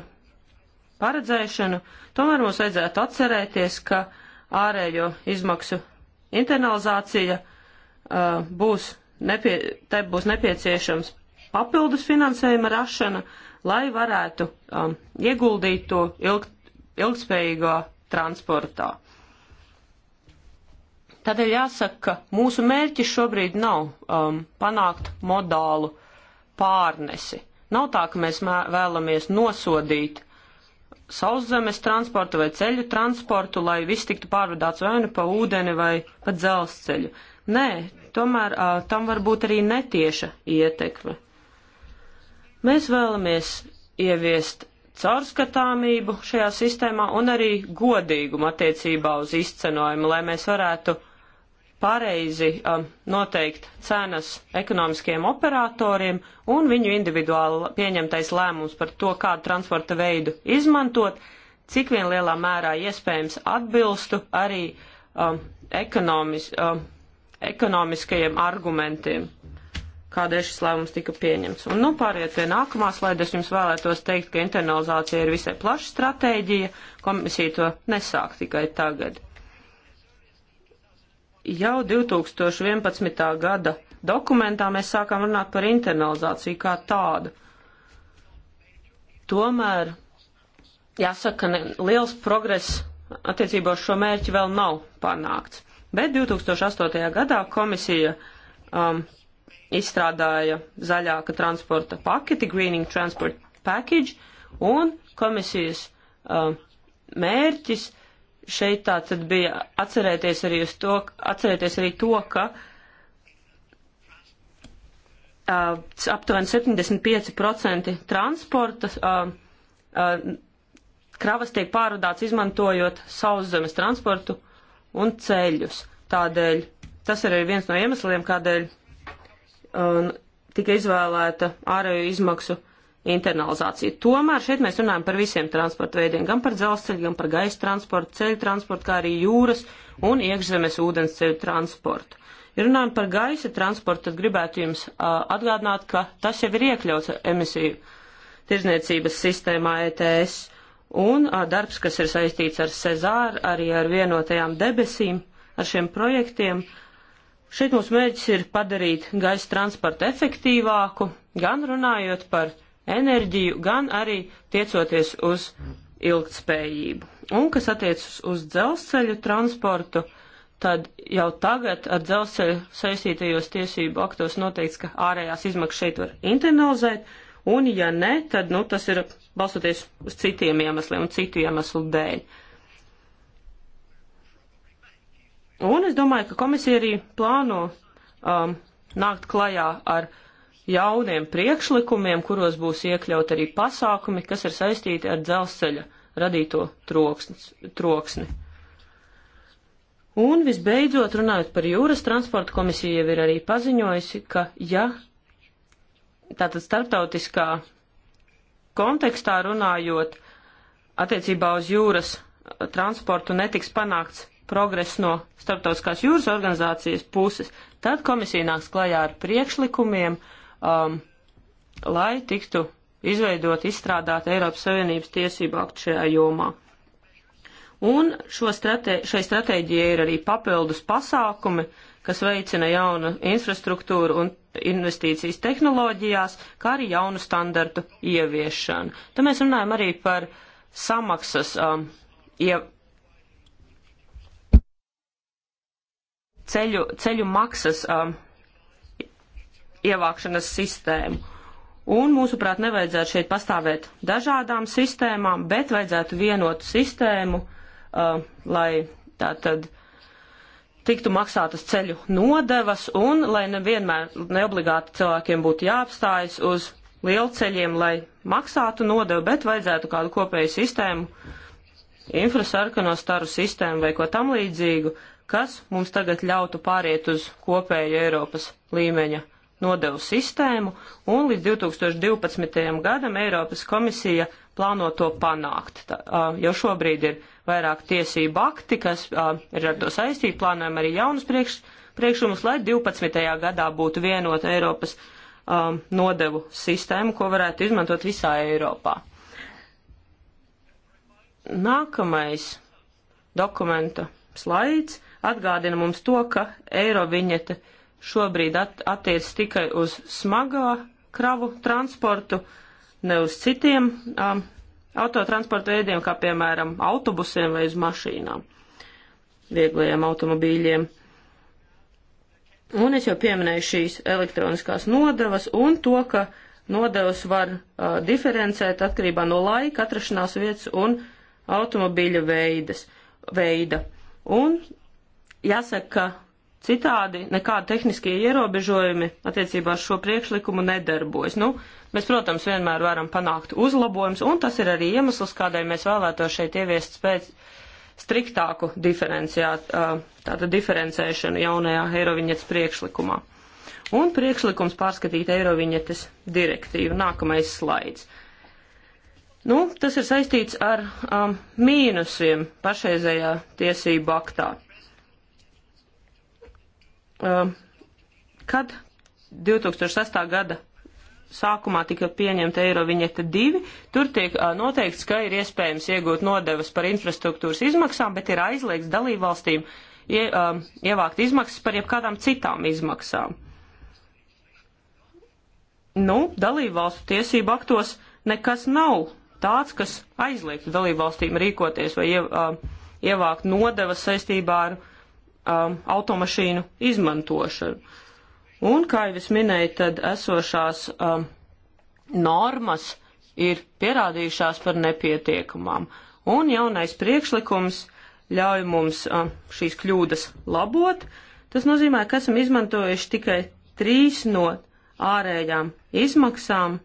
paredzēšanu, tomēr mums vajadzētu atcerēties, ka ārējo izmaksu internalizācija uh, būs, nepie, te būs nepieciešams papildus finansējuma rašana, lai varētu um, ieguldīt to ilg, ilgspējīgā transportā. Tādēļ jāsaka, ka mūsu mērķis šobrīd nav um, panākt modālu pārnesi. Nav tā, ka mēs vēlamies nosodīt sauszemes transportu vai ceļu transportu, lai viss tiktu pārvadāts vai nu pa ūdeni vai pa dzelzceļu. Nē, tomēr uh, tam var būt arī netieša ietekme. Mēs vēlamies ieviest caurskatāmību šajā sistēmā un arī godīgumu attiecībā uz izcenojumu, lai mēs varētu pareizi um, noteikt cenas ekonomiskiem operatoriem un viņu individuāli pieņemtais lēmums par to, kādu transporta veidu izmantot, cik vien lielā mērā iespējams atbilstu arī um, ekonomis, um, ekonomiskajiem argumentiem kādēļ šis lēmums tika pieņemts. Un nu pāriet pie nākamā slaida, es jums vēlētos teikt, ka internalizācija ir visai plaša stratēģija, komisija to nesāk tikai tagad. Jau 2011. gada dokumentā mēs sākām runāt par internalizāciju kā tādu. Tomēr, jāsaka, ka ne, liels progress attiecībā uz šo mērķi vēl nav panākts. Bet 2008. gadā komisija um, izstrādāja zaļāka transporta paketi, Greening Transport Package, un komisijas uh, mērķis šeit tātad bija atcerēties arī, to, atcerēties arī to, ka uh, aptuveni 75% transporta uh, uh, kravas tiek pārvadāts izmantojot sauszemes transportu un ceļus. Tādēļ tas arī ir viens no iemesliem, kādēļ un tika izvēlēta ārēju izmaksu internalizācija. Tomēr šeit mēs runājam par visiem transporta veidiem, gan par dzelzceļu, gan par gaisa transportu, ceļu transportu, kā arī jūras un iekšzemes ūdensceļu transportu. Ja runājam par gaisa transportu, tad gribētu jums uh, atgādināt, ka tas jau ir iekļauts emisiju tirzniecības sistēmā ETS, un uh, darbs, kas ir saistīts ar Cezāru, arī ar vienotajām debesīm, ar šiem projektiem, uh, Šeit mūsu mērķis ir padarīt gaisa transportu efektīvāku, gan runājot par enerģiju, gan arī tiecoties uz ilgtspējību. Un, kas attiecas uz dzelzceļu transportu, tad jau tagad ar dzelzceļu saistītajos tiesību aktos noteikts, ka ārējās izmaksas šeit var internalizēt, un ja ne, tad nu, tas ir balstoties uz citiem iemesliem un citu iemeslu dēļ. Uh, Un es domāju, ka komisija arī plāno um, nākt klajā ar jauniem priekšlikumiem, kuros būs iekļaut arī pasākumi, kas ir saistīti ar dzelzceļa radīto troksnis, troksni. Un visbeidzot, runājot par jūras transportu, komisija jau ir arī paziņojusi, ka ja tātad starptautiskā kontekstā runājot attiecībā uz jūras uh, transportu netiks panākts progresu no Startautiskās jūras organizācijas puses, tad komisija nāks klajā ar priekšlikumiem, um, lai tiktu izveidot, izstrādāt Eiropas Savienības tiesību aktu šajā jomā. Un stratē, šai stratēģijai ir arī papildus pasākumi, kas veicina jaunu infrastruktūru un investīcijas tehnoloģijās, kā arī jaunu standartu ieviešanu. Te mēs runājam arī par samaksas um, ie, ceļu, ceļu maksas um, ievākšanas sistēmu. Un, mūsuprāt, nevajadzētu šeit pastāvēt dažādām sistēmām, bet vajadzētu vienotu sistēmu, uh, lai tā tad tiktu maksātas ceļu nodevas un lai nevienmēr neobligāti cilvēkiem būtu jāapstājas uz lielceļiem, lai maksātu nodevu, bet vajadzētu kādu kopēju sistēmu, infrasarkano staru sistēmu vai ko tam līdzīgu, uh, kas mums tagad ļautu pāriet uz kopēju Eiropas līmeņa nodevu sistēmu, un līdz 2012. gadam Eiropas komisija plāno to panākt. Tā, jau šobrīd ir vairāk tiesību akti, kas ir ar to saistīti, plānojam arī jaunus priekš, priekšumus, lai 12. gadā būtu vienota Eiropas um, nodevu sistēma, ko varētu izmantot visā Eiropā. Nākamais dokumenta slaids atgādina mums to, ka eiro viņete šobrīd at attiec tikai uz smagā kravu transportu, ne uz citiem um, autotransporta veidiem, kā piemēram autobusiem vai uz mašīnām, vieglajiem automobīļiem. Un es jau pieminēju šīs elektroniskās nodevas un to, ka nodevas var uh, diferencēt atkarībā no laika, atrašanās vietas un automobīļa veidas, veida. Un Jāsaka, ka citādi nekādi tehniskie ierobežojumi attiecībā uz šo priekšlikumu nedarbojas. Nu, mēs, protams, vienmēr varam panākt uzlabojums, un tas ir arī iemesls, kādēļ mēs vēlētos šeit ieviest spēc striktāku diferencēšanu jaunajā Eiroviņetes priekšlikumā. Un priekšlikums pārskatīt Eiroviņetes direktīvu. Nākamais slaids. Nu, tas ir saistīts ar um, mīnusiem pašreizējā tiesību aktā. Uh, kad 2008. gada sākumā tika pieņemta eiro viņeta 2, tur tiek uh, noteikts, ka ir iespējams iegūt nodevas par infrastruktūras izmaksām, bet ir aizliegts dalībvalstīm ie, um, ievākt izmaksas par jebkādām citām izmaksām. Nu, dalībvalstu tiesību aktos nekas nav tāds, kas aizliegtu dalībvalstīm rīkoties vai ie, um, ievākt nodevas saistībā ar uh, um, automašīnu izmantošanu. Un, kā jau es minēju, tad esošās um, normas ir pierādījušās par nepietiekamām. Un jaunais priekšlikums ļauj mums um, šīs kļūdas labot. Tas nozīmē, ka esam izmantojuši tikai trīs no ārējām izmaksām,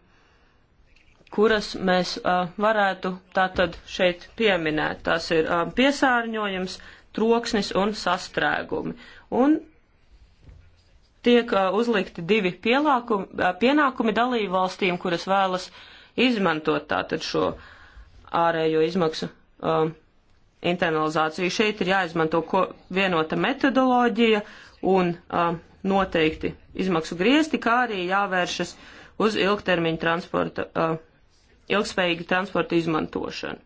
kuras mēs uh, varētu tātad šeit pieminēt. Tas ir uh, piesārņojums, troksnis un sastrēgumi. Un tiek uh, uzlikti divi pielākumi, uh, pienākumi dalību valstīm, kuras vēlas izmantot tātad šo ārējo izmaksu um, internalizāciju. Šeit ir jāizmanto ko, vienota metodoloģija un um, noteikti izmaksu griezti, kā arī jāvēršas uz ilgtermiņu transporta, uh, ilgspējīgu transporta izmantošanu.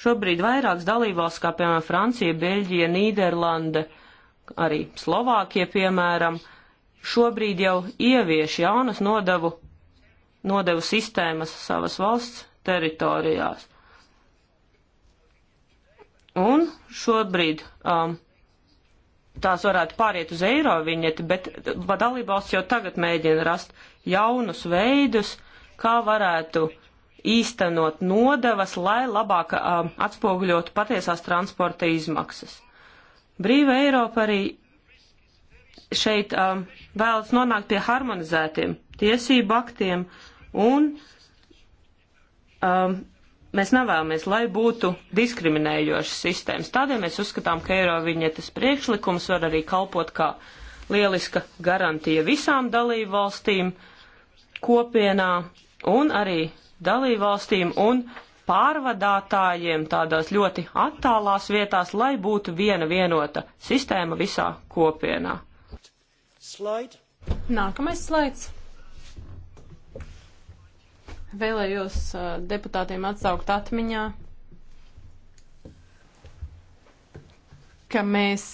Šobrīd vairākas dalībvalsts, kā piemēram Francija, Beļģija, Nīderlande, arī Slovākija, piemēram, šobrīd jau ievieš jaunas nodevu, nodevu sistēmas savas valsts teritorijās. Un šobrīd um, tās varētu pāriet uz eiro viņeti, bet dalībvalsts jau tagad mēģina rast jaunus veidus, kā varētu uh, īstenot nodevas, lai labāk um, atspoguļotu patiesās transporta izmaksas. Brīva Eiropa arī šeit um, vēlas nonākt pie harmonizētiem tiesību aktiem, un um, mēs nevēlamies, lai būtu diskriminējošas sistēmas. Tādēļ mēs uzskatām, ka eiro viņetes priekšlikums var arī kalpot kā lieliska garantija visām dalību valstīm kopienā un arī dalībvalstīm un pārvadātājiem tādās ļoti attālās vietās, lai būtu viena vienota sistēma visā kopienā. Slaid. Nākamais slaids. Vēlējos uh, deputātiem atsaukt atmiņā, ka mēs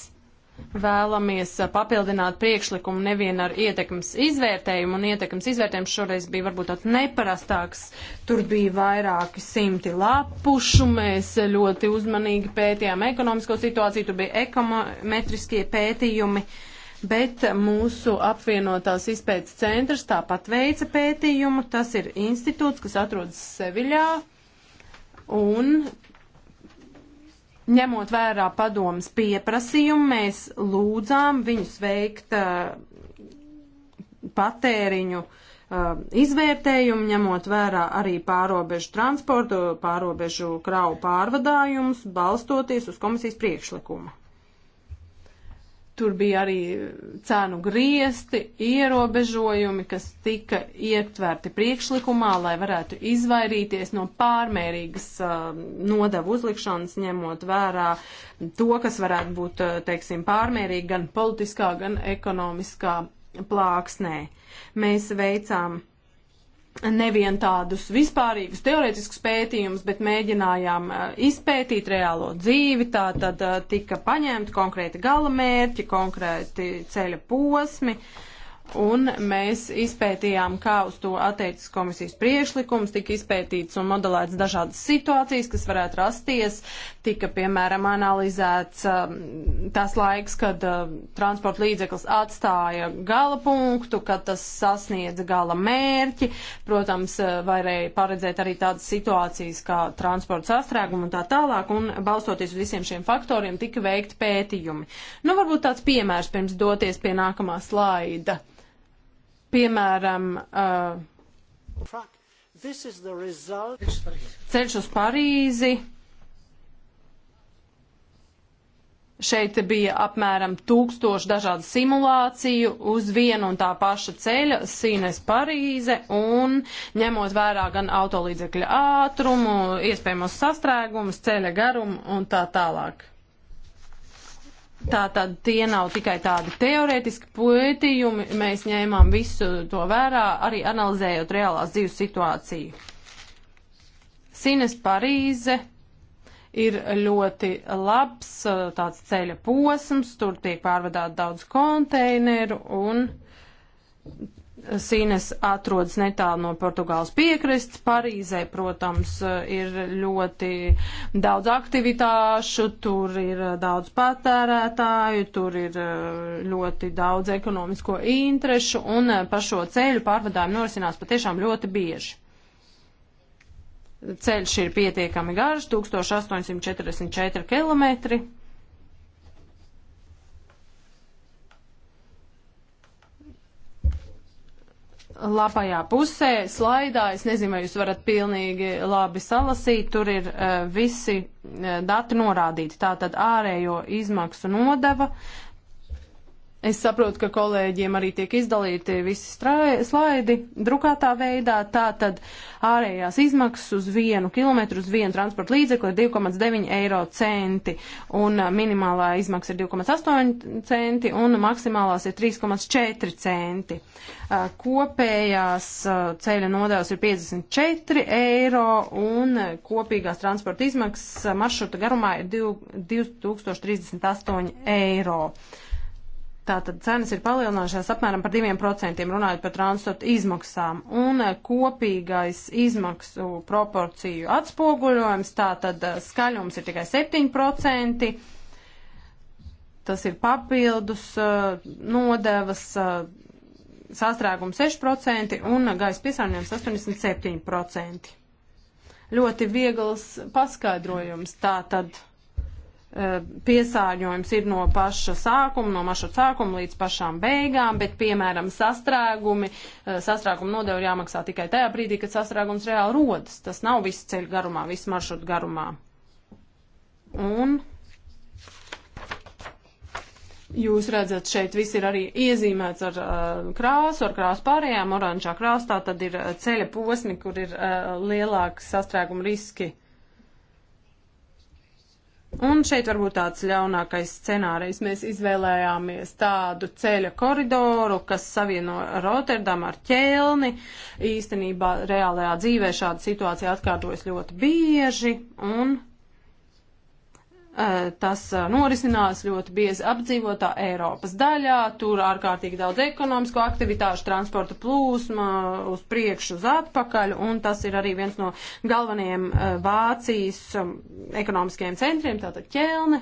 vēlamies eh, papildināt priekšlikumu nevien ar ietekmes izvērtējumu, un ietekmes izvērtējums šoreiz bija varbūt tāds neparastāks. Tur bija vairāki simti lapušu, mēs ļoti uzmanīgi pētījām ekonomisko situāciju, tur bija ekonometriskie pētījumi, bet mūsu apvienotās izpētes centrs tāpat veica pētījumu, tas ir institūts, kas atrodas Seviļā. Un ņemot vērā padomas pieprasījumu, mēs lūdzām viņus veikt uh, patēriņu uh, izvērtējumu, ņemot vērā arī pārobežu transportu, pārobežu kravu pārvadājumus, balstoties uz komisijas priekšlikumu. Tur bija arī cēnu griesti, ierobežojumi, kas tika ietverti priekšlikumā, lai varētu izvairīties no pārmērīgas uh, nodevu uzlikšanas, ņemot vērā to, kas varētu būt, uh, teiksim, pārmērīgi gan politiskā, gan ekonomiskā plāksnē. Mēs veicām nevien tādus vispārīgus teorētiskus pētījumus, bet mēģinājām uh, izpētīt reālo dzīvi, tā tad uh, tika paņemti konkrēti gala mērķi, konkrēti ceļa posmi. Uh, un mēs izpētījām, kā uz to attiecas komisijas priešlikums, tika izpētīts un modelēts dažādas situācijas, kas varētu rasties, tika, piemēram, analizēts um, tas laiks, kad um, transporta līdzeklis atstāja gala punktu, kad tas sasniedza gala mērķi, protams, uh, varēja paredzēt arī tādas situācijas kā transporta sastrēguma un tā tālāk, un balstoties uz visiem šiem faktoriem tika veikti pētījumi. Nu, varbūt tāds piemērs pirms doties pie nākamā slaida. Piemēram, uh, ceļš uz Parīzi. Šeit bija apmēram tūkstoši dažādu simulāciju uz vienu un tā paša ceļa, Sīnes Parīze, un ņemot vērā gan autolīdzekļa ātrumu, iespējamos sastrēgumus, ceļa garumu un tā tālāk. Tā tad tie nav tikai tādi teorētiski pētījumi, mēs ņēmām visu to vērā, arī analizējot reālās dzīves situāciju. Sines Parīze ir ļoti labs eh, tāds ceļa posms, tur tiek pārvadāt daudz konteineru un Sīnes atrodas netālu no Portugāles piekrasts. Parīzē, protams, ir ļoti daudz aktivitāšu, tur ir eh, daudz patērētāju, tur ir eh, ļoti daudz ekonomisko interešu un eh, pa šo ceļu pārvadājumi norisinās patiešām ļoti bieži. Ceļš ir pietiekami garš, 1844 km labajā pusē, slaidā, es nezinu, vai jūs varat pilnīgi labi salasīt, tur ir uh, visi uh, dati norādīti. Tātad ārējo izmaksu nodeva, Es saprotu, ka kolēģiem arī tiek izdalīti visi strai, slaidi drukātā veidā. Tātad ārējās izmaksas uz vienu kilometru, uz vienu transporta līdzekli ir 2,9 eiro centi, un uh, minimālā izmaksa ir 2,8 centi, un maksimālās ir 3,4 centi. Uh, kopējās uh, ceļa nodevas ir 54 eiro, un kopīgās transporta izmaksas maršruta garumā ir 2038 eiro. Tātad cenas ir palielinājušās apmēram par 2%, runājot par transporta izmaksām. Un eh, kopīgais izmaksu proporciju atspoguļojums, tātad eh, skaļums ir tikai 7%. Tas ir papildus eh, nodevas sastrēgums 6% un gaisa piesārņojums 87%. Ļoti viegls paskaidrojums. Tātad Eh, piesārņojums ir no paša sākuma, no maša sākuma līdz pašām beigām, bet, piemēram, sastrēgumi, eh, sastrēguma nodevu jāmaksā tikai tajā brīdī, kad sastrēgums reāli rodas. Tas nav viss ceļu garumā, viss maršrutu garumā. Un jūs redzat, šeit viss ir arī iezīmēts ar uh, krāsu, ar krāsu pārējām, oranžā krāstā, tad ir ceļa posmi, kur ir uh, lielāki sastrēguma riski. Uh, Un šeit varbūt tāds ļaunākais scenārijs. Mēs izvēlējāmies tādu ceļa koridoru, kas savieno Rotterdamu ar ķēlni. Īstenībā reālajā dzīvē šāda situācija atkārtojas ļoti bieži. Un Eh, tas eh, norisinās ļoti biezi apdzīvotā Eiropas daļā, tur ārkārtīgi daudz ekonomisko aktivitāšu, transporta plūsma uz priekšu, uz atpakaļ, un tas ir arī viens no galvenajiem eh, Vācijas um, ekonomiskajiem centriem, tātad ķelne.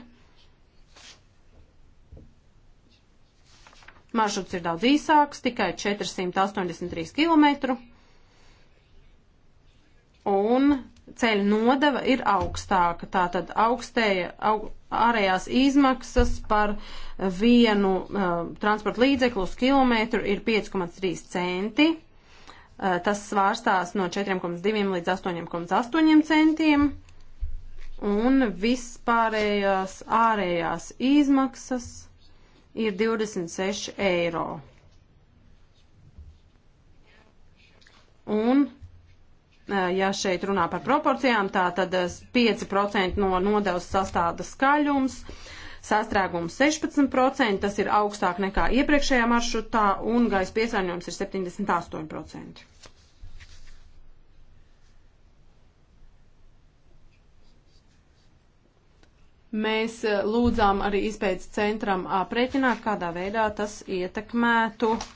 Maršruts ir daudz īsāks, tikai 483 km. Un ceļu nodeva ir augstāka. Tātad augstēja aug, ārējās izmaksas par vienu uh, transporta līdzeklu uz kilometru ir 5,3 centi. Uh, tas svārstās no 4,2 līdz 8,8 centiem. Un vispārējās ārējās izmaksas ir 26 eiro. Un Eh, ja šeit runā par proporcijām, tā tad 5% eh, no nodevas sastāda skaļums, sastrēgums 16%, tas ir augstāk nekā iepriekšējā maršrutā, un gaisa piesārņojums ir 78%. Mēs eh, lūdzām arī izpētes centram aprēķināt, kādā veidā tas ietekmētu uh,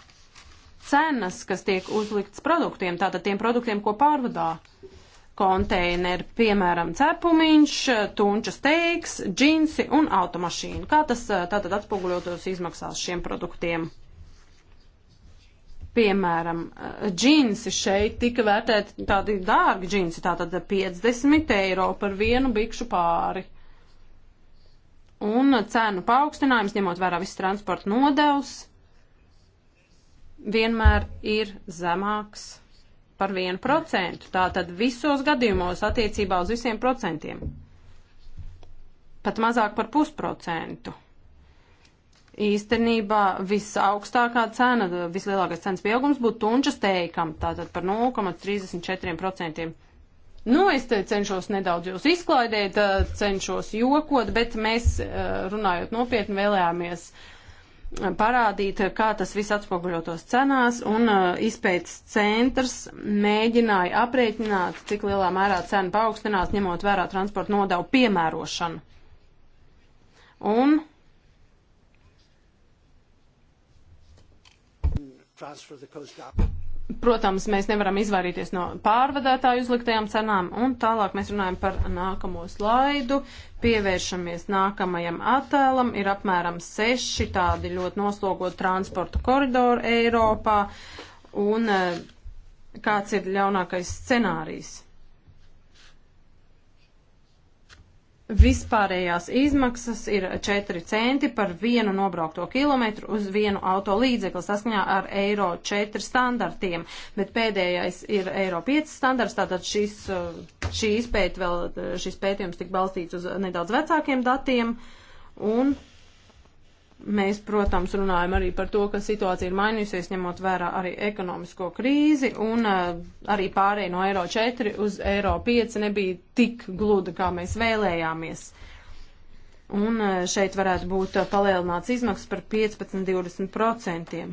cenas, kas tiek uzliktas produktiem, tātad tiem produktiem, ko pārvadā konteineri, piemēram, cepumiņš, tunčas teiks, džinsi un automašīna. Kā tas eh, tātad atspoguļotos izmaksās šiem produktiem? Piemēram, eh, džinsi šeit tika vērtēti tādi dārgi džinsi, tātad 50 eiro par vienu bikšu pāri. Un cenu paaugstinājums, ņemot vērā visu transportu nodevs, vienmēr ir zemāks par 1%. Tātad visos gadījumos attiecībā uz visiem procentiem. Pat mazāk par pusprocentu. Īstenībā visaugstākā cena, vislielākais cenas pieaugums būtu tunčas teikam, tātad par 0,34%. Nu, es te cenšos nedaudz jūs izklaidēt, cenšos jokot, bet mēs eh, runājot nopietni vēlējāmies uh, parādīt, kā tas viss atspoguļotos cenās, un uh, izpētes centrs mēģināja aprēķināt, cik lielā mērā cena paaugstinās, ņemot vērā transporta nodevu piemērošanu. Un transfer the coast guard. Protams, mēs nevaram izvairīties no pārvadātāju uzliktajām cenām, un tālāk mēs runājam par nākamo slaidu, pievēršamies nākamajam attēlam, ir apmēram seši tādi ļoti noslogot transporta koridori Eiropā, un eh, kāds ir ļaunākais scenārijs. Vispārējās izmaksas ir 4 centi par vienu nobraukto kilometru uz vienu auto līdzekli saskaņā ar eiro 4 standartiem, bet pēdējais ir eiro 5 standarts, tātad šis, uh, šī izpēta vēl, uh, šis pētījums tik balstīts uz nedaudz vecākiem datiem, un Mēs, protams, runājam arī par to, ka situācija ir mainījusies, ņemot vērā arī ekonomisko krīzi, un uh, arī pārēja no eiro 4 uz eiro 5 nebija tik gluda, kā mēs vēlējāmies. Un uh, šeit varētu būt uh, palielināts izmaksas par 15-20%.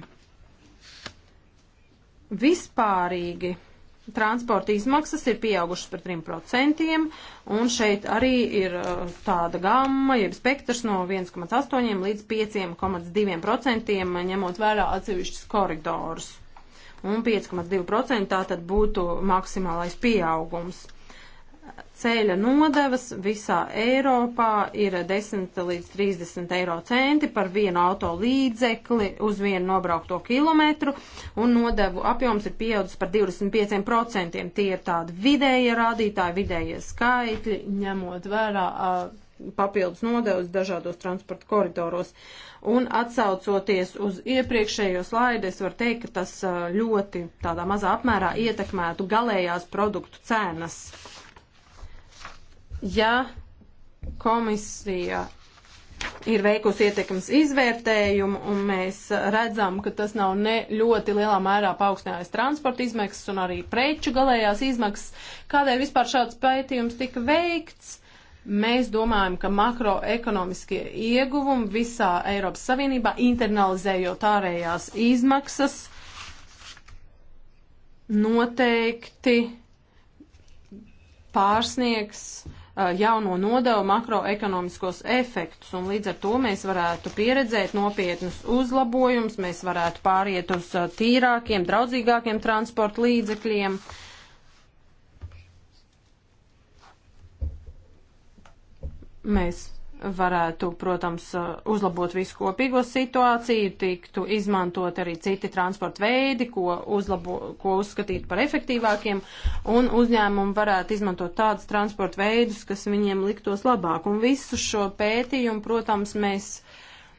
Vispārīgi transporta izmaksas ir pieaugušas par 3%, un šeit arī ir uh, tāda gamma, jeb spektrs no 1,8 līdz 5,2%, ņemot vērā atsevišķus koridorus. Un 5,2% tā tad būtu maksimālais pieaugums ceļa nodevas visā Eiropā ir 10 līdz 30 eiro centi par vienu auto līdzekli uz vienu nobraukto kilometru, un nodevu apjoms ir pieaudzis par 25%. Tie ir tādi vidējie rādītāji, vidējie skaitļi, ņemot vērā uh, papildus nodevas dažādos transporta koridoros. Un atsaucoties uz iepriekšējo slaidu, es varu teikt, ka tas ļoti tādā mazā apmērā ietekmētu galējās produktu cenas ja komisija ir veikusi ietekmes izvērtējumu, un mēs redzam, ka tas nav ne ļoti lielā mērā paaugstinājis transporta izmaksas un arī preču galējās izmaksas. Kādēļ vispār šāds pētījums tika veikts? Mēs domājam, ka makroekonomiskie ieguvumi visā Eiropas Savienībā, internalizējot ārējās izmaksas, noteikti pārsniegs uh, Uh, jauno nodevu makroekonomiskos efektus, un līdz ar to mēs varētu pieredzēt nopietnus uzlabojumus, mēs varētu pāriet uz uh, tīrākiem, draudzīgākiem transporta līdzekļiem. Mēs varētu, protams, eh, uzlabot visu kopīgo situāciju, tiktu izmantot arī citi transporta veidi, ko, uzlabo, ko uzskatīt par efektīvākiem, un uzņēmumi varētu izmantot tādus transporta veidus, kas viņiem liktos labāk. Un visu šo pētījumu, protams, mēs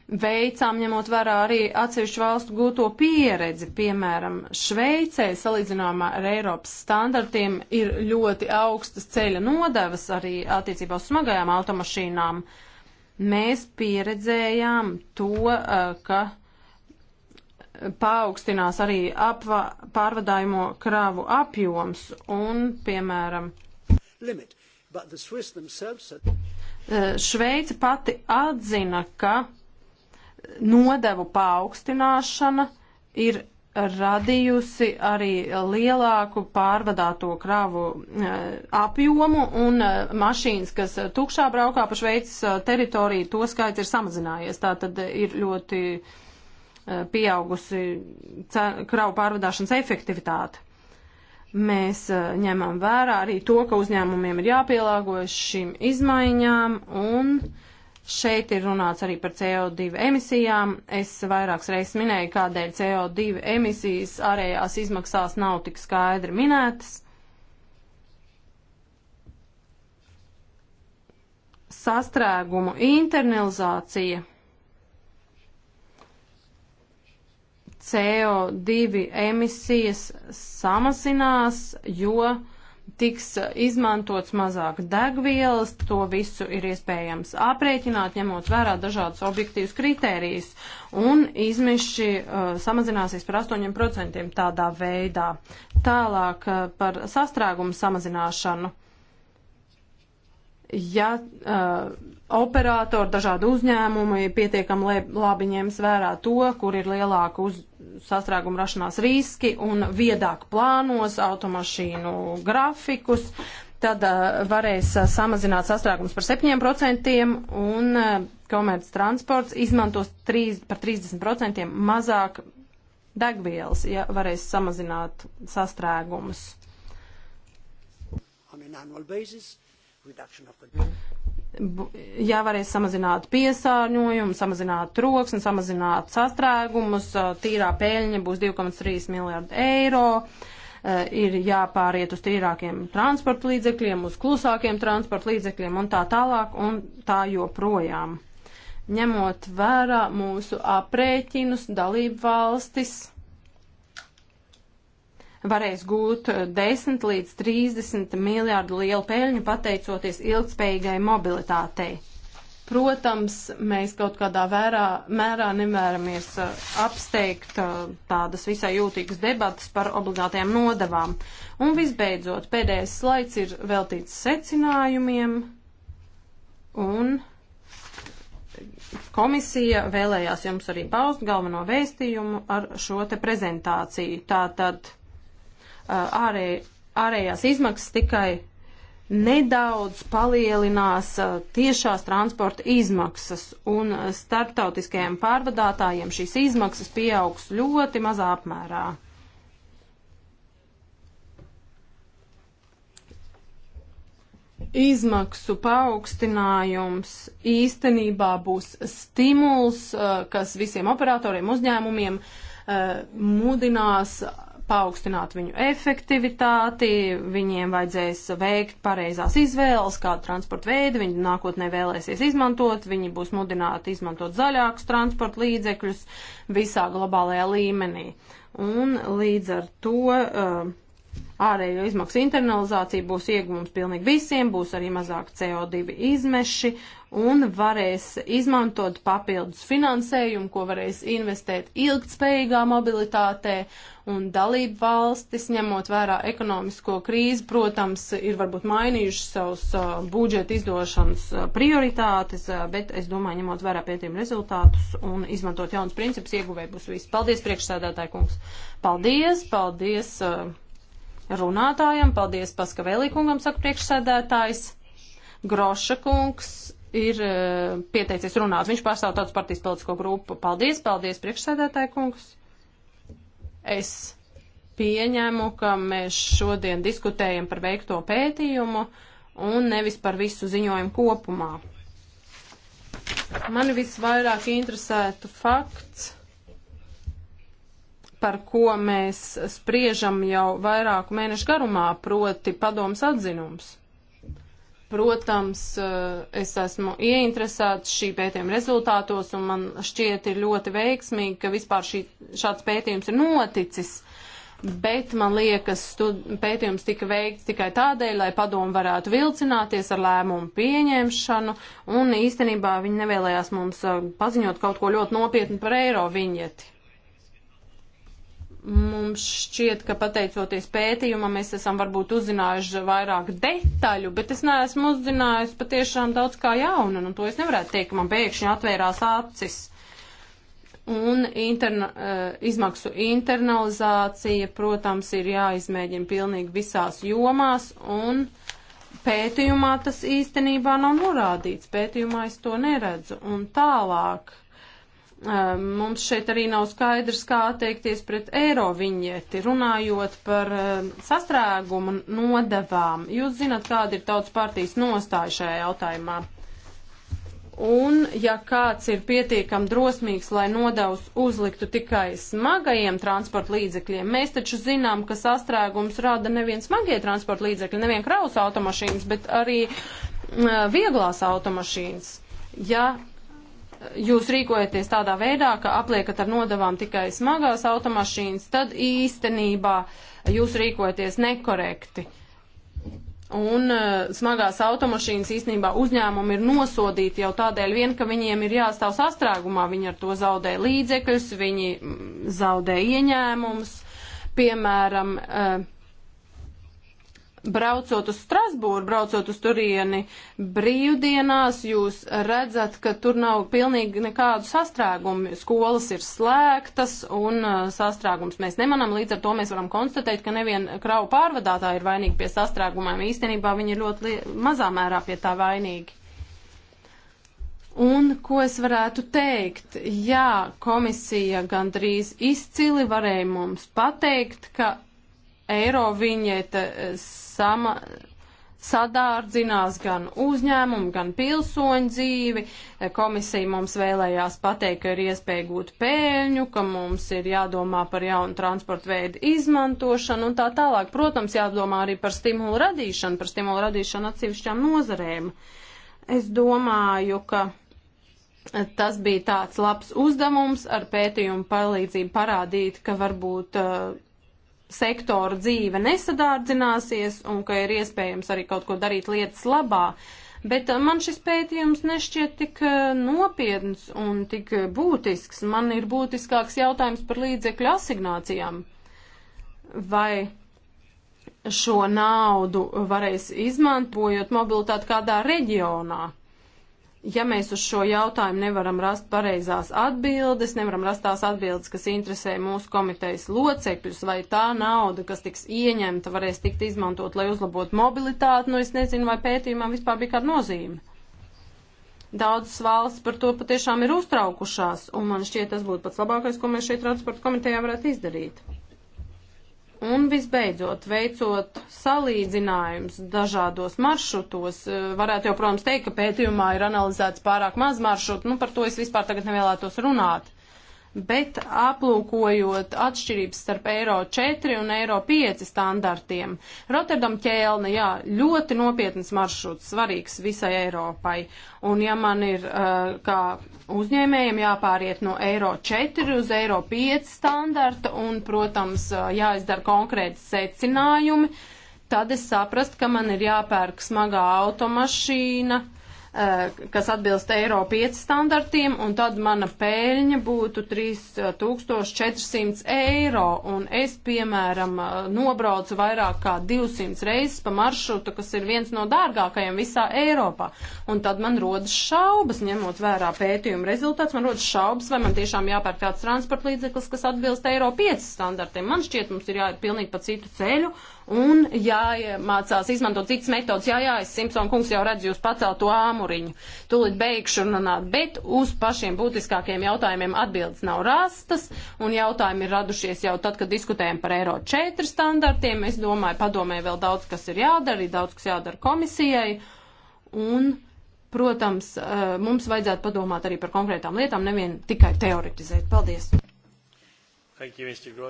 veicām, ņemot vērā arī atsevišķu valstu gūto pieredzi. Piemēram, Šveicē salīdzinājumā ar Eiropas standartiem ir ļoti augstas ceļa nodevas arī attiecībā uz smagajām automašīnām. Uh, mēs pieredzējām to, eh, ka paaugstinās arī apva, pārvadājumo kravu apjoms un, piemēram, Limit, themselves... Eh, Šveica pati atzina, ka nodevu paaugstināšana ir radījusi arī lielāku pārvadāto kravu eh, apjomu un eh, mašīnas, kas tukšā braukā pa Šveicas eh, teritoriju, to skaits ir samazinājies. Tā tad ir ļoti pieaugusi kravu pārvadāšanas efektivitāte. Mēs ņemam vērā arī to, ka uzņēmumiem ir jāpielāgojas šīm izmaiņām un uh, Šeit ir runāts arī par CO2 emisijām. Es vairākas reizes minēju, kādēļ CO2 emisijas ārējās izmaksās nav tik skaidri minētas. Sastrēgumu internalizācija. CO2 emisijas samazinās, jo uh, tiks eh, izmantots mazāk degvielas, to visu ir iespējams aprēķināt, ņemot vērā dažādas objektīvas kritērijas, un izmeši uh, samazināsies par 8% tādā veidā. Tālāk uh, par sastrēgumu samazināšanu. Uh, ja uh, operatori, dažādi uzņēmumi pietiekami labi ņems vērā to, kur ir lielāka uz, sastrēguma rašanās riski un viedāk plānos automašīnu grafikus, tad uh, varēs uh, samazināt sastrēgumus par 7% un uh, komerc transports izmantos 3, par 30% mazāk degvielas, ja varēs samazināt sastrēgumus. On an annual basis, reduction of pollution ja varēs samazināt piesārņojumu, samazināt troksni, samazināt sastrēgumus, tīrā pēļņa būs 2,3 miljārdi eiro, ir jāpāriet uz tīrākiem transporta līdzekļiem, uz klusākiem transporta līdzekļiem un tā tālāk un tā joprojām. Ņemot vērā mūsu aprēķinus, dalību valstis varēs gūt 10 eh, līdz 30 miljārdu lielu peļņu pateicoties ilgspējīgai mobilitātei. Protams, mēs kaut kādā vērā, mērā nevēramies eh, apsteigt eh, tādas visai jūtīgas debatas par obligātajām nodavām. Un visbeidzot, pēdējais slaids ir veltīts secinājumiem un komisija vēlējās jums arī paust galveno vēstījumu ar šo te prezentāciju. Tātad ārē, ārējās izmaksas tikai nedaudz palielinās tiešās transporta izmaksas, un starptautiskajiem pārvadātājiem šīs izmaksas pieaugs ļoti mazā apmērā. Izmaksu paaugstinājums īstenībā būs stimuls, kas visiem operatoriem uzņēmumiem mudinās paaugstināt viņu efektivitāti, viņiem vajadzēs veikt pareizās izvēles, kādu transporta veidu viņi nākotnē vēlēsies izmantot, viņi būs mudināti izmantot zaļākus transporta līdzekļus visā globālajā līmenī. Un līdz ar to. Uh, ārējo izmaksu internalizācija būs iegūms pilnīgi visiem, būs arī mazāk CO2 izmeši un varēs izmantot papildus finansējumu, ko varēs investēt ilgtspējīgā mobilitātē un dalību valstis, ņemot vērā ekonomisko krīzi, protams, ir varbūt mainījuši savus budžeta izdošanas prioritātes, bet es domāju, ņemot vērā pētījumu rezultātus un izmantot jaunus principus, ieguvēji būs visi. Paldies, priekšsēdētāji kungs! Paldies, paldies! Uh, runātājam. Paldies Paskavēlīkungam, saka priekšsēdētājs. Groša kungs ir eh, pieteicies runāt. Viņš pārstāv tautas partijas politisko grupu. Paldies, paldies priekšsēdētāja kungs. Es pieņemu, ka mēs šodien diskutējam par veikto pētījumu un nevis par visu ziņojumu kopumā. Mani visvairāk interesētu fakts, par ko mēs spriežam jau vairāku mēnešu garumā, proti padoms atzinums. Protams, eh, es esmu ieinteresēts šī pētījuma rezultātos, un man šķiet ir ļoti veiksmīgi, ka vispār šī, šāds pētījums ir noticis. Bet man liekas, stud, pētījums tika veikts tikai tādēļ, lai padomu varētu vilcināties ar lēmumu pieņemšanu, un īstenībā viņi nevēlējās mums eh, paziņot kaut ko ļoti nopietnu par eiro viņieti. Mums šķiet, ka pateicoties pētījumam, mēs esam varbūt uzzinājuši vairāk detaļu, bet es neesmu uzzinājusi patiešām daudz kā jaunu, un nu, to es nevarētu teikt, ka man pēkšņi atvērās acis. Un interna, eh, izmaksu internalizācija, protams, ir jāizmēģina pilnīgi visās jomās, un pētījumā tas īstenībā nav norādīts, pētījumā es to neredzu, un tālāk Ehm, mums šeit arī nav skaidrs, kā attiekties pret eiro viņieti, runājot par ehm, sastrēgumu nodevām. Jūs zināt, kāda ir tautas partijas nostāja šajā jautājumā. Un, ja kāds ir pietiekam drosmīgs, lai nodevs uzliktu tikai smagajiem transporta līdzekļiem, mēs taču zinām, ka sastrēgums rada nevien smagie transporta līdzekļi, nevien kraus automašīnas, bet arī uh, vieglās automašīnas. Ja jūs rīkojaties tādā veidā, ka apliekat ar nodavām tikai smagās automašīnas, tad īstenībā jūs rīkojaties nekorekti. Un uh, smagās automašīnas īstenībā uzņēmumi ir nosodīti jau tādēļ vien, ka viņiem ir jāstāv sastrēgumā, viņi ar to zaudē līdzekļus, viņi zaudē ieņēmumus, piemēram, uh, braucot uz Strasbūru, braucot uz turieni brīvdienās, jūs redzat, ka tur nav pilnīgi nekādu sastrēgumu. Skolas ir slēgtas un uh, sastrēgums mēs nemanam, līdz ar to mēs varam konstatēt, ka nevien kravu pārvadātāji ir vainīgi pie sastrēgumiem. Īstenībā viņi ir ļoti mazā mērā pie tā vainīgi. Un ko es varētu teikt? Jā, komisija gandrīz izcili varēja mums pateikt, ka eiro viņieta eh, sama, sadārdzinās gan uzņēmumu, gan pilsoņu dzīvi. Komisija mums vēlējās pateikt, ka ir iespēja gūt pēļņu, ka mums ir jādomā par jaunu transportu veidu izmantošanu un tā tālāk. Protams, jādomā arī par stimulu radīšanu, par stimulu radīšanu atsevišķām nozarēm. Es domāju, ka tas bija tāds labs uzdevums ar pētījumu palīdzību parādīt, ka varbūt uh, sektoru dzīve nesadārdzināsies un ka ir iespējams arī kaut ko darīt lietas labā. Bet uh, man šis pētījums nešķiet tik uh, nopietns un tik būtisks. Man ir būtiskāks jautājums par līdzekļu asignācijām. Vai šo naudu varēs izmantojot mobilitāti kādā reģionā? ja mēs uz šo jautājumu nevaram rast pareizās atbildes, nevaram rast tās atbildes, kas interesē mūsu komitejas locekļus, vai tā nauda, kas tiks ieņemta, varēs tikt izmantot, lai uzlabotu mobilitāti, nu es nezinu, vai pētījumam vispār bija kāda nozīme. Daudzas valsts par to patiešām ir uztraukušās, un man šķiet, tas būtu pats labākais, ko mēs šeit transporta komitejā varētu izdarīt. Un visbeidzot, veicot salīdzinājums dažādos maršrutos, eh, varētu jau, protams, teikt, ka pētījumā ir analizēts pārāk maz maršrutu, nu par to es vispār tagad nevēlētos runāt bet aplūkojot atšķirības starp eiro 4 un eiro 5 standartiem. Rotterdam ķēlne, jā, ļoti nopietnas maršruts, svarīgs visai Eiropai. Un ja man ir eh, kā uzņēmējiem jāpāriet no eiro 4 uz eiro 5 standarta un, protams, eh, jāizdara konkrēti secinājumi, tad es saprastu, ka man ir jāpērk smagā automašīna, Eh, kas atbilst Eiro 5 standartiem, un tad mana pēļņa būtu 3400 eiro, un es, piemēram, eh, nobraucu vairāk kā 200 reizes pa maršrutu, kas ir viens no dārgākajiem visā Eiropā. Un tad man rodas šaubas, ņemot vērā pētījuma rezultāts, man rodas šaubas, vai man tiešām jāpērk kāds transportlīdzeklis, kas atbilst Eiro 5 standartiem. Man šķiet, mums ir jāiet pilnīgi pa citu ceļu, un jāiemācās izmantot citas metodas. Jā, jā, es Simpson kungs jau redzu jūs pacelt to āmuriņu. Tūlīt beigšu runāt, bet uz pašiem būtiskākiem jautājumiem atbildes nav rastas, un jautājumi ir radušies jau tad, kad diskutējam par Eiro 4 standartiem. Es domāju, padomē vēl daudz, kas ir jādara, ir daudz, kas jādara komisijai, un, protams, eh, mums vajadzētu padomāt arī par konkrētām lietām, nevien tikai teoretizēt. Paldies! You,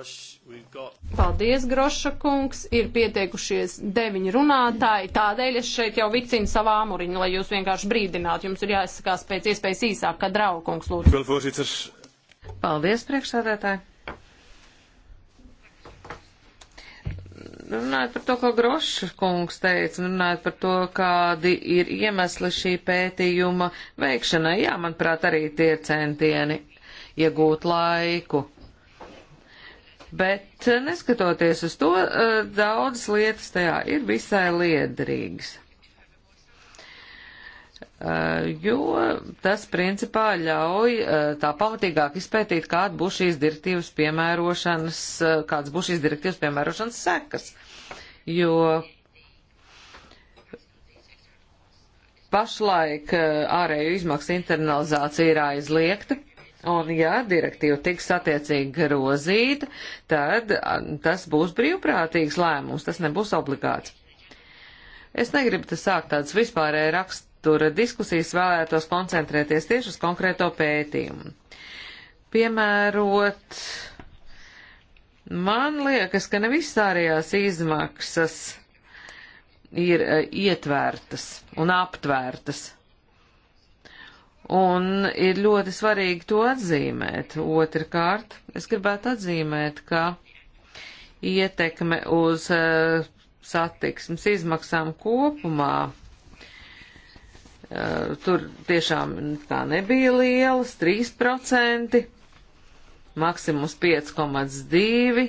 got... Paldies, Groša kungs. Ir pieteikušies deviņi runātāji, tādēļ es šeit jau vicinu savā āmuriņu, lai jūs vienkārši brīdinātu. Jums ir jāizsakās pēc iespējas īsāk, kā draugu kungs lūdzu. Paldies, priekšsādētāji. Runājot par to, ko Groša kungs teica, runājot par to, kādi ir iemesli šī pētījuma veikšanai, jā, manuprāt, arī tie centieni iegūt laiku bet eh, neskatoties uz to, eh, daudzas lietas tajā ir visai liederīgas. Eh, jo tas principā ļauj tā pamatīgāk izpētīt, kāda būs šīs direktīvas piemērošanas, kāds būs šīs direktīvas piemērošanas sekas. Jo pašlaik ārēju izmaksu internalizācija ir aizliegta, Un ja direktīva tiks attiecīgi grozīta, tad tas būs brīvprātīgs lēmums, tas nebūs obligāts. Es negribu te sākt tādas vispārēja rakstura diskusijas, vēlētos koncentrēties tieši uz konkrēto pētījumu. Piemērot, man liekas, ka ne visas ārējās izmaksas ir e, ietvērtas un aptvērtas Un ir ļoti svarīgi to atzīmēt. Otrkārt, es gribētu atzīmēt, ka ietekme uz uh, satiksmes izmaksām kopumā uh, tur tiešām tā nebija lielas, 3%, maksimums 5,2%.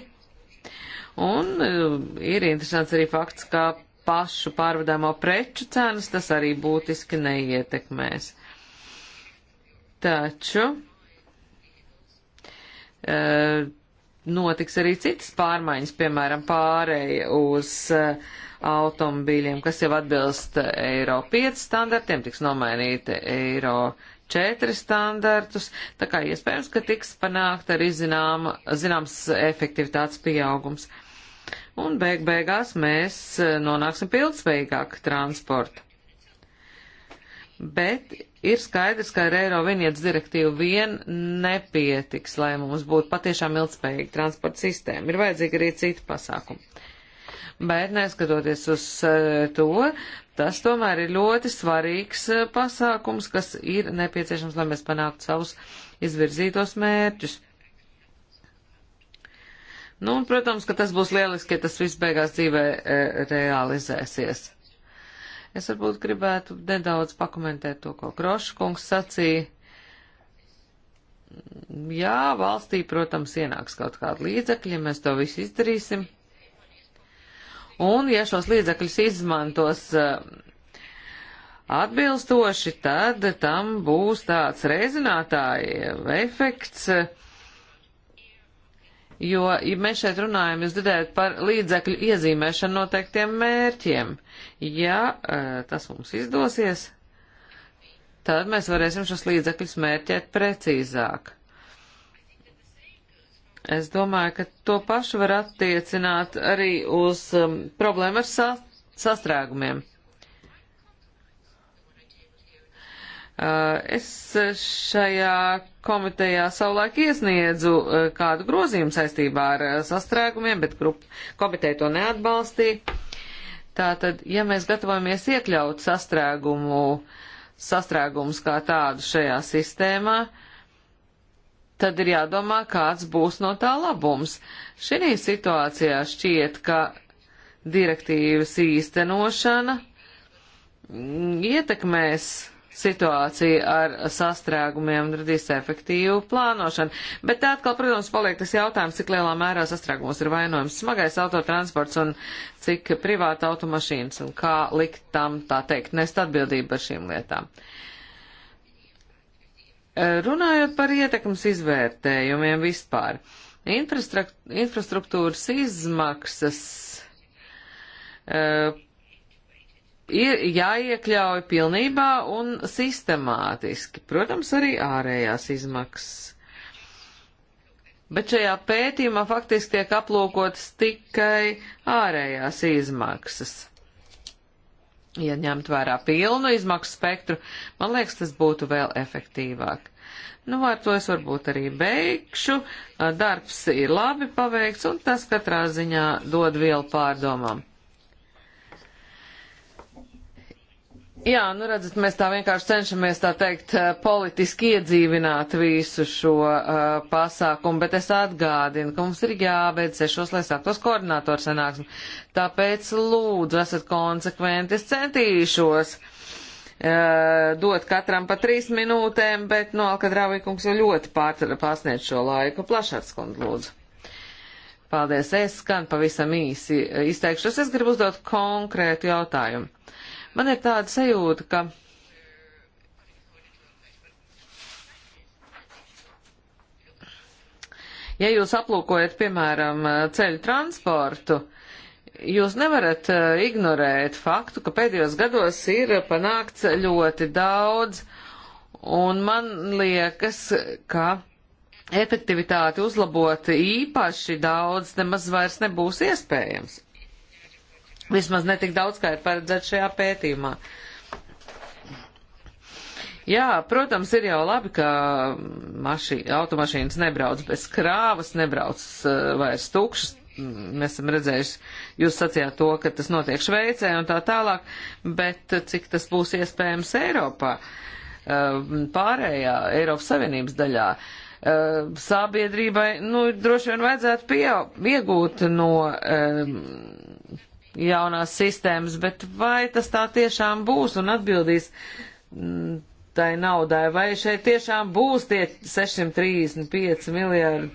Un uh, ir interesants arī fakts, ka pašu pārvadāmo preču cenas tas arī būtiski neietekmēs. Taču e, notiks arī citas pārmaiņas, piemēram, pārēja uz e, automobīļiem, kas jau atbilst Eiro 5 standartiem, tiks nomainīti Eiro 4 standartus, tā kā iespējams, ka tiks panākt arī zinām, zināms efektivitātes pieaugums. Un beig beigās mēs e, nonāksim pildspējīgāk transportu. Bet ir skaidrs, ka ar eiro vinietas direktīvu vien nepietiks, lai mums būtu patiešām ilgspējīga transporta sistēma. Ir vajadzīgi arī citi pasākumi. Bet neskatoties uz eh, to, tas tomēr ir ļoti svarīgs eh, pasākums, kas ir nepieciešams, lai mēs panāktu savus izvirzītos mērķus. Nu, un, protams, ka tas būs lieliski, ja tas viss beigās dzīvē e, realizēsies. Es varbūt gribētu nedaudz pakomentēt to, ko Groškungs sacīja. Jā, valstī, protams, ienāks kaut kāda līdzekļa, ja mēs to visu izdarīsim. Un, ja šos līdzekļus izmantos eh, atbilstoši, tad tam būs tāds reizinātāja efekts eh, jo, ja mēs šeit runājam, jūs dzirdējat par līdzekļu iezīmēšanu noteiktiem mērķiem. Ja e, tas mums izdosies, tad mēs varēsim šos līdzekļus mērķēt precīzāk. Es domāju, ka to pašu var attiecināt arī uz um, problēmu ar sa sastrēgumiem. Uh, es šajā komitejā savulaik iesniedzu eh, kādu grozījumu saistībā ar eh, sastrēgumiem, bet grup, komiteja to neatbalstīja. Tātad, ja mēs gatavojamies iekļaut sastrēgumu, sastrēgumus kā tādu šajā sistēmā, tad ir jādomā, kāds būs no tā labums. Šī situācijā šķiet, ka direktīvas īstenošana mm, ietekmēs situāciju ar sastrēgumiem un radīs efektīvu plānošanu. Bet tā atkal, protams, paliek tas jautājums, cik lielā mērā sastrēgumos ir vainojums smagais autotransports un cik privāta automašīnas un kā likt tam, tā teikt, nest atbildību par šīm lietām. E, runājot par ietekmes izvērtējumiem vispār, infrastruktūras izmaksas e, ir jāiekļauj pilnībā un sistemātiski. Protams, arī ārējās izmaksas. Bet šajā pētījumā faktiski tiek aplūkotas tikai ārējās izmaksas. Ja ņemt vērā pilnu izmaksu spektru, man liekas, tas būtu vēl efektīvāk. Nu, ar to es varbūt arī beigšu. Darbs ir labi paveikts, un tas katrā ziņā dod vielu pārdomām. Jā, nu redzat, mēs tā vienkārši cenšamies tā teikt eh, politiski iedzīvināt visu šo uh, pasākumu, bet es atgādinu, ka mums ir jābeidz sešos, lai sāktos koordinātoru sanāksmi. Tāpēc lūdzu, esat konsekventi, es centīšos uh, dot katram pa trīs minūtēm, bet no nu, Alkadrāvīkums jau ļoti pār, pārsniedz šo laiku. Plašāts kundz, lūdzu. Paldies, es gan pavisam īsi izteikšos. Es gribu uzdot konkrētu jautājumu Man ir tāda sajūta, ka ja jūs aplūkojat, piemēram, ceļu transportu, jūs nevarat eh, ignorēt faktu, ka pēdējos gados ir panākts ļoti daudz, un man liekas, ka efektivitāti uzlabot īpaši daudz nemaz vairs nebūs iespējams. Vismaz netik daudz, kā ir paredzēts šajā pētījumā. Jā, protams, ir jau labi, ka maši, automašīnas nebrauc bez krāvas, nebrauc uh, vairs tukšas. Mēs esam redzējuši, jūs sacījāt to, ka tas notiek Šveicē un tā tālāk, bet cik tas būs iespējams Eiropā, uh, pārējā Eiropas Savienības daļā. Uh, sabiedrībai, nu, droši vien vajadzētu pieaug, iegūt no um, jaunās sistēmas, bet vai tas tā tiešām būs un atbildīs mm, tai naudai, vai šeit tiešām būs tie 635 miljārdi?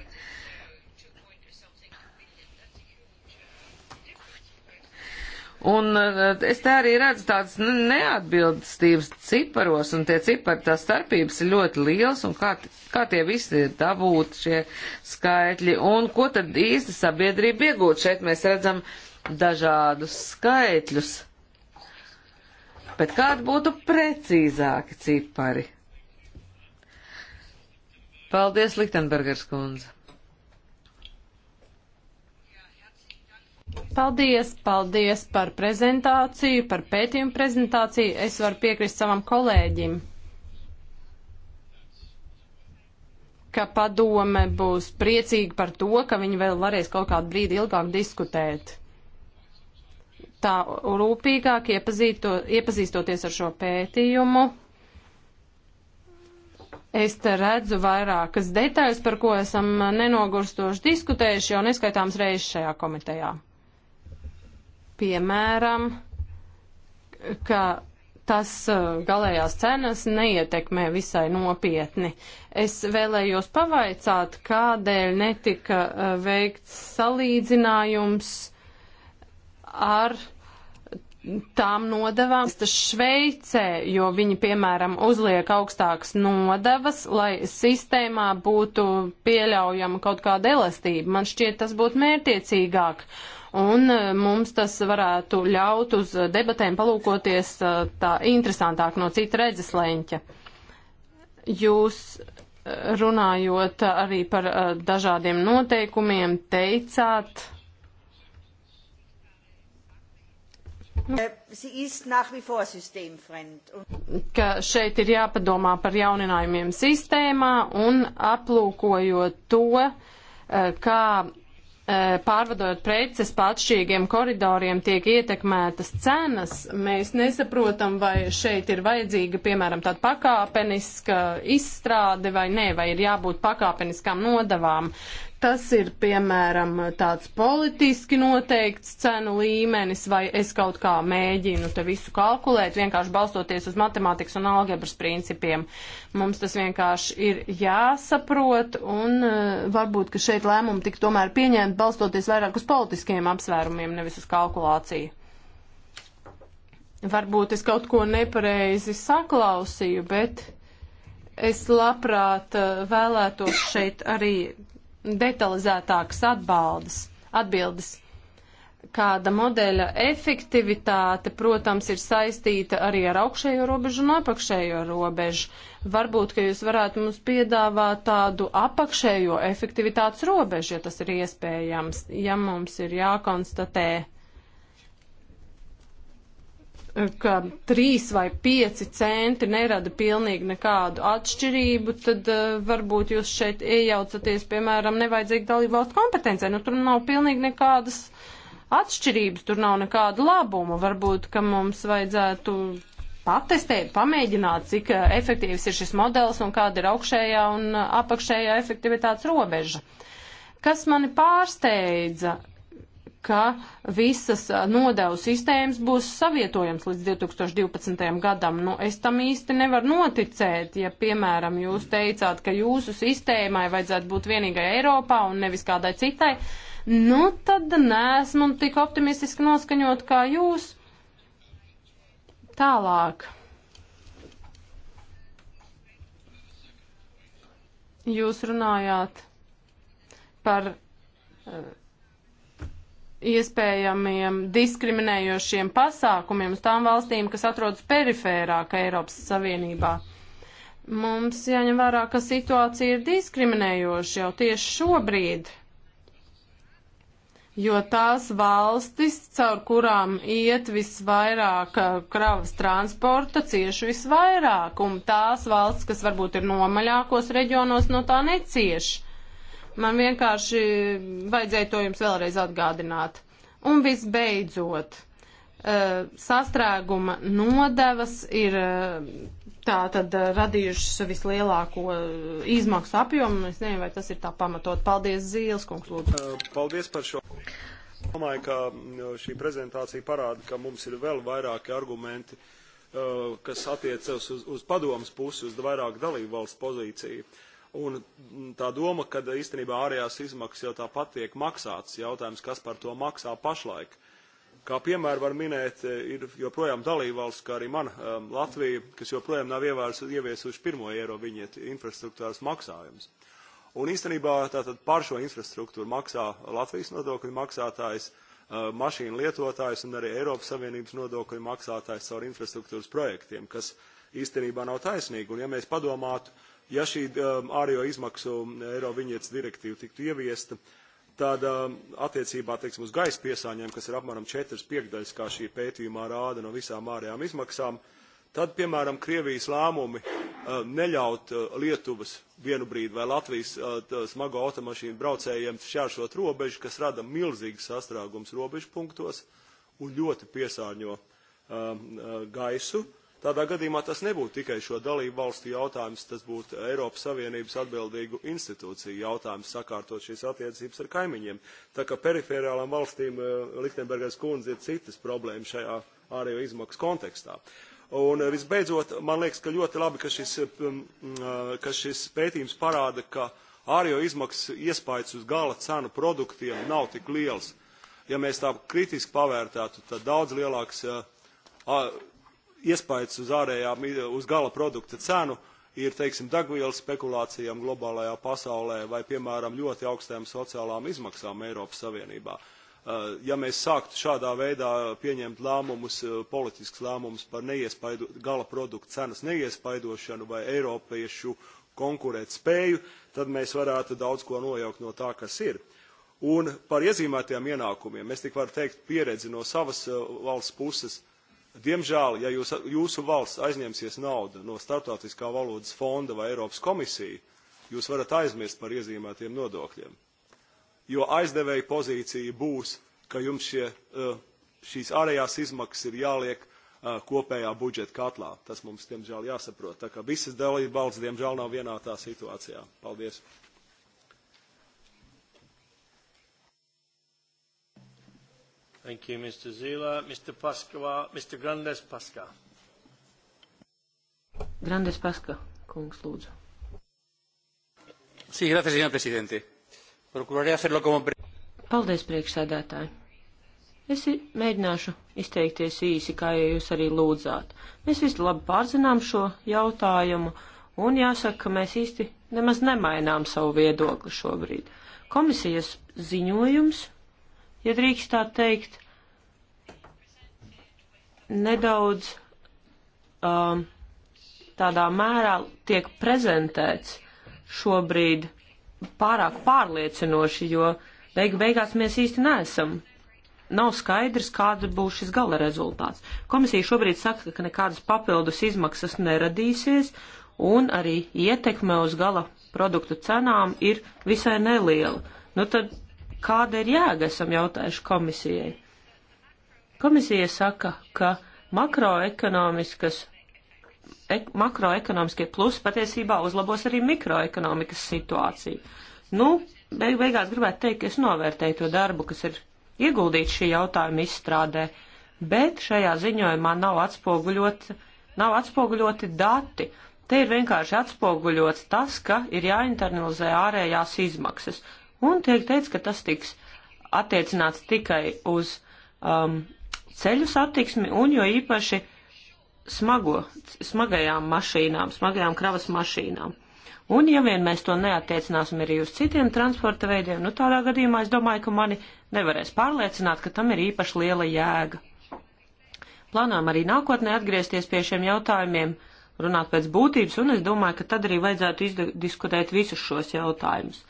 Un eh, es te arī redzu tādas neatbildstības ciparos, un tie cipari, tās starpības ir ļoti liels, un kā, kā tie visi ir dabūti šie skaitļi, un ko tad īsti sabiedrība iegūt. Šeit mēs redzam uh, dažādus skaitļus, bet kādi būtu precīzāki cipari? Paldies, Liktenbergers kundze! Paldies, paldies par prezentāciju, par pētījumu prezentāciju. Es varu piekrist savam kolēģim, ka padome būs priecīga par to, ka viņi vēl varēs kaut kādu brīdi ilgāk diskutēt tā rūpīgāk iepazīto, iepazīstoties ar šo pētījumu. Es te redzu vairākas detaļas, par ko esam nenogurstoši diskutējuši jau neskaitāms reizes šajā komitejā. Piemēram, ka tas uh, galējās cenas neietekmē visai nopietni. Es vēlējos pavaicāt, kādēļ netika uh, veikts salīdzinājums ar uh, tām nodevām Šveicē, jo viņi, piemēram, uzliek augstākas nodevas, lai sistēmā būtu pieļaujama kaut kāda elastība. Man šķiet, tas būtu mērtiecīgāk. Un eh, mums tas varētu ļaut uz debatēm palūkoties eh, tā interesantāk no cita redzes leņķa. Jūs eh, runājot arī par dažādiem noteikumiem, teicāt, Äh, ka šeit ir jāpadomā par jauninājumiem sistēmā un aplūkojot to, eh, kā eh, pārvadojot preces pa atšķirīgiem koridoriem tiek ietekmētas cenas, mēs nesaprotam, vai šeit ir vajadzīga, piemēram, tāda pakāpeniska izstrāde vai nē, vai ir jābūt pakāpeniskām nodavām tas ir piemēram tāds politiski noteikts cenu līmenis, vai es kaut kā mēģinu te visu kalkulēt, vienkārši balstoties uz matemātikas un algebras principiem. Mums tas vienkārši ir jāsaprot, un eh, varbūt, ka šeit lēmumi tik tomēr pieņemt balstoties vairāk uz politiskiem apsvērumiem, nevis uz kalkulāciju. Varbūt es kaut ko nepareizi saklausīju, bet es labprāt eh, vēlētos šeit arī detalizētākas atbaldes, atbildes. Kāda modeļa efektivitāte, protams, ir saistīta arī ar augšējo robežu un apakšējo robežu. Varbūt, ka jūs varētu mums piedāvāt tādu apakšējo efektivitātes robežu, ja tas ir iespējams, ja mums ir jākonstatē ka 3 vai 5 centi nerada pilnīgi nekādu atšķirību, tad uh, varbūt jūs šeit iejaucaties, piemēram, nevajadzīgi dalību valstu kompetencē. Nu, tur nav pilnīgi nekādas atšķirības, tur nav nekāda labuma. Varbūt, ka mums vajadzētu patestēt, pamēģināt, cik uh, efektīvs ir šis modelis un kāda ir augšējā un eh, apakšējā efektivitātes robeža. Kas mani pārsteidza, ka visas nodevu sistēmas būs savietojams līdz 2012. gadam. Nu, es tam īsti nevaru noticēt, ja, piemēram, jūs teicāt, ka jūsu sistēmai vajadzētu būt vienīgai Eiropā un nevis kādai citai. Nu, tad nesmu tik optimistiski noskaņot kā jūs. Tālāk. Jūs runājāt par uh, iespējamiem diskriminējošiem pasākumiem uz tām valstīm, kas atrodas perifērāk Eiropas Savienībā. Mums jāņem vērā, ka situācija ir diskriminējoša jau tieši šobrīd, jo tās valstis, caur kurām iet visvairāk uh, kravas transporta, cieši visvairāk, un tās valstis, kas varbūt ir nomaļākos reģionos, no tā necieši. Man vienkārši vajadzēja to jums vēlreiz atgādināt. Un visbeidzot, eh, sastrēguma nodevas ir eh, tā tad eh, radījušas vislielāko izmaksu apjomu. Es nezinu, vai tas ir tā pamatot. Paldies, Zīles kungs, lūdzu. Paldies par šo. Domāju, ka mm, šī prezentācija parāda, ka mums ir vēl vairāki argumenti, kas attiecas uz, uz padomas pusi, uz vairāk dalību valsts pozīciju. Un tā doma, ka īstenībā ārējās izmaksas jau tāpat tiek maksātas, jautājums, kas par to maksā pašlaik. Kā piemēru var minēt, e, ir joprojām dalībvalsts, kā arī man, um, Latvija, kas joprojām nav ieviesuši pirmo eiro viņieti infrastruktūras maksājumus. Un īstenībā tātad par šo infrastruktūru maksā Latvijas nodokļu maksātājs, uh, mašīnu lietotājs un arī Eiropas Savienības nodokļu maksātājs caur infrastruktūras projektiem, kas īstenībā nav taisnīgi. Un ja mēs padomātu, ja šī um, ārējo izmaksu um, eiro viņietas direktīva tiktu ieviesta, tad um, attiecībā teiksim, uz gaisa piesāņiem, kas ir apmēram 4 piekdaļas, kā šī pētījumā rāda no visām ārējām izmaksām, tad, piemēram, Krievijas lēmumi neļaut uh, Lietuvas vienu brīdi vai Latvijas uh, smago automašīnu braucējiem šķēršot robežu, kas rada milzīgas sastrēgums robežu punktos un ļoti piesārņo uh, gaisu. Uh, Tādā gadījumā tas nebūtu tikai šo dalību valstu jautājums, tas būtu Eiropas Savienības atbildīgu institūciju jautājums sakārtot šīs attiecības ar kaimiņiem. Tā kā perifērālām valstīm eh, Liktenbergas kundze ir citas problēmas šajā ārējo izmaksu kontekstā. Un eh, visbeidzot, man liekas, ka ļoti labi, ka šis, eh, ka šis pētījums parāda, ka ārējo izmaksu iespējas uz gala cenu produktiem nav tik liels. Ja mēs tā kritiski pavērtētu, tad daudz lielāks iespējas uz ārējām, uz gala produkta cenu ir, teiksim, degvielas spekulācijām globālajā pasaulē vai, piemēram, ļoti augstām sociālām izmaksām Eiropas Savienībā. Uh, ja mēs sāktu šādā veidā pieņemt lēmumus, uh, politisks lēmumus par neiespaidu, gala produktu cenas neiespaidošanu vai eiropiešu konkurēt spēju, tad mēs varētu daudz ko nojaukt no tā, kas ir. Un par iezīmētiem ienākumiem, es tik varu teikt pieredzi no savas uh, valsts puses, uh, Diemžēl, ja jūs, jūsu valsts aizņemsies naudu no Startautiskā valodas fonda vai Eiropas komisija, jūs varat aizmirst par iezīmētiem nodokļiem. Jo aizdevēja pozīcija būs, ka jums šie, eh, šīs ārējās izmaksas ir jāliek eh, kopējā budžeta katlā. Tas mums, diemžēl, jāsaprot. Tā kā visas dalība valsts, diemžēl, nav vienā tā situācijā. Paldies! Thank you, Mr. Zila. Mr. Paskava, Mr. Grandes Paska. Grandes Paska, kungs, lūdzu. Sí, gracias, señor presidente. Procuraré hacerlo como... Paldies, priekšsēdētāji. Es mēģināšu izteikties īsi, kā jau jūs arī lūdzāt. Mēs visi labi pārzinām šo jautājumu, un jāsaka, ka mēs īsti nemaz nemainām savu viedokli šobrīd. Komisijas ziņojums ja drīkst tā teikt, nedaudz um, tādā mērā tiek prezentēts šobrīd pārāk pārliecinoši, jo beigu beigās mēs īsti neesam. Nav skaidrs, kāda būs šis gala rezultāts. Komisija šobrīd saka, ka nekādas papildus izmaksas neradīsies, un arī ietekme uz gala produktu cenām ir visai neliela. Nu tad Kāda ir jēga, esam jautājuši komisijai. Komisija saka, ka makroekonomiskas ek, makroekonomiskie plusi patiesībā uzlabos arī mikroekonomikas situāciju. Nu, beig, beigās gribētu teikt, ka es novērtēju to darbu, kas ir ieguldīts šī jautājuma izstrādē, bet šajā ziņojumā nav atspoguļoti, nav atspoguļoti dati. Te ir vienkārši atspoguļots tas, ka ir jāinternalizē ārējās izmaksas un tiek teikt, ka tas tiks attiecināts tikai uz um, ceļu satiksmi un jo īpaši smago, smagajām mašīnām, smagajām kravas mašīnām. Un ja vien mēs to neattiecināsim arī uz citiem transporta veidiem, nu tādā gadījumā es domāju, ka mani nevarēs pārliecināt, ka tam ir īpaši liela jēga. Plānojam arī nākotnē atgriezties pie šiem jautājumiem, runāt pēc būtības, un es domāju, ka tad arī vajadzētu izdiskutēt visus šos jautājumus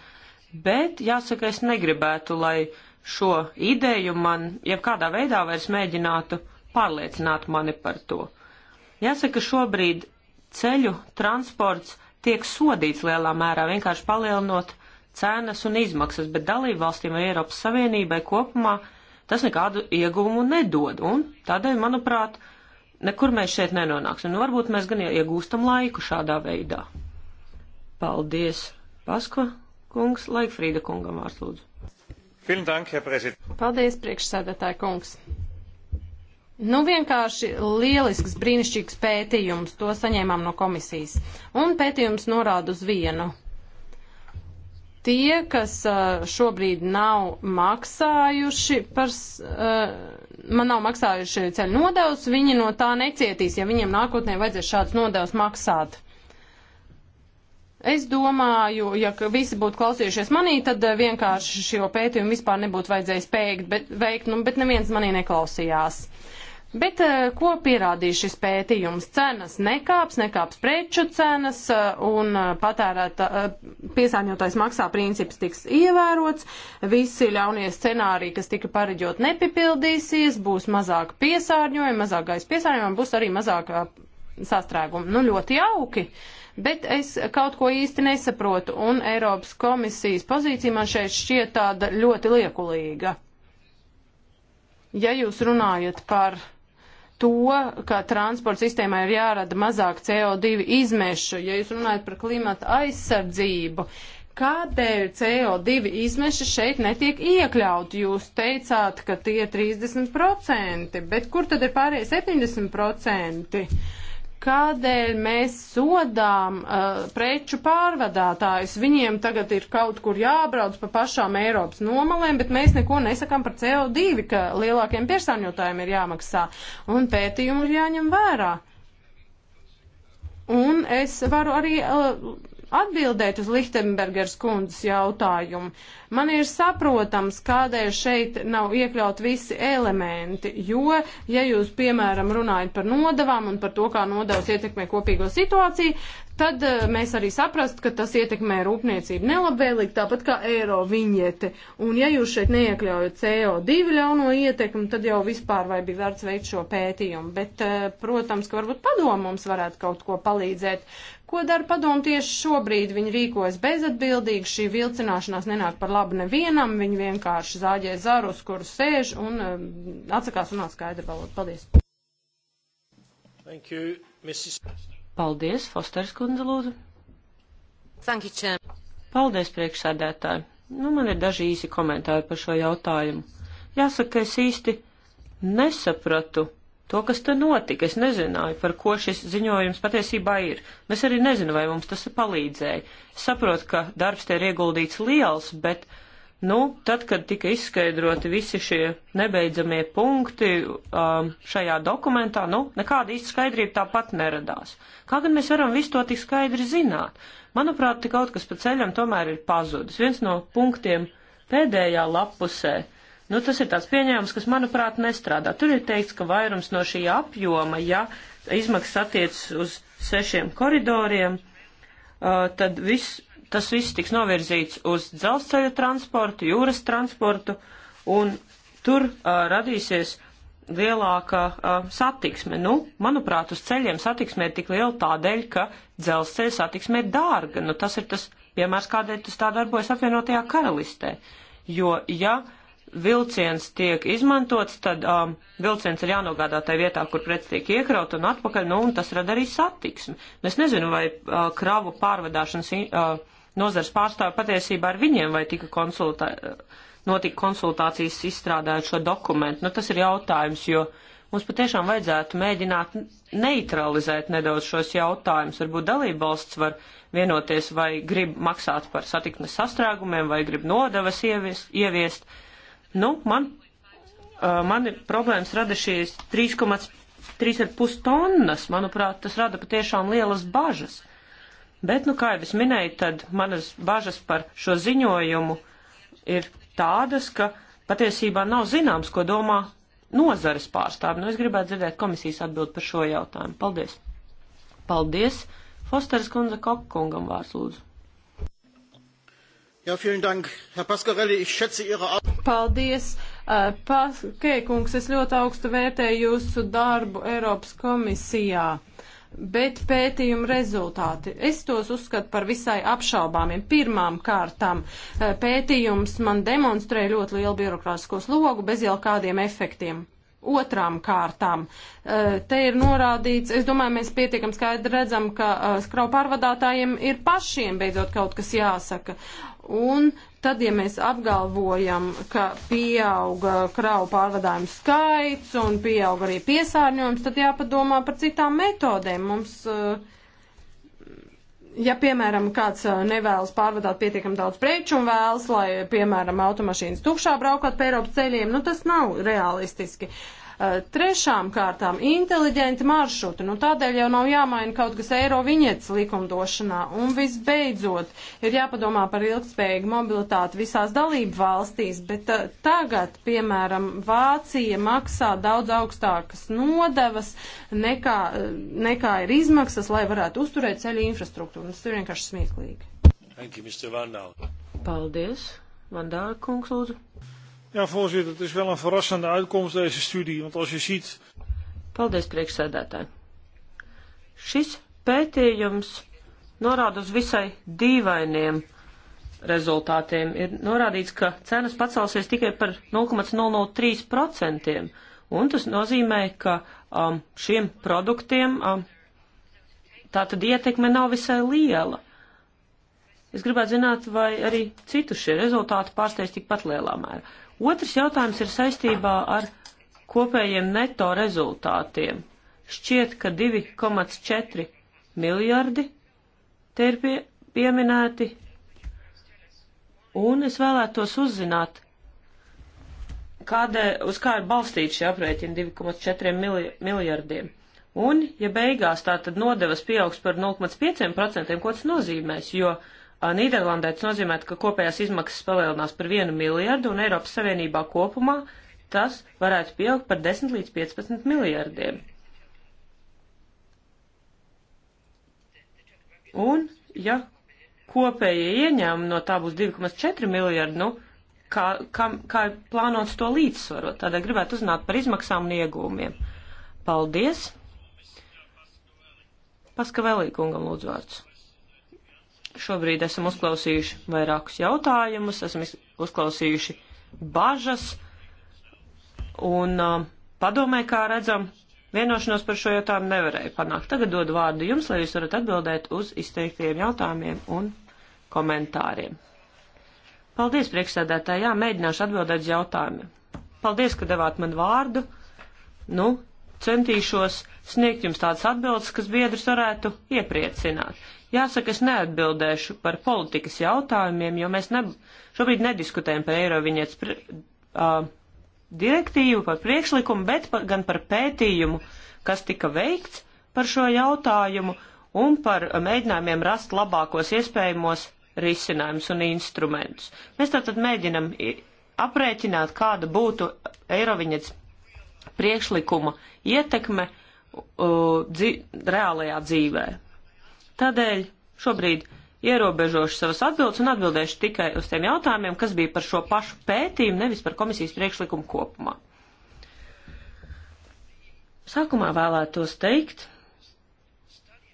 bet jāsaka, es negribētu, lai šo ideju man jebkādā veidā vairs mēģinātu pārliecināt mani par to. Jāsaka, šobrīd ceļu transports tiek sodīts lielā mērā, vienkārši palielinot cenas un izmaksas, bet dalību valstīm vai Eiropas Savienībai kopumā tas nekādu ieguvumu nedod, un tādēļ, manuprāt, nekur mēs šeit nenonāksim. Nu, varbūt mēs gan iegūstam laiku šādā veidā. Paldies, Pasko! kungs, Laikfrīda kungam vārds lūdzu. Dank, Paldies, priekšsēdētāja kungs. Nu, vienkārši lielisks, brīnišķīgs pētījums, to saņēmām no komisijas. Un pētījums norāda uz vienu. Tie, kas šobrīd nav maksājuši par, man nav maksājuši ceļu nodevs, viņi no tā necietīs, ja viņiem nākotnē vajadzēs šāds nodevs maksāt. Es domāju, ja visi būtu klausījušies manī, tad eh, vienkārši šo pētījumu vispār nebūtu vajadzējis pēkt, bet, veikt, nu, bet neviens manī neklausījās. Bet eh, ko pierādīja šis pētījums? Cenas nekāps, nekāps preču cenas eh, un patērēta piesārņotais maksā princips tiks ievērots. Visi ļaunie scenāriji, kas tika pareģot, nepipildīsies, būs mazāk piesārņojumi, mazāk gaisa piesārņojumi, būs arī mazāk sastrēgumi. Nu, ļoti jauki. Uh, bet es kaut ko īsti nesaprotu, un Eiropas komisijas pozīcija man šeit šķiet tāda ļoti liekulīga. Ja jūs runājat par to, ka transporta sistēmai ir jārada mazāk CO2 izmešu, ja jūs runājat par klimata aizsardzību, kādēļ CO2 izmeši šeit netiek iekļauti? Jūs teicāt, ka tie ir 30%, bet kur tad ir pārējie 70%? kādēļ mēs sodām uh, preču pārvadātājus. Viņiem tagad ir kaut kur jābrauc pa pašām Eiropas nomalēm, bet mēs neko nesakām par CO2, ka lielākiem piesārņotājiem ir jāmaksā. Un pētījumu ir jāņem vērā. Un es varu arī uh, atbildēt uz Lichtenbergers kundzes jautājumu. Man ir saprotams, kādēļ šeit nav iekļaut visi elementi, jo, ja jūs, piemēram, runājat par nodavām un par to, kā nodevs ietekmē kopīgo situāciju, tad uh, mēs arī saprast, ka tas ietekmē rūpniecību nelabvēlīgi, tāpat kā eiro viņiete. Un ja jūs šeit neiekļaujat CO2 ļauno ietekmi, tad jau vispār vai bija vērts veikt šo pētījumu. Bet, uh, protams, ka varbūt padomu mums varētu kaut ko palīdzēt. Ko dara padomu tieši šobrīd? Viņi rīkojas bezatbildīgi, šī vilcināšanās nenāk par labu nevienam, viņi vienkārši zāģē zarus, kur sēž un um, atsakās runāt skaidru valodu. Paldies! Thank you, Mrs. Paldies, Fosters kundze lūdzu. Thank you, Chair. Paldies, priekšsēdētāji. Nu, man ir daži īsi komentāri par šo jautājumu. Jāsaka, ka es īsti nesapratu to, kas te notika. Es nezināju, par ko šis ziņojums patiesībā ir. Mēs arī nezinu, vai mums tas palīdzēja. Es saprotu, ka darbs te ir ieguldīts liels, bet, nu, tad, kad tika izskaidroti visi šie nebeidzamie punkti um, šajā dokumentā, nu, nekāda īsta skaidrība tāpat neradās. Kā gan mēs varam visu to tik skaidri zināt? Manuprāt, te kaut kas pa ceļam tomēr ir pazudis. Viens no punktiem pēdējā lapusē Nu, tas ir tāds pieņēmums, kas, manuprāt, nestrādā. Tur ir teikts, ka vairums no šī apjoma, ja izmaksas attiecas uz sešiem koridoriem, uh, tad viss, tas viss tiks novirzīts uz dzelzceļa transportu, jūras transportu, un tur uh, radīsies lielāka uh, satiksme. Nu, manuprāt, uz ceļiem satiksme ir tik liela tādēļ, ka dzelzceļa satiksme ir dārga. Nu, tas ir tas piemērs, kādēļ tas tā darbojas apvienotajā karalistē. Jo, ja uh, vilciens tiek izmantots, tad um, vilciens ir jānogādā tajā vietā, kur preci tiek iekraut un atpakaļ, nu, un tas rada arī satiksmi. Es nezinu, vai uh, kravu pārvadāšanas uh, nozars pārstāvi patiesībā ar viņiem vai tika konsultā, notika konsultācijas izstrādājot šo dokumentu. Nu, tas ir jautājums, jo mums patiešām vajadzētu mēģināt neutralizēt nedaudz šos jautājumus. Varbūt dalībvalsts var vienoties, vai grib maksāt par satiknes sastrēgumiem, vai grib nodevas ieviest. ieviest Nu, man, uh, man ir problēmas rada šīs 3,5 tonnas. Manuprāt, tas rada patiešām lielas bažas. Bet, nu, kā jau es minēju, tad manas bažas par šo ziņojumu ir tādas, ka patiesībā nav zināms, ko domā nozares pārstāvi. Nu, es gribētu dzirdēt komisijas atbild par šo jautājumu. Paldies! Paldies! Fosteris kundze Kopkungam vārds lūdzu. Jā, vielen dank, Herr Paskarelli, ich schätze Ihre Arbeit. Paldies, uh, äh, Paskēkungs, es ļoti augstu vērtēju jūsu darbu Eiropas komisijā bet pētījuma rezultāti. Es tos uzskatu par visai apšaubāmiem. Pirmām kārtām äh, pētījums man demonstrē ļoti lielu birokrātisko slogu bez jau kādiem efektiem. Otrām kārtām, äh, te ir norādīts, es domāju, mēs pietiekam skaidri redzam, ka skrau pārvadātājiem ir pašiem beidzot kaut kas jāsaka. Un tad, ja mēs apgalvojam, ka pieauga kravu pārvadājumu skaits un pieauga arī piesārņojums, tad jāpadomā par citām metodēm. Mums, eh, ja, piemēram, kāds eh, nevēlas pārvadāt pietiekam daudz preču un vēlas, lai, piemēram, automašīnas tukšā braukot pa Eiropas ceļiem, nu tas nav realistiski. Uh, Eh, trešām kārtām - inteliģenti maršruti. Nu, tādēļ jau nav jāmaina kaut kas eiro viņietas likumdošanā. Un visbeidzot, ir jāpadomā par ilgspējīgu mobilitāti visās dalību valstīs, bet eh, tagad, piemēram, Vācija maksā daudz augstākas nodevas nekā, eh, nekā ir izmaksas, lai varētu uzturēt ceļu infrastruktūru. Tas ir vienkārši smieklīgi. Thank you, Mr. Vandal. Paldies. Vandāla kungs, lūdzu. Ja, voorzitter, het is wel een verrassende uitkomst deze studie, want als je ziet... Paldies, priekšsēdētāji. Šis pētījums norāda uz visai dīvainiem rezultātiem. Ir norādīts, ka cenas pacelsies tikai par 0,003%, un tas nozīmē, ka um, šiem produktiem um, tā tad ietekme nav visai liela. Es gribētu zināt, vai arī citu šie rezultāti pārsteidz tikpat lielā mērā. Otrs jautājums ir saistībā ar kopējiem neto rezultātiem. Šķiet, ka 2,4 miljardi te ir pie, pieminēti, un es vēlētos uzzināt, kādē, uz kā ir balstīti šie aprēķini 2,4 miljardiem. Un, ja beigās tā tad nodevas pieaugs par 0,5%, ko tas nozīmēs, jo uh, Nīderlandē tas nozīmē, ka kopējās izmaksas palielinās par 1 miljardu un Eiropas Savienībā kopumā tas varētu pieaugt par 10 līdz 15 miljardiem. Un, ja kopējie ieņēmumi no tā būs 2,4 miljardi, nu, kā, kā, kā plānots to līdzsvarot? Tādēļ gribētu uzzināt par izmaksām un iegūmiem. Paldies! Paskavēlī kungam lūdzu vārds. Šobrīd esam uzklausījuši vairākus jautājumus, esam uzklausījuši bažas un uh, padomē, kā redzam, vienošanos par šo jautājumu nevarēja panākt. Tagad dodu vārdu jums, lai jūs varat atbildēt uz izteiktiem jautājumiem un komentāriem. Paldies, priekšsēdētāji, jā, mēģināšu atbildēt uz jautājumiem. Paldies, ka devāt man vārdu. Nu, centīšos sniegt jums tādas atbildes, kas biedrus varētu iepriecināt. Jāsaka, es neatbildēšu par politikas jautājumiem, jo mēs ne, šobrīd nediskutējam par Eiroviņietas uh, direktīvu, par priekšlikumu, bet par, gan par pētījumu, kas tika veikts par šo jautājumu un par mēģinājumiem rast labākos iespējamos risinājumus un instrumentus. Mēs tātad mēģinam aprēķināt, kāda būtu Eiroviņets priekšlikuma ietekme uh, dzī reālajā dzīvē. Tādēļ šobrīd ierobežošu savas atbildes un atbildēšu tikai uz tiem jautājumiem, kas bija par šo pašu pētījumu, nevis par komisijas priekšlikumu kopumā. Sākumā vēlētos teikt,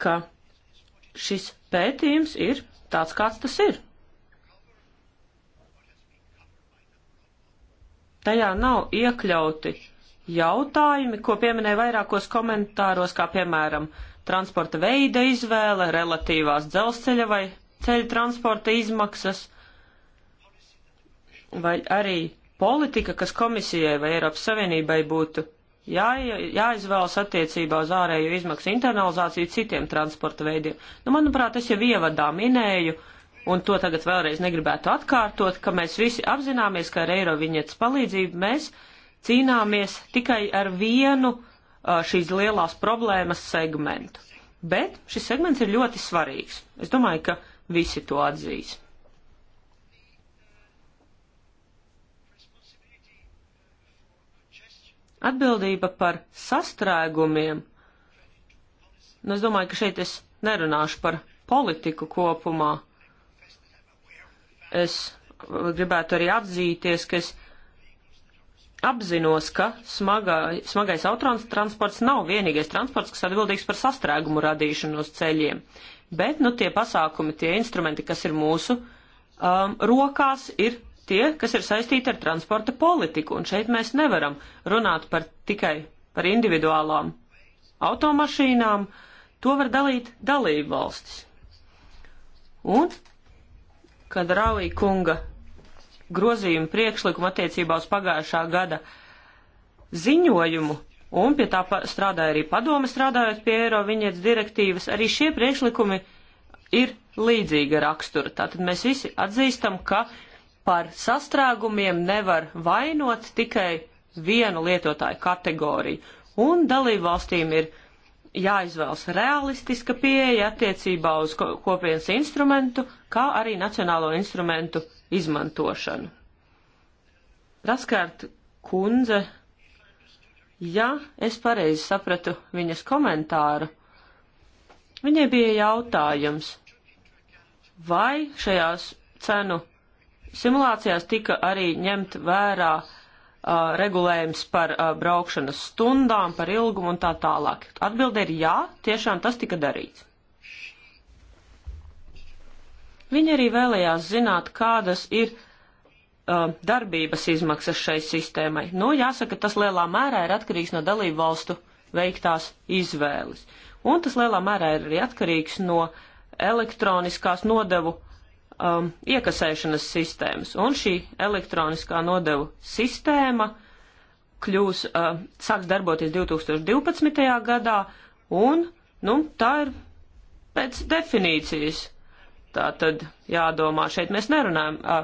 ka šis pētījums ir tāds, kāds tas ir. Tajā nav iekļauti jautājumi, ko pieminēja vairākos komentāros, kā piemēram uh, transporta veida izvēle, relatīvās dzelzceļa vai ceļa transporta izmaksas, vai arī politika, kas komisijai vai Eiropas Savienībai būtu jā, jāizvēlas attiecībā uz ārējo izmaksu internalizāciju citiem transporta veidiem. Nu, manuprāt, es jau ievadā minēju, un to tagad vēlreiz negribētu atkārtot, ka mēs visi apzināmies, ka ar eiro viņietas palīdzību mēs cīnāmies tikai ar vienu šīs lielās problēmas segmentu. Bet šis segments ir ļoti svarīgs. Es domāju, ka visi to atzīs. Atbildība par sastrēgumiem. Nu, es domāju, ka šeit es nerunāšu par politiku kopumā. Es gribētu arī atzīties, ka es apzinos, ka smagā, smagais autotransports nav vienīgais transports, kas atbildīgs par sastrēgumu radīšanu uz ceļiem. Bet nu, tie pasākumi, tie instrumenti, kas ir mūsu um, rokās, ir tie, kas ir saistīti ar transporta politiku. Un šeit mēs nevaram runāt par tikai par individuālām automašīnām. To var dalīt dalību valstis. Un, kad Rāvī kunga grozījumu priekšlikumu attiecībā uz pagājušā gada ziņojumu, un pie tā strādāja arī padome strādājot pie eiro viņietas direktīvas, arī šie priekšlikumi ir līdzīga rakstura. Tātad mēs visi atzīstam, ka par sastrēgumiem nevar vainot tikai vienu lietotāju kategoriju, un dalību valstīm ir jāizvēlas realistiska pieeja attiecībā uz kopienas instrumentu, kā arī nacionālo instrumentu izmantošanu. Raskārt kundze, ja es pareizi sapratu viņas komentāru, viņai bija jautājums, vai šajās cenu simulācijās tika arī ņemt vērā uh, regulējums par uh, braukšanas stundām, par ilgumu un tā tālāk. Atbilde ir jā, tiešām tas tika darīts. Viņi arī vēlējās zināt, kādas ir uh, darbības izmaksas šai sistēmai. Nu, jāsaka, tas lielā mērā ir atkarīgs no dalību valstu veiktās izvēles. Un tas lielā mērā ir arī atkarīgs no elektroniskās nodevu um, iekasēšanas sistēmas. Un šī elektroniskā nodevu sistēma kļūs, uh, sāks darboties 2012. gadā, un, nu, tā ir pēc definīcijas Tā tad jādomā, šeit mēs nerunājam uh,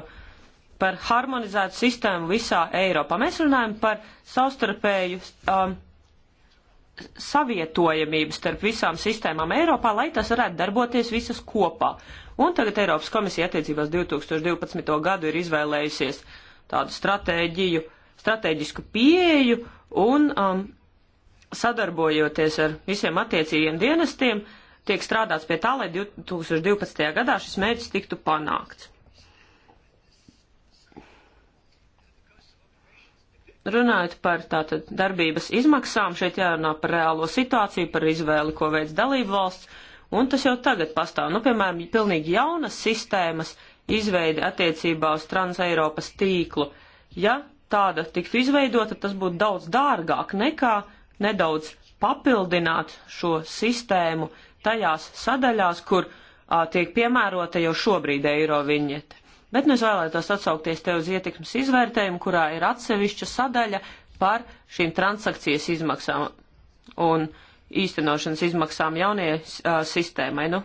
par harmonizētu sistēmu visā Eiropā. Mēs runājam par savstarpēju um, savietojamību starp visām sistēmām Eiropā, lai tas varētu darboties visas kopā. Un tagad Eiropas komisija attiecībās 2012. gadu ir izvēlējusies tādu stratēģiju, stratēģisku pieeju un um, sadarbojoties ar visiem attiecīgiem dienestiem, uh, tiek strādāts pie tā, lai 2012. gadā šis mērķis tiktu panākts. Runājot par tātad darbības izmaksām, šeit jārunā par reālo situāciju, par izvēli, ko veids dalību valsts, un tas jau tagad pastāv. Nu, piemēram, pilnīgi jaunas sistēmas izveidi attiecībā uz Transeiropas tīklu. Ja tāda tiktu izveidota, tas būtu daudz dārgāk nekā nedaudz papildināt šo sistēmu, uh, tajās sadaļās, kur a, tiek piemērota jau šobrīd eiro viņete. Bet nu es vēlētos atsaukties te uz ietekmes izvērtējumu, kurā ir atsevišķa sadaļa par šīm transakcijas izmaksām un īstenošanas izmaksām jaunie a, sistēmai. Nu,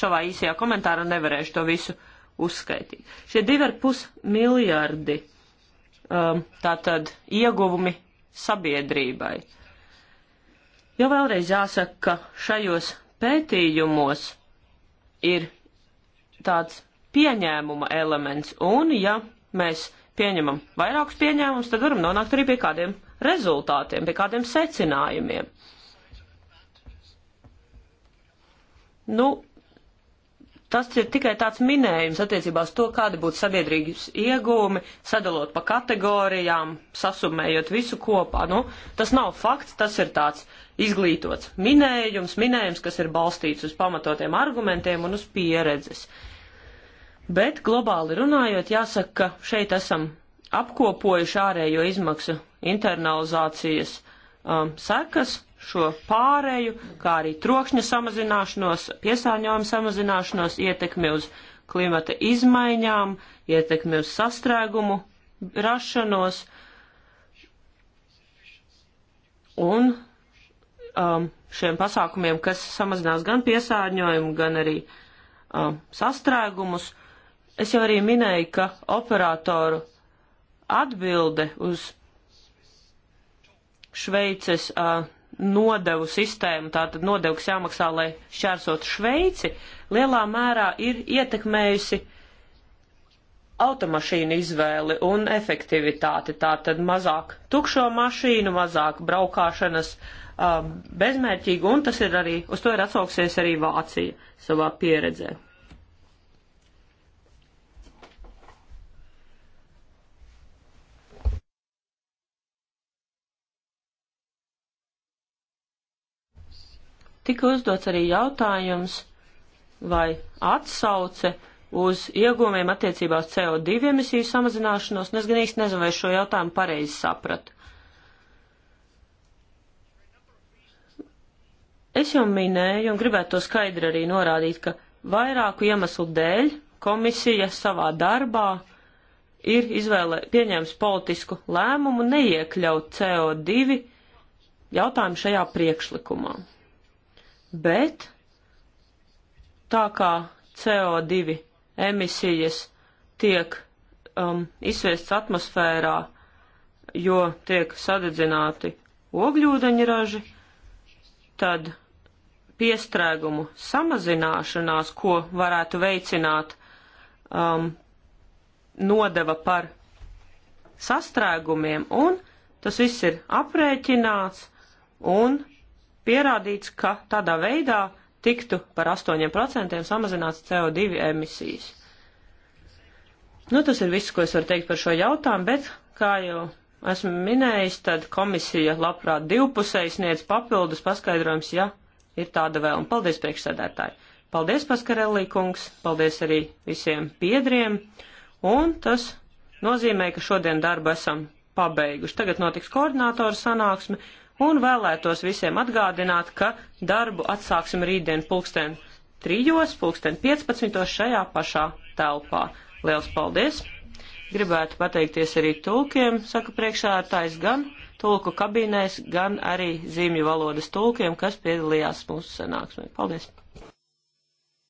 šavā īsajā komentārā nevarēšu to visu uzskaitīt. Šie divi ar pus miljardi um, tātad ieguvumi sabiedrībai. Jau vēlreiz jāsaka, ka šajos pētījumos ir tāds pieņēmuma elements, un ja mēs pieņemam vairākus pieņēmumus, tad varam nonākt arī pie kādiem rezultātiem, pie kādiem secinājumiem. Nu, tas ir tikai tāds minējums attiecībās to, kādi būtu sabiedrīgas iegūmi, sadalot pa kategorijām, sasumējot visu kopā. Nu, tas nav fakts, tas ir tāds uh, izglītots minējums, minējums, kas ir balstīts uz pamatotiem argumentiem un uz pieredzes. Bet globāli runājot, jāsaka, ka šeit esam apkopojuši ārējo izmaksu internalizācijas um, sekas, šo pārēju, kā arī trokšņa samazināšanos, piesārņojuma samazināšanos, ietekmi uz klimata izmaiņām, ietekmi uz sastrēgumu rašanos un um, šiem pasākumiem, kas samazinās gan piesārņojumu, gan arī um, sastrēgumus. Es jau arī minēju, ka operatoru atbilde uz Šveices uh, nodevu sistēmu, tātad nodevu, kas jāmaksā, lai šķērsotu Šveici, lielā mērā ir ietekmējusi automašīnu izvēli un efektivitāti. Tātad mazāk tukšo mašīnu, mazāk braukāšanas uh, um, bezmērķīga, un tas ir arī, uz to ir atsauksies arī Vācija savā pieredzē. Tika uzdots arī jautājums vai atsauce uz iegūmiem attiecībā uz CO2 emisiju samazināšanos, un es gan īsti nezinu, vai šo jautājumu pareizi sapratu. Es jau minēju un gribētu to skaidri arī norādīt, ka vairāku iemeslu dēļ komisija savā darbā ir izvēle pieņēmis politisku lēmumu neiekļaut CO2 jautājumu šajā priekšlikumā. Bet tā kā CO2 emisijas tiek um, izsviests atmosfērā, jo tiek sadedzināti ogļūdeņraži, tad piestrēgumu samazināšanās, ko varētu veicināt um, nodeva par sastrēgumiem, un tas viss ir aprēķināts un pierādīts, ka tādā veidā tiktu par 8% samazināts CO2 emisijas. Nu, tas ir viss, ko es varu teikt par šo jautājumu, bet, kā jau esmu minējis, tad komisija labprāt divpusēji sniedz papildus paskaidrojums, ja ir tāda vēl. Un paldies priekšsēdētāji. Paldies, Paskarellī kungs, paldies arī visiem biedriem. Un tas nozīmē, ka šodien darbu esam pabeiguši. Tagad notiks koordinātora sanāksme un vēlētos visiem atgādināt, ka darbu atsāksim rītdien pulksten trijos, pulksten 15. šajā pašā telpā. Liels paldies! Gribētu pateikties arī tulkiem, saka priekšētājs gan tulku kabīnēs, gan arī zīmju valodas tulkiem, kas piedalījās mūsu sanāksmē. Paldies!